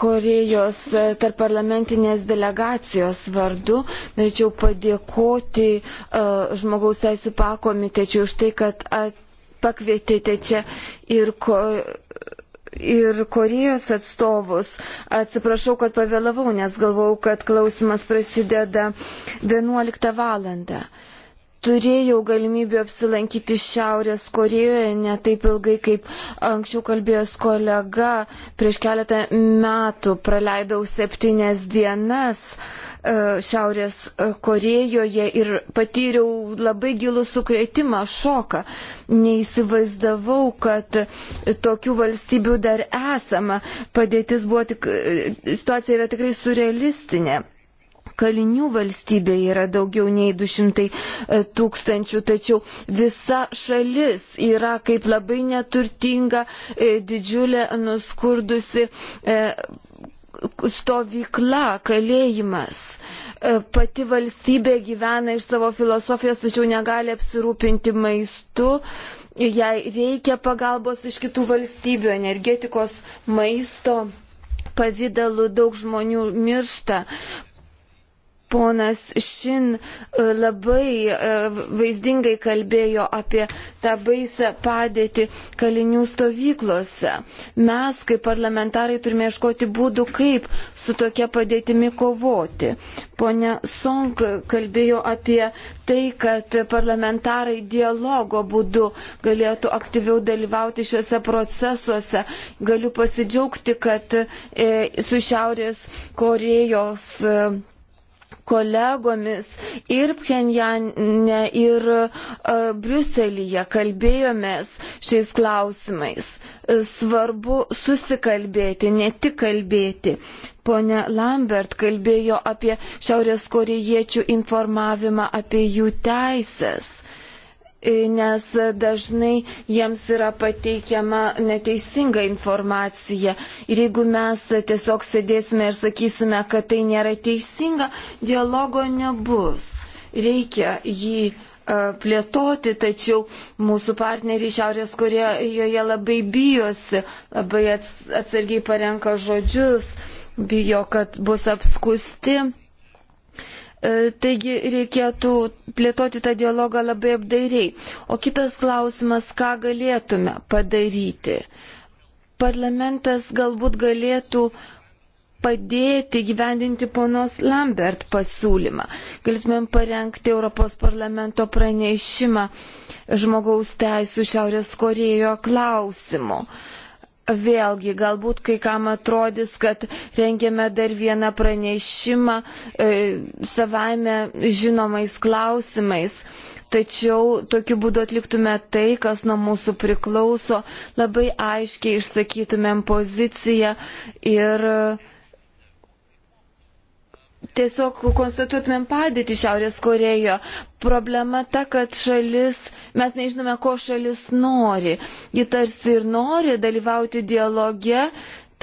Korejos e, tarp parlamentinės delegacijos vardu. Norėčiau padėkoti uh, žmogaus teisų pakomitečiui už tai, kad at, pakvietėte čia ir ko, ir Korejos atstovus. Atsiprašau, kad pavėlavau, nes galvau, kad klausimas prasideda 11 valandą. Turėjau galimybę apsilankyti Šiaurės Korejoje ne taip ilgai, kaip anksčiau kalbėjęs kolega. Prieš keletą metų praleidau septynias dienas. Uh, E, Šiaurės Korejoje ir patyriau labai gilų sukretimą, šoką. Neįsivaizdavau, kad tokių valstybių dar esama. Padėtis buvo tik, e, situacija yra tikrai surrealistinė kalinių valstybėje yra daugiau nei 200 e, tūkstančių, tačiau visa šalis yra kaip labai neturtinga, didžiulė, nuskurdusi stovykla, kalėjimas. E, pati valstybė gyvena iš savo filosofijos, tačiau negali apsirūpinti maistu. Jei reikia pagalbos iš kitų valstybių, energetikos, maisto pavydalu daug žmonių miršta ponas Šin e, labai e, vaizdingai kalbėjo apie tą baisę padėtį kalinių stovyklose. Mes, kaip parlamentarai, turime ieškoti būdų, kaip su tokia padėtimi kovoti. Pone Song kalbėjo apie tai, kad parlamentarai dialogo būdu galėtų aktyviau dalyvauti šiuose procesuose. Galiu pasidžiaugti, kad e, su Šiaurės Korejos e, kolegomis ir Pchenjane, ir uh, Briuselyje kalbėjomės šiais klausimais. E, svarbu susikalbėti, ne tik kalbėti. Pone Lambert kalbėjo apie šiaurės korejiečių informavimą apie jų teisės nes dažnai jiems yra pateikiama neteisinga informacija. Ir jeigu mes tiesiog sėdėsime ir sakysime, kad tai nėra teisinga, dialogo nebus. Reikia jį e, plėtoti, tačiau mūsų partneriai Šiaurės Korejoje labai bijosi, labai atsargiai parenka žodžius, bijo, kad bus apskusti E, taigi reikėtų plėtoti tą dialogą labai apdairiai. O kitas klausimas, ką galėtume padaryti. Parlamentas galbūt galėtų padėti gyvendinti ponos Lambert pasiūlymą. Galėtumėm parengti Europos parlamento pranešimą žmogaus teisų Šiaurės Korejoje klausimu. Uh, Vėlgi, galbūt kai kam atrodys, kad rengėme dar vieną pranešimą e, savaime žinomais klausimais. Tačiau tokiu būdu atliktume tai, kas nuo mūsų priklauso, labai aiškiai išsakytumėm poziciją ir e, tiesiog konstatuotumėm padėti Šiaurės Korejo. Problema ta, kad šalis, mes nežinome, ko šalis nori. Ji tarsi ir nori dalyvauti dialoge,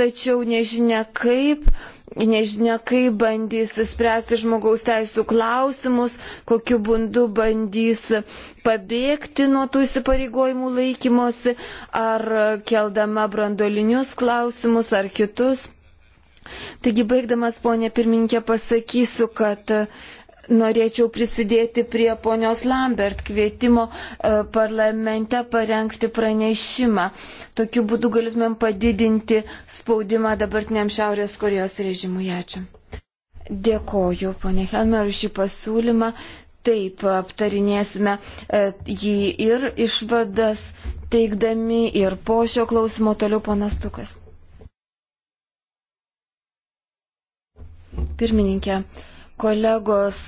tačiau nežinia kaip nežinia, kaip bandys spręsti žmogaus teisų klausimus, kokiu bundu bandys pabėgti nuo tų įsipareigojimų laikymosi, ar keldama brandolinius klausimus, ar kitus. Taigi baigdamas, ponė pirmininkė, pasakysiu, kad e, norėčiau prisidėti prie ponios Lambert kvietimo e, parlamente parengti pranešimą. Tokiu būdu galėtumėm padidinti spaudimą dabartiniam Šiaurės Korejos režimui. Ačiū. Dėkoju, ponė Helmer, už šį pasiūlymą. Taip, aptarinėsime e, jį ir išvadas teikdami ir po šio klausimo toliau ponas Tukas. Pirmininkė, kolegos,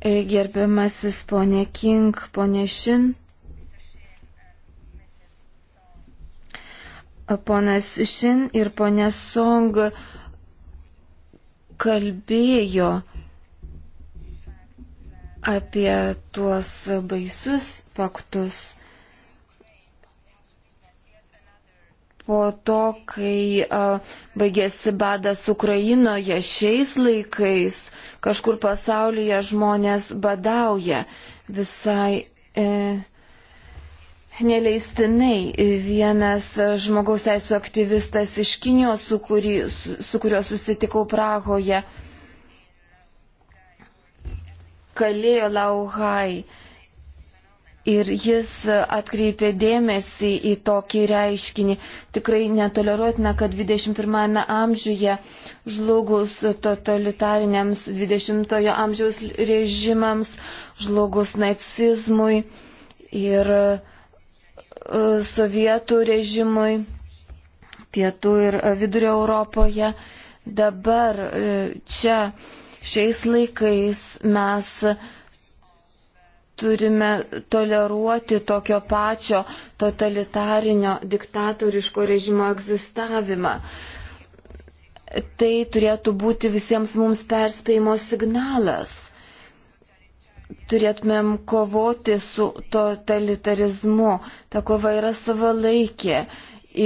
e, gerbiamasis ponė King, ponė Šin, ponas Šin ir ponė Song kalbėjo apie tuos baisius faktus. po to, kai a, baigėsi badas Ukrainoje, šiais laikais kažkur pasaulyje žmonės badauja visai e, neleistinai. Vienas žmogaus teisų aktyvistas iš Kinijos, su, kuri, su, su kuriuo susitikau Prahoje, kalėjo Lauhai ir jis atkreipė dėmesį į tokį reiškinį. Tikrai netoleruotina, kad 21-ame amžiuje žlugus totalitariniams 20-ojo amžiaus režimams, žlugus nacizmui ir e, sovietų režimui pietų ir e, vidurio Europoje. Dabar e, čia šiais laikais mes turime toleruoti tokio pačio totalitarinio diktatoriško režimo egzistavimą. Tai turėtų būti visiems mums perspėjimo signalas. Turėtumėm kovoti su totalitarizmu. Ta kova yra savalaikė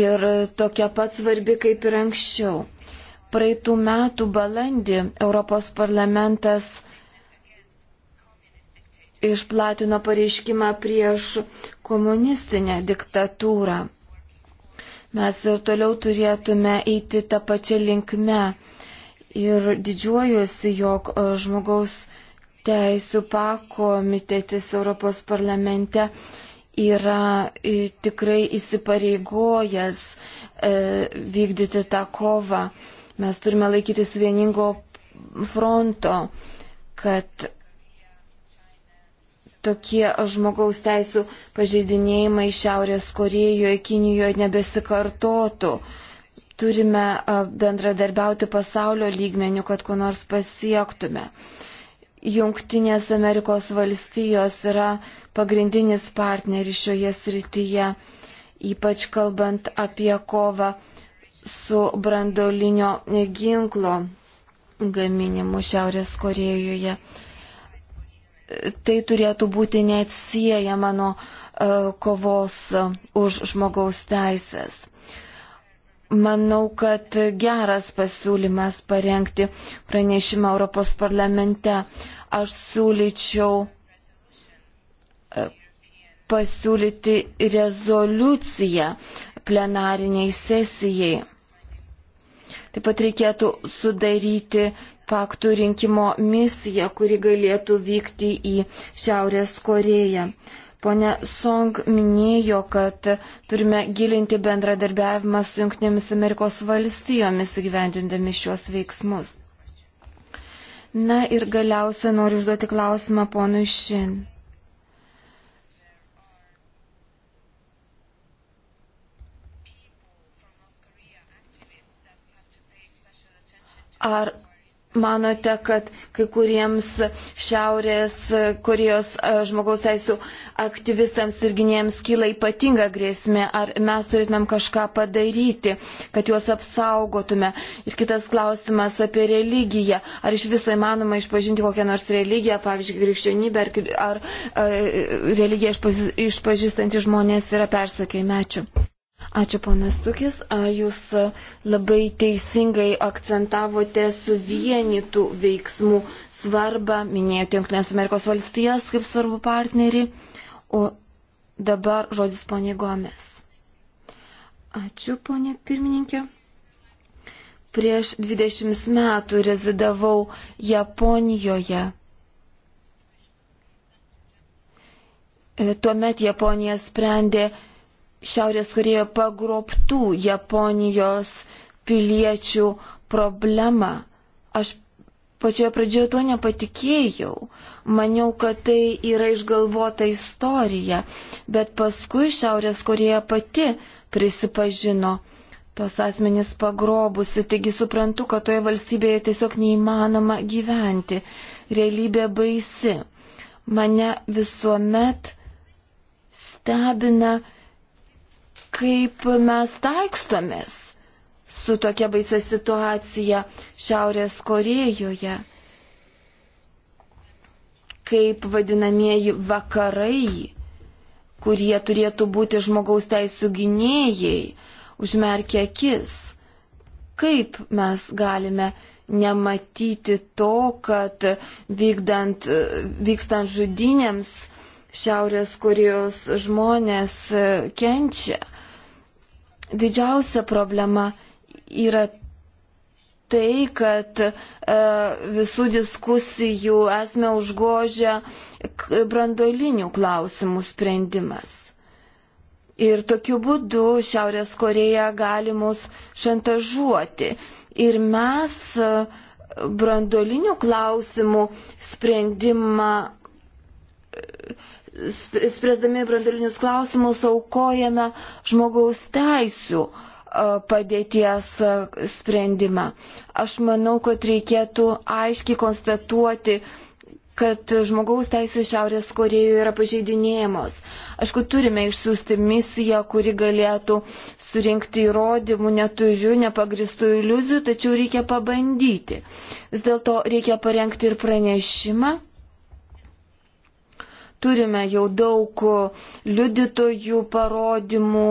ir tokia pat svarbi kaip ir anksčiau. Praeitų metų balandį Europos parlamentas išplatino pareiškimą prieš komunistinę diktatūrą. Mes ir toliau turėtume eiti tą pačią linkmę. Ir didžiuojuosi, jog e, žmogaus teisų pakomitetis Europos parlamente yra e, tikrai įsipareigojęs e, vykdyti tą kovą. Mes turime laikytis vieningo fronto, kad tokie žmogaus teisų pažeidinėjimai Šiaurės Korejoje, Kinijoje nebesikartotų. Turime bendradarbiauti pasaulio lygmenių, kad kuo nors pasiektume. Junktinės Amerikos valstijos yra pagrindinis partneris šioje srityje, ypač kalbant apie kovą su brandolinio ginklo gaminimu Šiaurės Korejoje tai turėtų būti neatsiejama nuo e, kovos e, už žmogaus teisės. Manau, kad geras pasiūlymas parengti pranešimą Europos parlamente. Aš siūlyčiau e, pasiūlyti rezoliuciją plenariniai sesijai. Taip pat reikėtų sudaryti faktų rinkimo misiją, kuri galėtų vykti į Šiaurės Koreją. Pone Song minėjo, kad turime gilinti bendradarbiavimą su Junktinėmis Amerikos valstijomis įgyvendindami šiuos veiksmus. Na ir galiausia noriu užduoti klausimą ponui Šin. Ar manote, kad kai kuriems Šiaurės Korejos e, žmogaus teisų aktyvistams ir gynėjams kyla ypatinga grėsmė? Ar mes turėtumėm kažką padaryti, kad juos apsaugotume? Ir kitas klausimas apie religiją. Ar iš viso įmanoma išpažinti kokią nors religiją, pavyzdžiui, krikščionybę, ar, ar, ar e, religiją išpažįstantys žmonės yra persokiai? Ačiū. Ačiū, ponas Sukis. Jūs labai teisingai akcentavote suvienytų veiksmų svarbą, minėjote Junktinės Amerikos valstijas kaip svarbų partnerį. O dabar žodis ponė Gomes. Ačiū, ponė pirmininkė. Prieš 20 metų rezidavau Japonijoje. E, tuomet Japonija sprendė Šiaurės Korejoje pagrobtų Japonijos piliečių problemą. Aš pačioje pradžioje tuo nepatikėjau. Maniau, kad tai yra išgalvota istorija, bet paskui Šiaurės Koreja pati prisipažino tos asmenys pagrobusi, taigi suprantu, kad toje valstybėje tiesiog neįmanoma gyventi. Realybė baisi. Mane visuomet stebina, kaip mes taikstomės su tokia baisa situacija Šiaurės Korejoje, kaip vadinamieji vakarai, kurie turėtų būti žmogaus teisų gynėjai, užmerkia akis. Kaip mes galime nematyti to, kad vykdant, vykstant žudinėms Šiaurės Korejos žmonės e, kenčia didžiausia problema yra tai, kad e, visų diskusijų esmę užgožia brandolinių klausimų sprendimas. Ir tokiu būdu Šiaurės Koreja gali mus šantažuoti. Ir mes e, brandolinių klausimų sprendimą spręsdami brandulinius klausimus aukojame žmogaus teisų padėties sprendimą. Aš manau, kad reikėtų aiškiai konstatuoti, kad žmogaus teisės Šiaurės Korejoje yra pažeidinėjamos. Aišku, turime išsiųsti misiją, kuri galėtų surinkti įrodymų, neturiu nepagristų iliuzijų, tačiau reikia pabandyti. Vis dėlto reikia parengti ir pranešimą Turime jau daug liudytojų parodymų,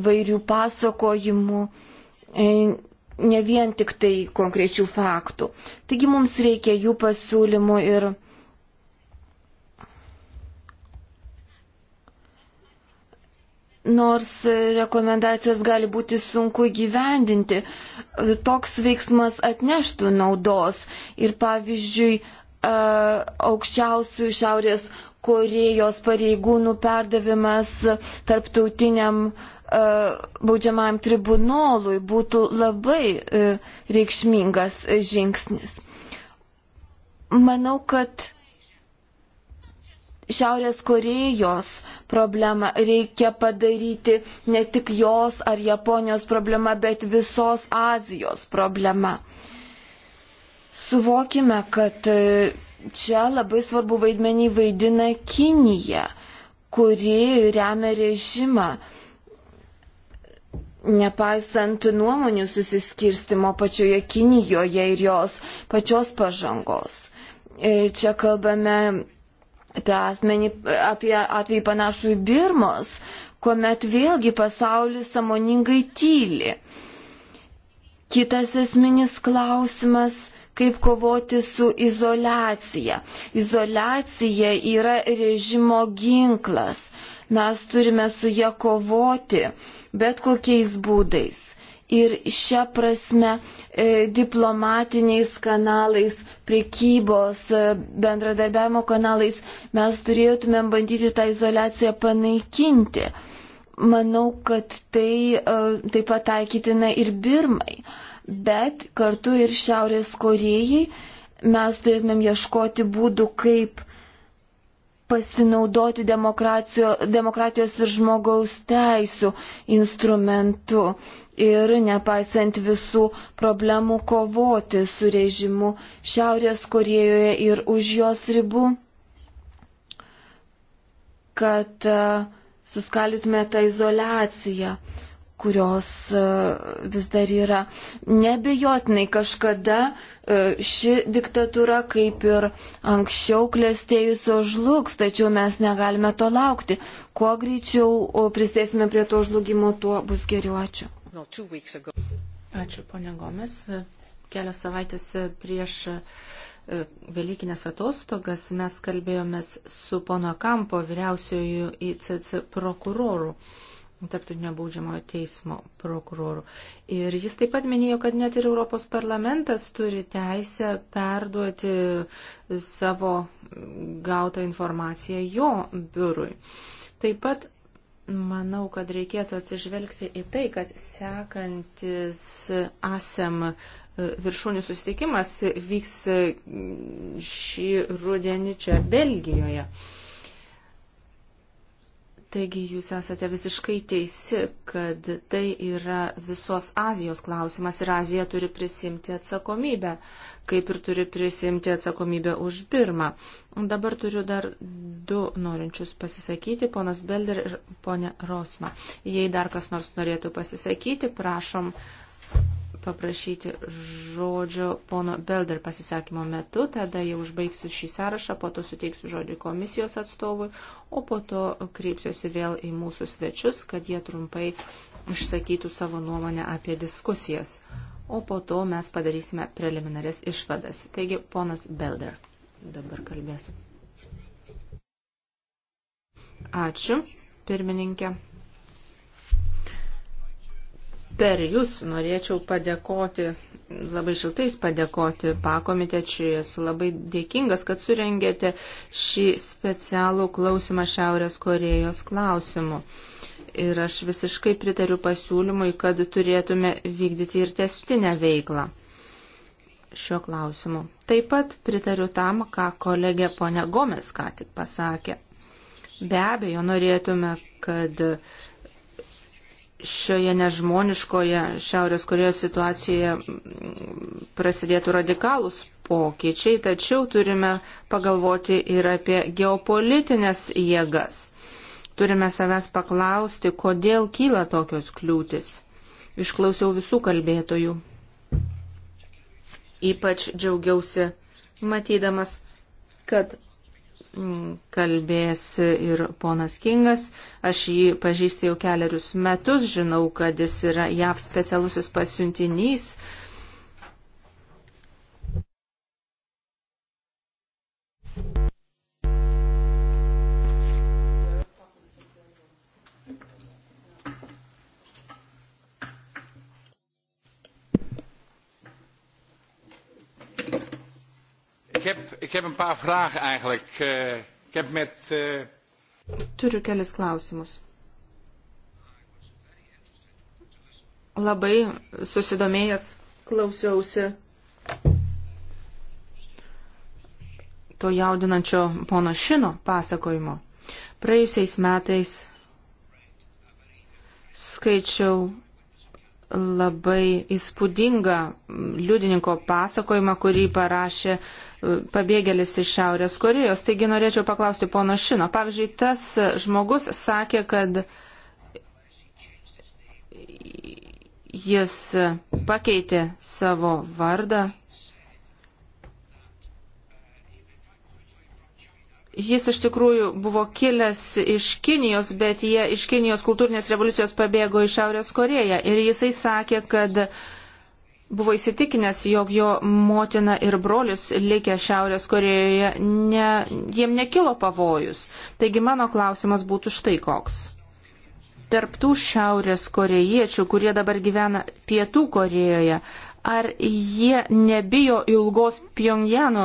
įvairių pasakojimų, e, ne vien tik tai konkrečių faktų. Taigi mums reikia jų pasiūlymų ir. nors rekomendacijas gali būti sunku gyvendinti, toks veiksmas atneštų naudos. Ir pavyzdžiui, e, aukščiausių šiaurės Korejos pareigūnų perdavimas tarptautiniam uh, baudžiamajam tribunolui būtų labai uh, reikšmingas žingsnis. Manau, kad Šiaurės Korejos problemą reikia padaryti ne tik jos ar Japonijos problema, bet visos Azijos problema. Suvokime, kad uh, čia labai svarbu vaidmenį vaidina Kinija, kuri remia režimą. Nepaisant nuomonių susiskirstimo pačioje Kinijoje ir jos pačios pažangos. E, čia kalbame apie, asmenį, apie atvejį panašų į Birmos, kuomet vėlgi pasaulis samoningai tyli. Kitas esminis klausimas kaip kovoti su izolacija. Izolacija yra režimo ginklas. Mes turime su ją kovoti bet kokiais būdais. Ir šią prasme e, diplomatiniais kanalais, priekybos, e, bendradarbiavimo kanalais mes turėtumėm bandyti tą izolaciją panaikinti. Manau, kad tai e, taip pat taikytina ir Birmai. E, bet kartu ir Šiaurės Korejai mes turėtumėm ieškoti būdų, kaip pasinaudoti demokratijos ir žmogaus teisų instrumentu ir nepaisant visų problemų kovoti su režimu Šiaurės Korejoje ir už jos ribų, kad e, suskaldytume tą izolaciją kurios e, vis dar yra. Nebejotinai kažkada e, ši diktatūra, kaip ir anksčiau klėstėjusio žlugs, tačiau mes negalime to laukti. Kuo greičiau pristėsime prie to žlugimo, tuo bus geriau. Ačiū. Ačiū, ponia Gomes. Kelias savaitės prieš e, Velykinės atostogas mes kalbėjomės su pono Kampo vyriausiojų ICC prokuroru. Tarptautinio baudžiamojo teismo prokurorų. Ir jis taip pat minėjo, kad net ir Europos parlamentas turi teisę perduoti savo gautą informaciją jo biurui. Taip pat manau, kad reikėtų atsižvelgti į tai, kad sekantis ASEM viršūnių susitikimas vyks šį rudenį čia Belgijoje. Mm. Taigi jūs esate visiškai teisi, kad tai yra visos Azijos klausimas ir Azija turi prisimti atsakomybę, kaip ir turi prisimti atsakomybę už Birmą. Dabar turiu dar du norinčius pasisakyti, ponas Belder ir ponė Rosma. Jei dar kas nors norėtų pasisakyti, prašom uh, paprašyti žodžio pono Belder pasisakymo metu, tada jau užbaigsiu šį sąrašą, po to suteiksiu žodį komisijos atstovui, o po to kreipsiuosi vėl į mūsų svečius, kad jie trumpai išsakytų savo nuomonę apie diskusijas, o po to mes padarysime preliminarės išvadas. Taigi, ponas Belder dabar kalbės. Ačiū, pirmininkė per jūs norėčiau padėkoti, labai šiltais padėkoti pakomitečiui. Esu labai dėkingas, kad surengėte šį specialų klausimą Šiaurės Korejos klausimu. Ir aš visiškai pritariu pasiūlymui, kad turėtume vykdyti ir testinę veiklą šiuo klausimu. Taip pat pritariu tam, ką kolegė ponia Gomes ką tik pasakė. Be abejo, norėtume, kad šioje nežmoniškoje Šiaurės Korejos situacijoje prasidėtų radikalūs pokyčiai, tačiau turime pagalvoti ir apie geopolitinės jėgas. Turime savęs paklausti, kodėl kyla tokios kliūtis. Išklausiau visų kalbėtojų. Ypač džiaugiausi matydamas, kad Mm, kalbės ir ponas Kingas. Aš jį pažįstu jau keliarius metus, žinau, kad jis yra JAV specialusis pasiuntinys heb, ik heb een paar vragen eigenlijk. Uh, ik heb met... Uh... Turiu kelis klausimus. Labai susidomėjęs klausiausi to jaudinančio pono Šino pasakojimo. Praėjusiais metais skaičiau labai įspūdingą liudininko pasakojimą, kurį mm. parašė e, pabėgėlis iš Šiaurės Korejos. Taigi norėčiau paklausti pono Šino. Pavyzdžiui, tas žmogus sakė, kad jis pakeitė savo vardą Jis iš tikrųjų buvo kilęs iš Kinijos, bet jie iš Kinijos kultūrinės revoliucijos pabėgo į Šiaurės Koreją. Ir jisai sakė, kad buvo įsitikinęs, jog jo motina ir brolius likę Šiaurės Korejoje, ne, jiem nekilo pavojus. Taigi mano klausimas būtų štai koks. Tarptų Šiaurės Korejiečių, kurie dabar gyvena Pietų Korejoje, ar jie nebijo ilgos Pjongjano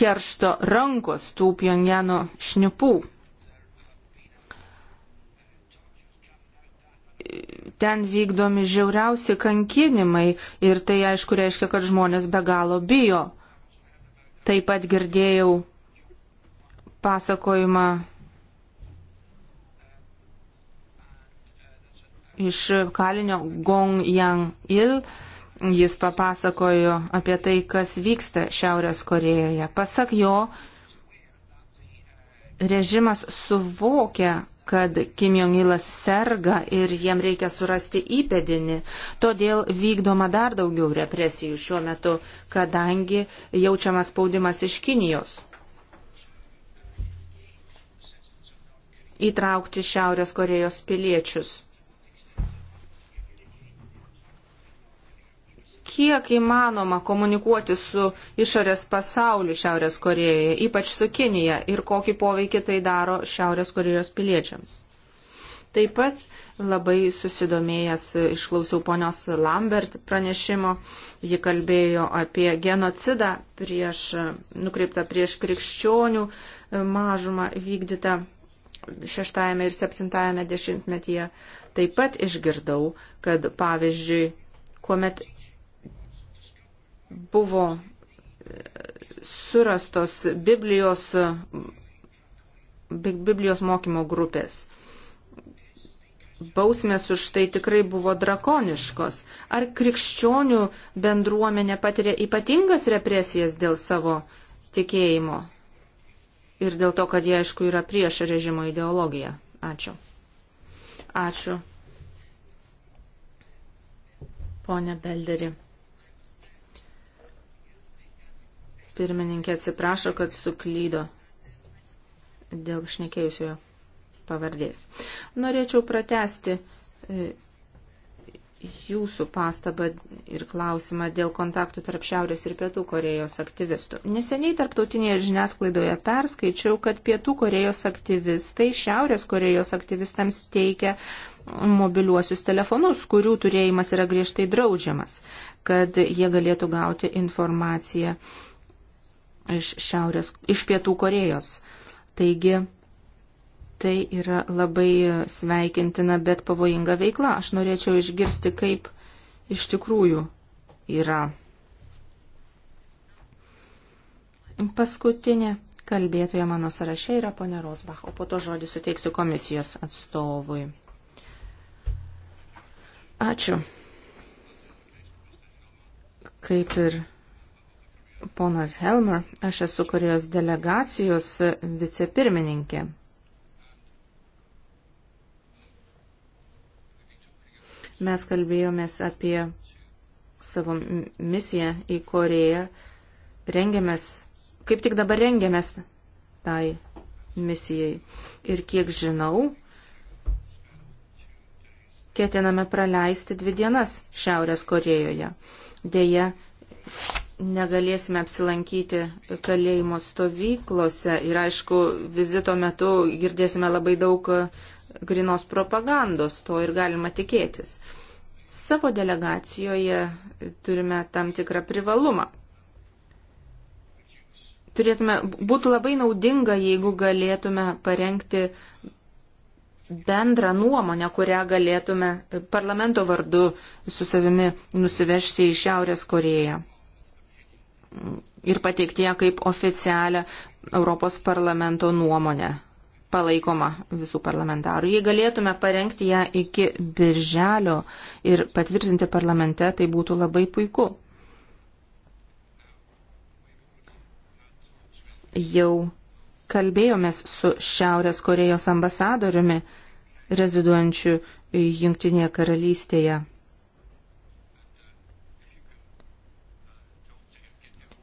keršto rankos, tų Pjongjano šnipų. Ten vykdomi žiauriausi kankinimai ir tai aišku reiškia, kad žmonės be galo bijo. Taip pat girdėjau pasakojimą iš kalinio Gong Yang Il, Jis papasakojo apie tai, kas vyksta Šiaurės Korejoje. Pasak jo, režimas suvokia, kad Kim Jong-ilas serga ir jiem reikia surasti įpėdinį. Todėl vykdoma dar daugiau represijų šiuo metu, kadangi jaučiamas spaudimas iš Kinijos. Įtraukti Šiaurės Korejos piliečius. kiek įmanoma komunikuoti su išorės pasauliu Šiaurės Korejoje, ypač su Kinija, ir kokį poveikį tai daro Šiaurės Korejos piliečiams. Taip pat labai susidomėjęs išklausiau ponios Lambert pranešimo. Ji kalbėjo apie genocidą prieš, nukreiptą prieš krikščionių e, mažumą vykdytą šeštajame ir septintajame dešimtmetyje. Taip pat išgirdau, kad pavyzdžiui, kuomet buvo e, surastos Biblijos, Biblijos mokymo grupės. Bausmės už tai tikrai buvo drakoniškos. Ar krikščionių bendruomenė patiria ypatingas represijas dėl savo tikėjimo? Ir dėl to, kad jie, aišku, yra prieš režimo ideologiją. Ačiū. Ačiū. Pone Belderi. Pirmininkė atsiprašo, kad suklydo dėl šnekėjusiojo pavardės. Norėčiau pratesti e, jūsų pastabą ir klausimą dėl kontaktų tarp Šiaurės ir Pietų Korejos aktyvistų. Neseniai tarptautinėje žiniasklaidoje perskaičiau, kad Pietų Korejos aktyvistai Šiaurės Korejos aktyvistams teikia mobiliuosius telefonus, kurių turėjimas yra griežtai draudžiamas, kad jie galėtų gauti informaciją iš, šiaurės, iš pietų Korejos. Taigi tai yra labai sveikintina, bet pavojinga veikla. Aš norėčiau išgirsti, kaip iš tikrųjų yra. Paskutinė kalbėtoja mano sąraše yra ponė Rosbach, o po to žodį suteiksiu komisijos atstovui. Ačiū. Kaip ir ponas Helmer, aš esu Korejos delegacijos vicepirmininkė. Mes kalbėjomės apie savo misiją į Koreją, rengiamės, kaip tik dabar rengiamės tai misijai. Ir kiek žinau, ketiname praleisti dvi dienas Šiaurės Korejoje. Deja, negalėsime apsilankyti kalėjimo stovyklose ir aišku, vizito metu girdėsime labai daug e, grinos propagandos, to ir galima tikėtis. Savo delegacijoje turime tam tikrą privalumą. Turėtume, būtų labai naudinga, jeigu galėtume parengti bendrą nuomonę, kurią galėtume parlamento vardu su savimi nusivežti į Šiaurės Koreją ir pateikti ją kaip oficialią Europos parlamento nuomonę palaikoma visų parlamentarų. Jei galėtume parengti ją iki birželio ir patvirtinti parlamente, tai būtų labai puiku. Jau kalbėjomės su Šiaurės Korejos ambasadoriumi reziduojančiu Junktinėje karalystėje.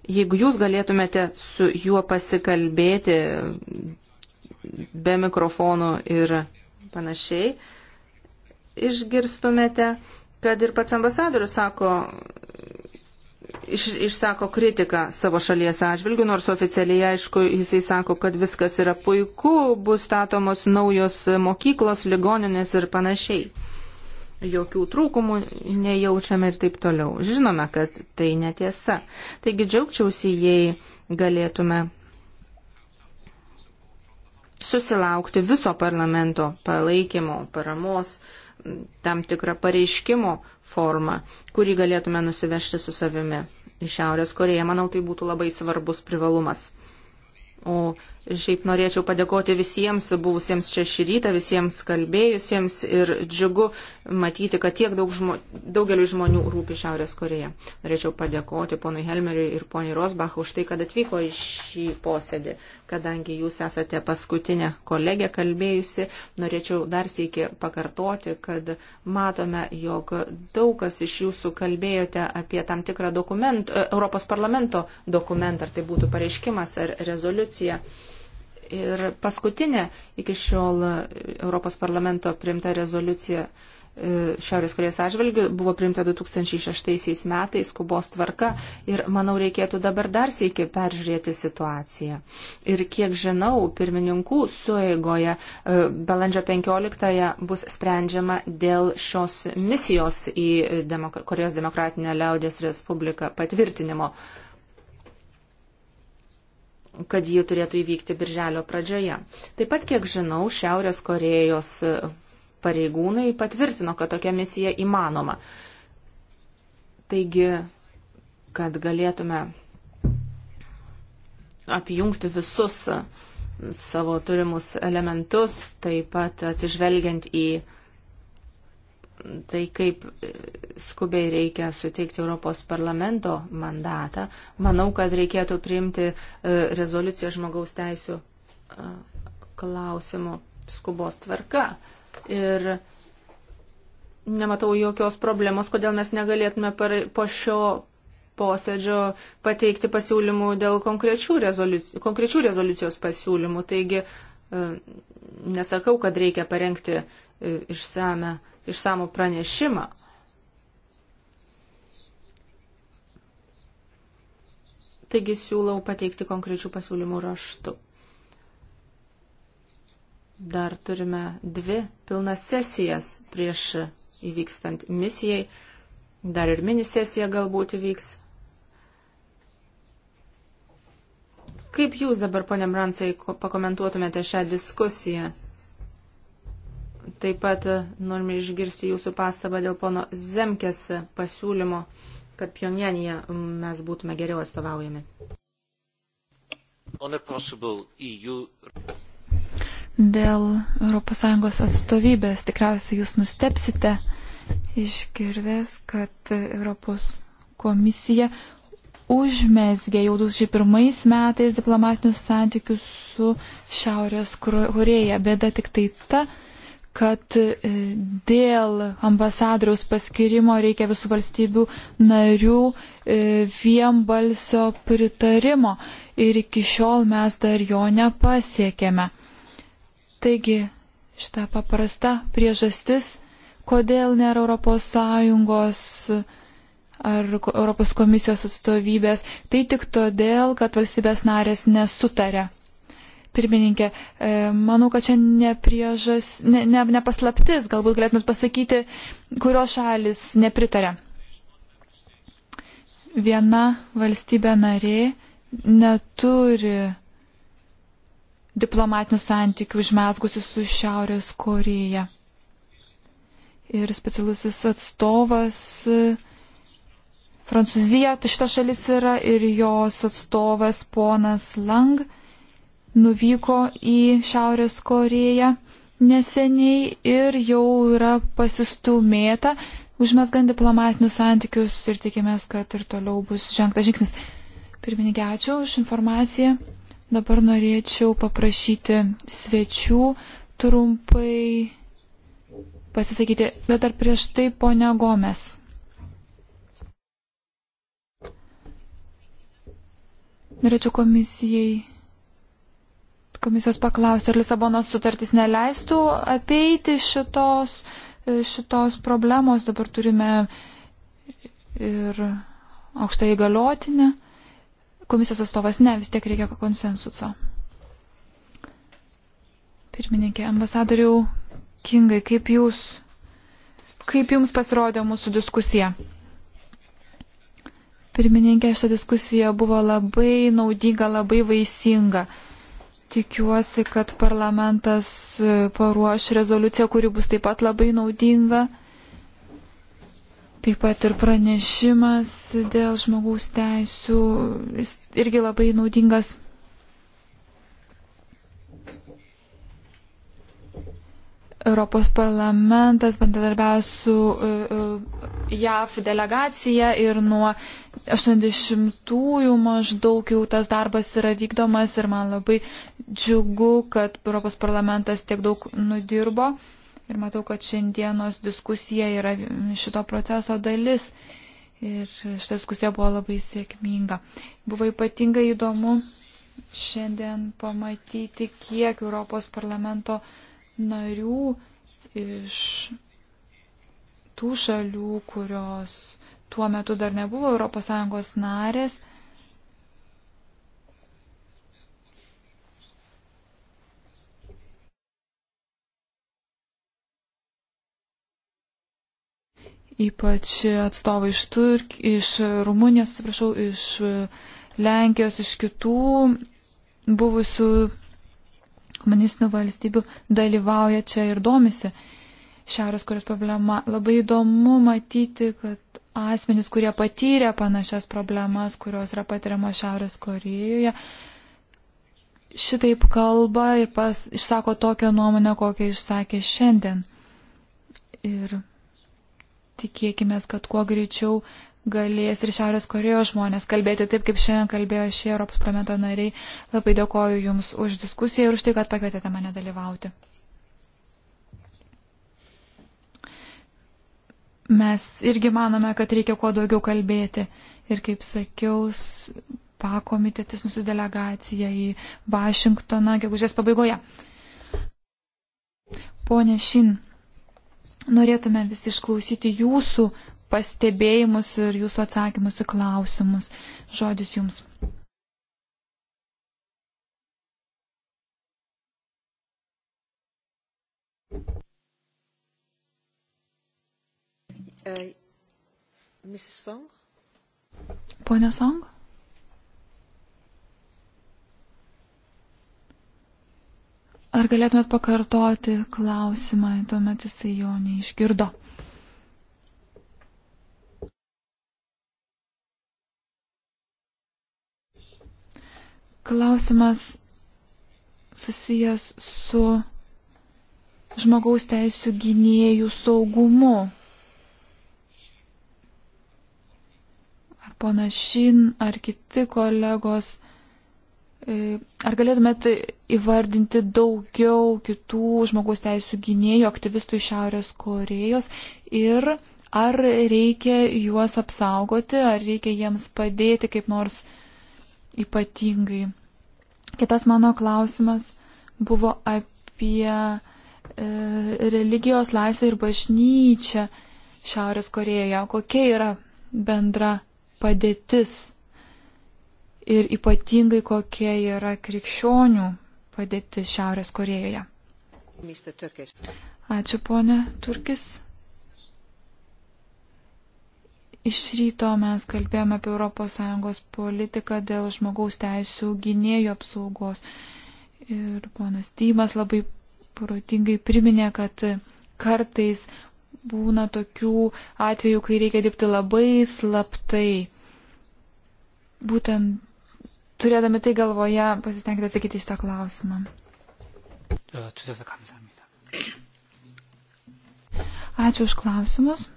Jeigu jūs galėtumėte su juo pasikalbėti be mikrofonų ir panašiai, išgirstumėte, kad ir pats ambasadorius sako, iš, išsako kritiką savo šalies atžvilgių, nors oficialiai aišku, jisai sako, kad viskas yra puiku, bus statomos naujos mokyklos, ligoninės ir panašiai jokių trūkumų nejaučiame ir taip toliau. Žinome, kad tai netiesa. Taigi džiaugčiausi, jei galėtume susilaukti viso parlamento palaikymo, paramos, tam tikrą pareiškimo formą, kurį galėtume nusivežti su savimi. Iš Šiaurės Koreja, manau, tai būtų labai svarbus privalumas. O Šiaip norėčiau padėkoti visiems buvusiems čia šį rytą, visiems kalbėjusiems ir džiugu matyti, kad tiek daug žmo, daugeliu žmonių rūpi Šiaurės Koreja. Norėčiau padėkoti ponui Helmeriui ir poniai Rosbach už tai, kad atvyko į šį posėdį. Kadangi jūs esate paskutinė kolegė kalbėjusi, norėčiau dar sėki pakartoti, kad matome, jog daug kas iš jūsų kalbėjote apie tam tikrą dokument, Europos parlamento dokumentą, ar tai būtų pareiškimas ar rezoliucija. Ir paskutinė iki šiol Europos parlamento priimta rezoliucija e, Šiaurės Korejos atžvilgių buvo priimta 2006 metais skubos tvarka ir manau reikėtų dabar dar sėki peržiūrėti situaciją. Ir kiek žinau, pirmininkų sueigoje e, balandžio 15-ąją bus sprendžiama dėl šios misijos į Demok Korejos demokratinę liaudės respubliką patvirtinimo. Uh, kad ji turėtų įvykti birželio pradžioje. Taip pat, kiek žinau, Šiaurės Korejos pareigūnai patvirtino, kad tokia misija įmanoma. Taigi, kad galėtume apjungti visus savo turimus elementus, taip pat atsižvelgiant į tai, kaip skubiai reikia suteikti Europos parlamento mandatą, manau, kad reikėtų priimti e, rezoliuciją žmogaus teisų e, klausimų skubos tvarka. Ir nematau jokios problemos, kodėl mes negalėtume po šio posėdžio pateikti pasiūlymų dėl konkrečių, rezoliuci konkrečių rezoliucijos pasiūlymų. Taigi e, nesakau, kad reikia parengti E, išsame, išsamų pranešimą. Taigi siūlau pateikti konkrečių pasiūlymų raštu. Dar turime dvi pilnas sesijas prieš įvykstant misijai. Dar ir minisesija galbūt įvyks. Kaip jūs dabar, ponė Bransai, pakomentuotumėte šią diskusiją? Taip pat norime išgirsti jūsų pastabą dėl pono Zemkės pasiūlymo, kad Pjongjanėje mes būtume geriau atstovaujami. E dėl ES atstovybės tikriausiai jūs nustepsite išgirdęs, kad Europos komisija užmesgė jau 2001 metais diplomatinius santykius su Šiaurės Koreja. Bėda tik tai ta, kad e, dėl ambasadoriaus paskirimo reikia visų valstybių narių e, vienbalsio pritarimo ir iki šiol mes dar jo nepasiekėme. Taigi, šitą paprastą priežastis, kodėl nėra ES ar ES komisijos atstovybės, tai tik todėl, kad valstybės narės nesutarė pirmininkė. E, manau, kad čia ne, priežas, ne, ne, ne paslaptis, galbūt galėtumėt pasakyti, kurios šalis nepritarė. Viena valstybė narė neturi diplomatinių santykių užmesgusi su Šiaurės Koreja. Ir specialusis atstovas Prancūzija, tai šita šalis yra ir jos atstovas ponas Lang nuvyko į Šiaurės Koreją neseniai ir jau yra pasistumėta, užmesgant diplomatinius santykius ir tikimės, kad ir toliau bus žengtas žingsnis. Pirmininkė, ačiū už informaciją. Dabar norėčiau paprašyti svečių trumpai pasisakyti, bet ar prieš tai ponia Gomes. Norėčiau komisijai komisijos paklausti, ar Lisabonos sutartis neleistų apeiti šitos, šitos problemos. Dabar turime ir aukštą įgaliotinę. Komisijos atstovas ne, vis tiek reikia konsensuso. Pirmininkė, ambasadoriau Kingai, kaip jūs, kaip jums pasirodė mūsų diskusija? Pirmininkė, šita diskusija buvo labai naudinga, labai vaisinga. Tikiuosi, kad parlamentas e, paruoš rezoliuciją, kuri bus taip pat labai naudinga. Taip pat ir pranešimas dėl žmogaus teisų irgi labai naudingas. Europos parlamentas bendradarbiavo su e, e, JAF delegacija ir nuo 80-ųjų maždaug jau tas darbas yra vykdomas ir man labai džiugu, kad Europos parlamentas tiek daug nudirbo ir matau, kad šiandienos diskusija yra šito proceso dalis ir šita diskusija buvo labai sėkminga. Buvo ypatingai įdomu šiandien pamatyti, kiek Europos parlamento uh, narių iš tų šalių, kurios tuo metu dar nebuvo ES narės, ypač atstovai iš, Turk, iš Rumunijos, atsiprašau, iš Lenkijos, iš kitų buvusių komunistinių valstybių dalyvauja čia ir domisi Šiaurės Korejos problema. Labai įdomu matyti, kad asmenys, kurie patyrė panašias problemas, kurios yra patiriamos Šiaurės Korejoje, šitaip kalba ir pas, išsako tokią nuomonę, kokią išsakė šiandien. Ir tikėkime, kad kuo greičiau galės ir Šiaurės Korejos žmonės kalbėti taip, kaip šiandien kalbėjo šie Europos parlamento nariai. Labai dėkoju Jums už diskusiją ir už tai, kad pakvietėte mane dalyvauti. Mes irgi manome, kad reikia kuo daugiau kalbėti. Ir kaip sakiau, pakomitetis nusis delegaciją į Vašingtoną gegužės pabaigoje. Pone Šin, norėtume visi išklausyti jūsų pastebėjimus ir jūsų atsakymus į klausimus. Žodis jums. Uh, Pone Song? Ar galėtumėt pakartoti klausimą, tuomet jisai jo neišgirdo? Klausimas susijęs su žmogaus teisų gynėjų saugumu. Ar panašin, ar kiti kolegos. E, ar galėtumėt įvardinti daugiau kitų žmogaus teisų gynėjų, aktyvistų iš Šiaurės Korejos ir ar reikia juos apsaugoti, ar reikia jiems padėti kaip nors ypatingai. Kitas mano klausimas buvo apie e, religijos laisvę ir bažnyčią Šiaurės Korejoje. Kokia yra bendra padėtis ir ypatingai kokia yra krikščionių padėtis Šiaurės Korejoje. Ačiū, ponė Turkis. Iš ryto mes kalbėjome apie ES politiką dėl žmogaus teisų gynėjų apsaugos. Ir ponas Tymas labai protingai priminė, kad kartais būna tokių atvejų, kai reikia dirbti labai slaptai. Būtent turėdami tai galvoje, pasistengti atsakyti šitą klausimą. Ačiū už klausimus.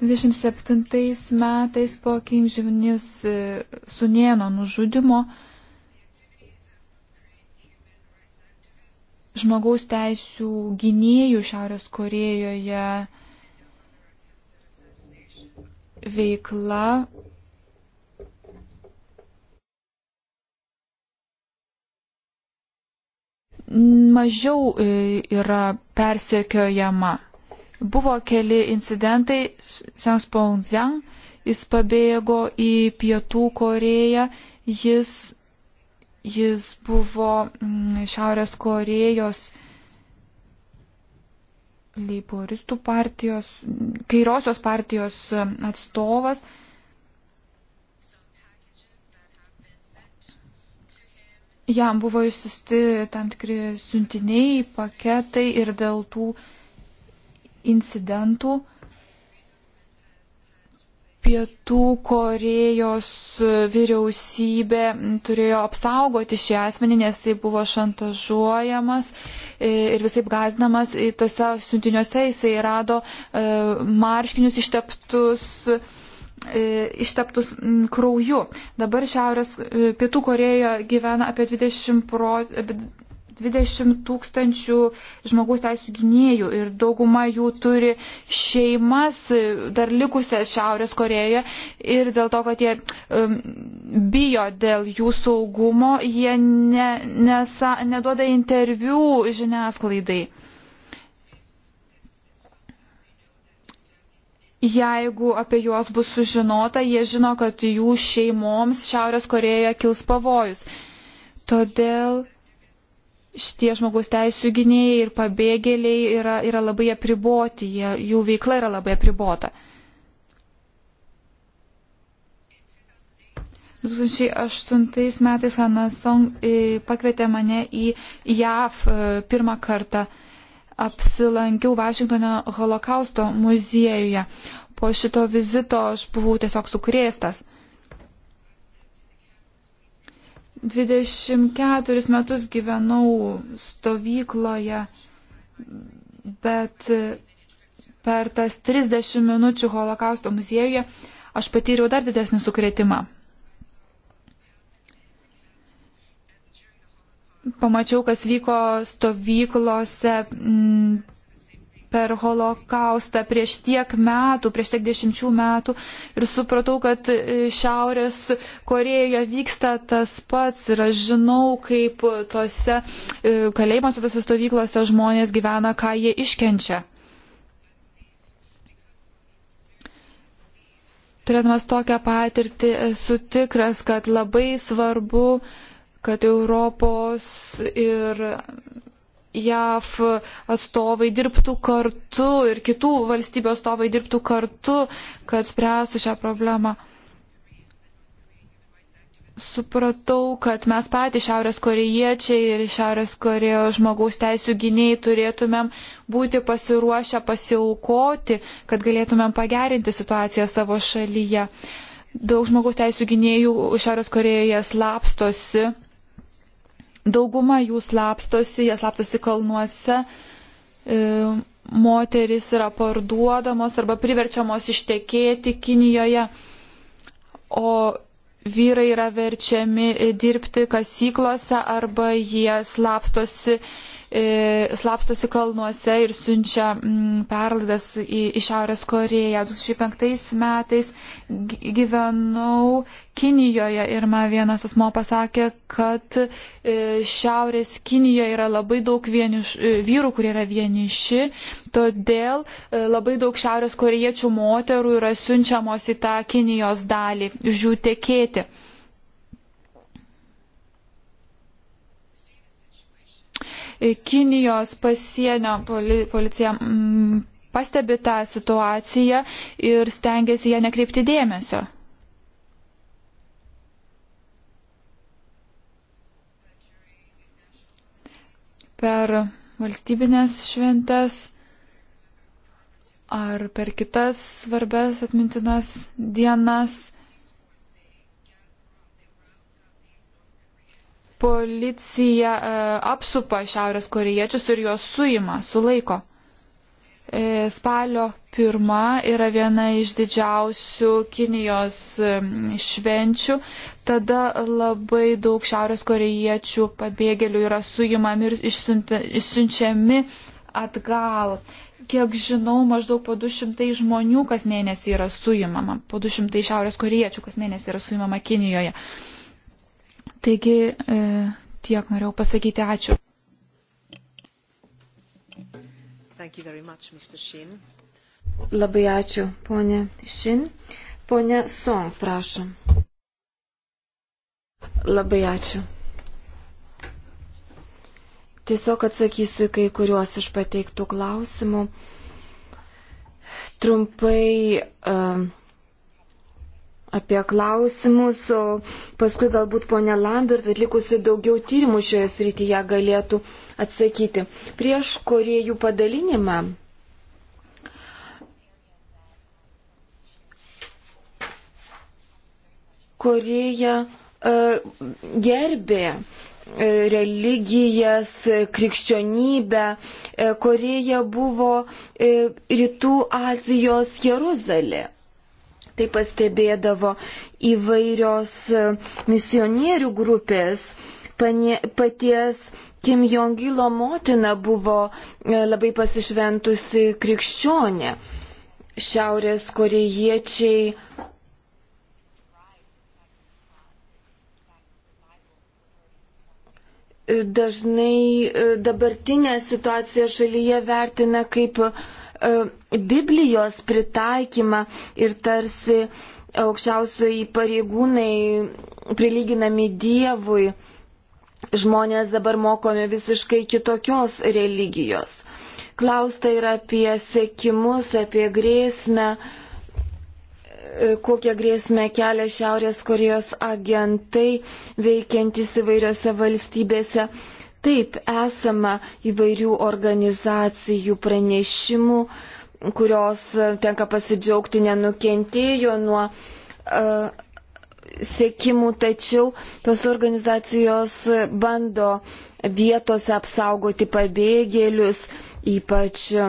27 metais po Kinživnis e, sunieno nužudimo žmogaus teisų gynėjų Šiaurės Korejoje veikla mažiau e, yra persekiojama. Buvo keli incidentai, Xiang Spongziang, jis pabėgo į Pietų Koreją, jis, jis buvo mm, Šiaurės Korejos leiboristų partijos, kairiosios partijos atstovas. Jam buvo išsisti tam tikri siuntiniai, paketai ir dėl tų uh, incidentų Pietų Korejos vyriausybė turėjo apsaugoti šį asmenį, nes jis tai buvo šantažuojamas e, ir visai gazdinamas. E, tose siuntiniuose jisai rado e, marškinius išteptus išteptus krauju. Dabar Šiaurės Pietų Korejoje gyvena apie 20 procentų 20 tūkstančių žmogaus teisų gynėjų ir dauguma jų turi šeimas e, dar likusias Šiaurės Korejoje ir dėl to, kad jie um, bijo dėl jų saugumo, jie ne, nesa, neduoda interviu žiniasklaidai. Jeigu apie juos bus sužinota, jie žino, kad jų šeimoms Šiaurės Korejoje kils pavojus. Todėl šitie žmogaus teisų gynėjai ir pabėgėliai yra, yra labai apriboti, jie, jų veikla yra labai apribota. 2008 metais Hanna Song e, pakvietė mane į JAV e, pirmą kartą. Apsilankiau Vašingtono holokausto muziejuje. Po šito vizito aš buvau tiesiog sukrėstas. 24 metus gyvenau stovykloje, bet per tas 30 minučių holokausto muziejuje aš patyriau dar didesnį sukretimą. Pamačiau, kas vyko stovyklose per holokaustą prieš tiek metų, prieš tiek dešimčių metų ir supratau, kad e, Šiaurės Korejoje vyksta tas pats ir aš žinau, kaip tose e, kalėjimuose, tose stovyklose žmonės gyvena, ką jie iškenčia. Turėdamas tokią patirtį, esu tikras, kad labai svarbu, kad Europos ir JAV atstovai dirbtų kartu ir kitų valstybių atstovai dirbtų kartu, kad spręstų šią problemą. Supratau, kad mes patys Šiaurės korejiečiai ir Šiaurės korejos žmogaus teisų gyniai turėtumėm būti pasiruošę pasiaukoti, kad galėtumėm pagerinti situaciją savo šalyje. Daug žmogaus teisų gynėjų Šiaurės Korejoje slapstosi Dauguma jų slapstosi, jie slapstosi kalnuose. E, moteris yra parduodamos arba priverčiamos ištekėti Kinijoje, o vyrai yra verčiami dirbti kasyklose arba jie slapstosi E, slapstosi kalnuose ir siunčia mm, perlaidas į, į Šiaurės Koreją. 2005 metais gyvenau Kinijoje ir man vienas asmo pasakė, kad e, Šiaurės Kinijoje yra labai daug vieniš, e, vyrų, kurie yra vieniši, todėl labai daug Šiaurės Korejiečių moterų yra siunčiamos į tą Kinijos dalį, žiū tekėti. E, Kinijos pasienio policija mm, pastebi tą situaciją ir stengiasi ją nekreipti dėmesio. Per valstybinės šventes ar per kitas svarbes atmintinas dienas policija e, apsupa šiaurės koriečius ir juos suima, sulaiko. E, spalio pirma yra viena iš didžiausių Kinijos e, švenčių. Tada labai daug šiaurės koriečių pabėgėlių yra suimami ir išsiunčiami atgal. Kiek žinau, maždaug po 200 žmonių kas mėnesį yra suimama, po 200 šiaurės koriečių kas mėnesį yra suimama Kinijoje. Uh, Taigi e, tiek norėjau pasakyti ačiū. Much, Labai ačiū, ponė Šin. Pone Song, prašom. Labai ačiū. Tiesiog atsakysiu kai kuriuos iš pateiktų klausimų. Trumpai uh, apie klausimus, o paskui galbūt ponė Lambert atlikusi daugiau tyrimų šioje srityje galėtų atsakyti. Prieš kuriejų padalinimą Koreja e, gerbė e, religijas, krikščionybę. E, Koreja buvo e, Rytų Azijos Jeruzalė. Tai pastebėdavo įvairios e, misionierių grupės. Panie, paties Kim Jongilo motina buvo e, labai pasišventusi krikščionė. Šiaurės korejiečiai dažnai e, dabartinę situaciją šalyje vertina kaip E, Biblijos pritaikymą ir tarsi aukščiausiai pareigūnai prilyginami Dievui. Žmonės dabar mokomi visiškai kitokios religijos. Klausta ir apie sėkimus, apie grėsmę, e, kokią grėsmę kelia Šiaurės Korejos agentai veikiantis įvairiose valstybėse Taip, esama įvairių organizacijų pranešimų, kurios e, tenka pasidžiaugti nenukentėjo nuo uh, e, sėkimų, tačiau tos organizacijos bando vietose apsaugoti pabėgėlius, ypač e,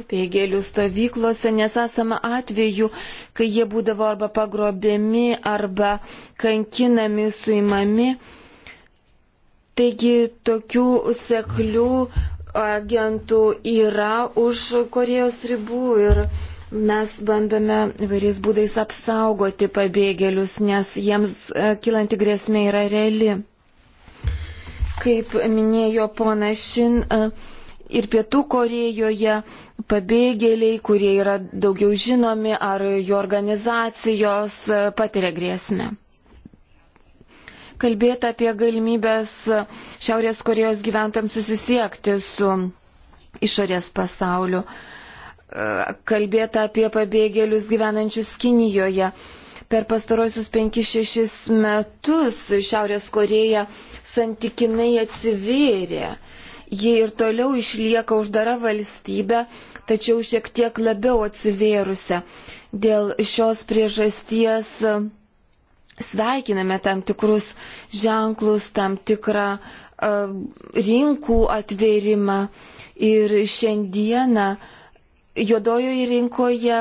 pabėgėlių stovyklose, nes esama atveju, kai jie būdavo arba pagrobėmi, arba kankinami, suimami. Taigi tokių seklių agentų yra už Korejos ribų ir mes bandome vairiais būdais apsaugoti pabėgėlius, nes jiems e, kilanti grėsmė yra reali. Kaip minėjo pona Šin, e, ir Pietų Korejoje pabėgėliai, kurie yra daugiau žinomi ar jų organizacijos e, patiria grėsmę kalbėta apie galimybės Šiaurės Korejos gyventojams susisiekti su išorės pasauliu, e, kalbėta apie pabėgėlius gyvenančius Kinijoje. Per pastarosius 5-6 metus Šiaurės Koreja santykinai atsivėrė. Ji ir toliau išlieka uždara valstybė, tačiau šiek tiek labiau atsivėrusią. Dėl šios priežasties sveikiname tam tikrus ženklus, tam tikrą uh, rinkų atvėrimą. Ir šiandieną juodojoje rinkoje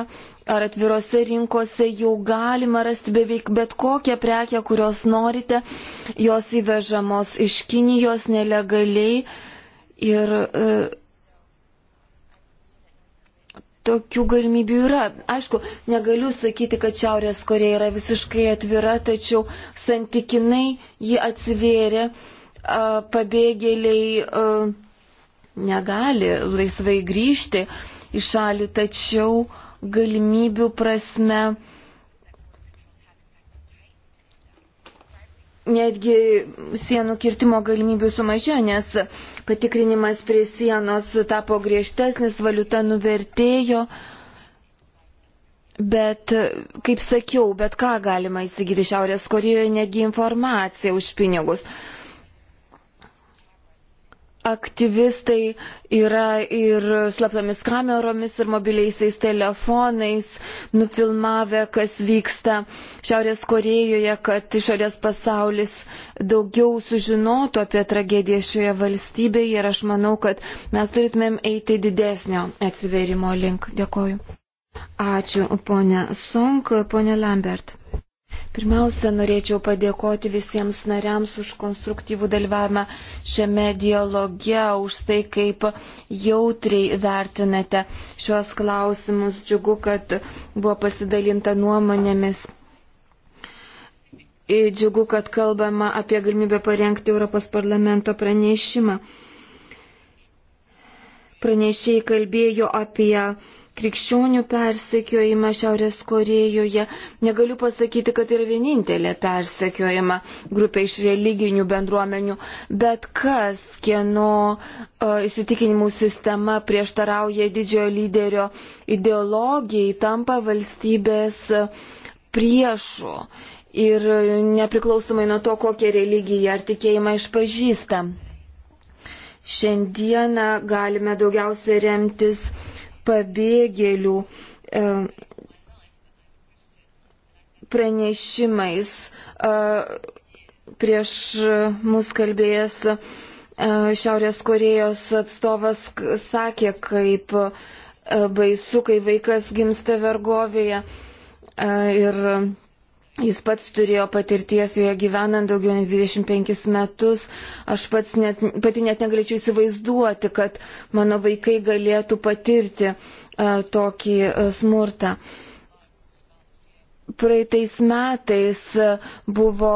ar atvirose rinkose jau galima rasti beveik bet kokią prekę, kurios norite. Jos įvežamos iš Kinijos nelegaliai. Ir uh, tokių galimybių yra. Aišku, negaliu sakyti, kad Šiaurės Koreja yra visiškai atvira, tačiau santykinai ji atsivėrė, pabėgėliai negali laisvai grįžti į šalį, tačiau galimybių prasme netgi sienų kirtimo galimybių sumažėjo, nes patikrinimas prie sienos tapo griežtesnis, valiuta nuvertėjo. Bet, kaip sakiau, bet ką galima įsigyti Šiaurės Korejoje, netgi informaciją už pinigus. Uh, aktyvistai yra ir slaptomis kameromis, ir mobiliaisiais telefonais nufilmavę, kas vyksta Šiaurės Korejoje, kad išorės pasaulis daugiau sužinotų apie tragediją šioje valstybėje ir aš manau, kad mes turėtumėm eiti didesnio atsiverimo link. Dėkoju. Ačiū, ponė Sunk, ponė Lambert. Pirmiausia, norėčiau padėkoti visiems nariams už konstruktyvų dalyvavimą šiame dialoge, už tai, kaip jautriai vertinate šios klausimus. Džiugu, kad buvo pasidalinta nuomonėmis. Džiugu, kad kalbama apie galimybę parengti Europos parlamento pranešimą. Pranešėjai kalbėjo apie krikščionių persekiojimą Šiaurės Korejoje. Negaliu pasakyti, kad yra vienintelė persekiojama grupė iš religinių bendruomenių, bet kas, kieno e, įsitikinimų sistema prieštarauja didžiojo lyderio ideologijai, tampa valstybės priešu. Ir nepriklausomai nuo to, kokią religiją ar tikėjimą išpažįsta. Šiandieną galime daugiausia remtis pabėgėlių e, pranešimais. E, prieš mus kalbėjęs e, Šiaurės Korejos atstovas sakė, kaip baisu, kai vaikas gimsta vergovėje. Ir Jis pats turėjo patirties joje gyvenant daugiau nei 25 metus. Aš pats net, pati net negalėčiau įsivaizduoti, kad mano vaikai galėtų patirti uh, tokį uh, smurtą. Praeitais metais e, buvo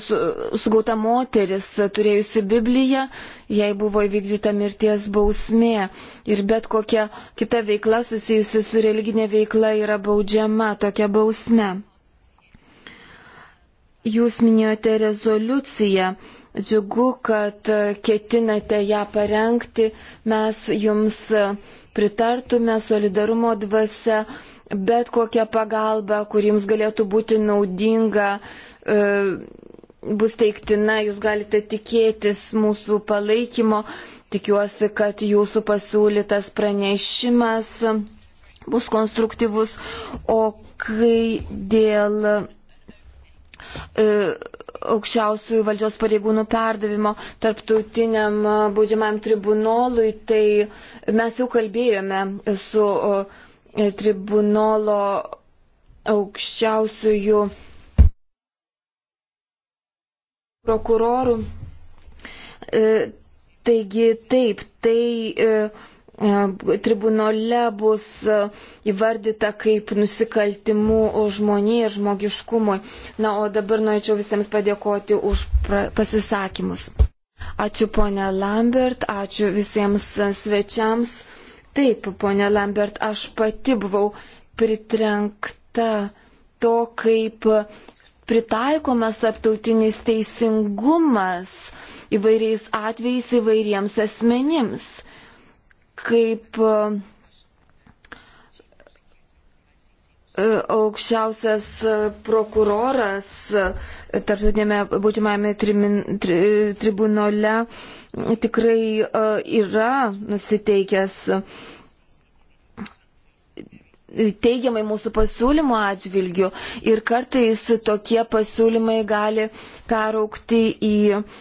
su, sugauta moteris, turėjusi Bibliją, jai buvo įvykdyta mirties bausmė ir bet kokia kita veikla susijusi su religinė veikla yra baudžiama tokia bausme. Jūs minėjote rezoliuciją. Džiugu, kad ketinate ją parengti. Mes jums pritartume solidarumo dvasia, bet kokia pagalba, kur jums galėtų būti naudinga, e, bus teiktina, jūs galite tikėtis mūsų palaikymo. Tikiuosi, kad jūsų pasiūlytas pranešimas bus konstruktyvus. O kai dėl E, aukščiausių valdžios pareigūnų perdavimo tarptautiniam e, baudžiamam tribunolui, tai mes jau kalbėjome su e, tribunolo aukščiausiųjų prokurorų. Taigi taip, tai E, tribunole bus e, įvardyta kaip nusikaltimu žmoniai ir žmogiškumui. Na, o dabar norėčiau visiems padėkoti už pasisakymus. Ačiū ponia Lambert, ačiū visiems svečiams. Taip, ponia Lambert, aš pati buvau pritrenkta to, kaip pritaikomas aptautinis teisingumas įvairiais atvejais įvairiems asmenims kaip e, e, aukščiausias prokuroras tarptautinėme baudžiamame tribunole tikrai e, yra nusiteikęs teigiamai mūsų pasiūlymų atžvilgių ir kartais tokie pasiūlymai gali peraukti į uh,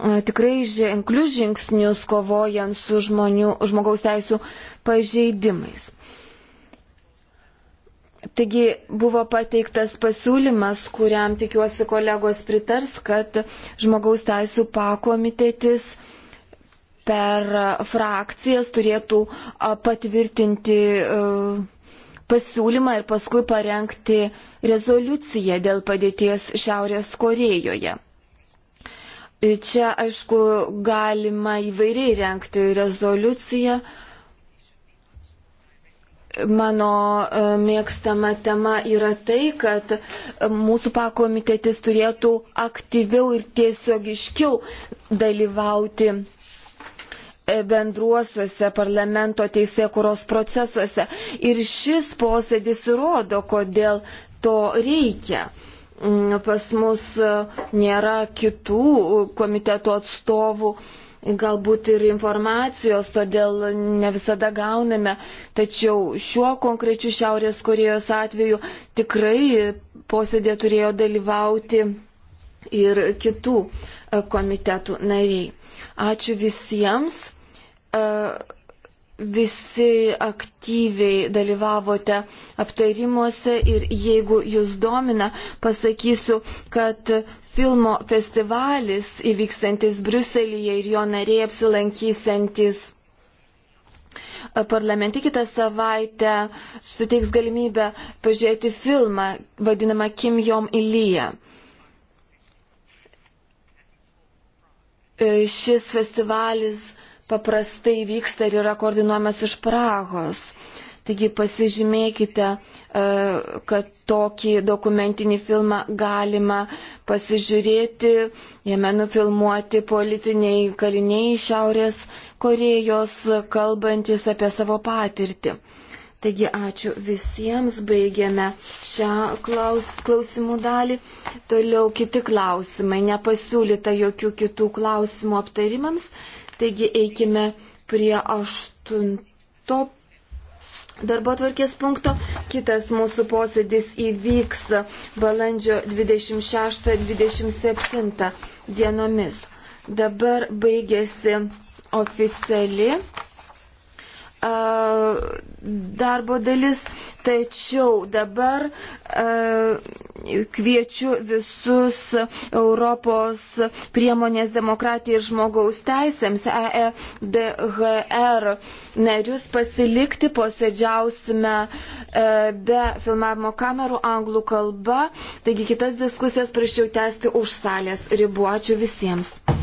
E, tikrai ženklius žingsnius kovojant su žmonių, žmogaus teisų pažeidimais. Taigi buvo pateiktas pasiūlymas, kuriam tikiuosi kolegos pritars, kad žmogaus teisų pakomitetis per frakcijas turėtų patvirtinti e, pasiūlymą ir paskui parengti rezoliuciją dėl padėties Šiaurės Korejoje. Čia, aišku, galima įvairiai renkti rezoliuciją. Mano e, mėgstama tema yra tai, kad mūsų pakomitetis turėtų aktyviau ir tiesiogiškiau dalyvauti e, bendruosiuose parlamento teisėkuros procesuose. Ir šis posėdis įrodo, kodėl to reikia. Mm, pas mus e, nėra kitų e, komitetų atstovų, galbūt ir informacijos, todėl ne visada gauname. Tačiau šiuo konkrečiu Šiaurės Korejos atveju tikrai posėdė turėjo dalyvauti ir kitų e, komitetų nariai. Ačiū visiems. Uh, visi aktyviai dalyvavote aptarimuose ir jeigu jūs domina, pasakysiu, kad filmo festivalis įvykstantis Bruselėje ir jo nariai apsilankysantis parlamente kitą savaitę suteiks galimybę pažiūrėti filmą vadinamą Kim Jom Ilyje. Šis festivalis paprastai vyksta ir yra koordinuojamas iš Prahos. Taigi pasižymėkite, e, kad tokį dokumentinį filmą galima pasižiūrėti, jame nufilmuoti politiniai kaliniai Šiaurės Korejos, kalbantis apie savo patirtį. Taigi ačiū visiems, baigėme šią klaus, klausimų dalį. Toliau kiti klausimai, nepasiūlyta jokių kitų klausimų aptarimams. Taigi eikime prie aštunto darbo tvarkės punkto. Kitas mūsų posėdis įvyks balandžio 26-27 dienomis. Dabar baigėsi oficiali darbo dalis, tačiau dabar kviečiu visus Europos priemonės demokratijai ir žmogaus teisėms EEDHR narius pasilikti, posėdžiausime e, be filmavimo kamerų anglų kalba, taigi kitas diskusijas prašiau tęsti už salės ribų. Ačiū visiems.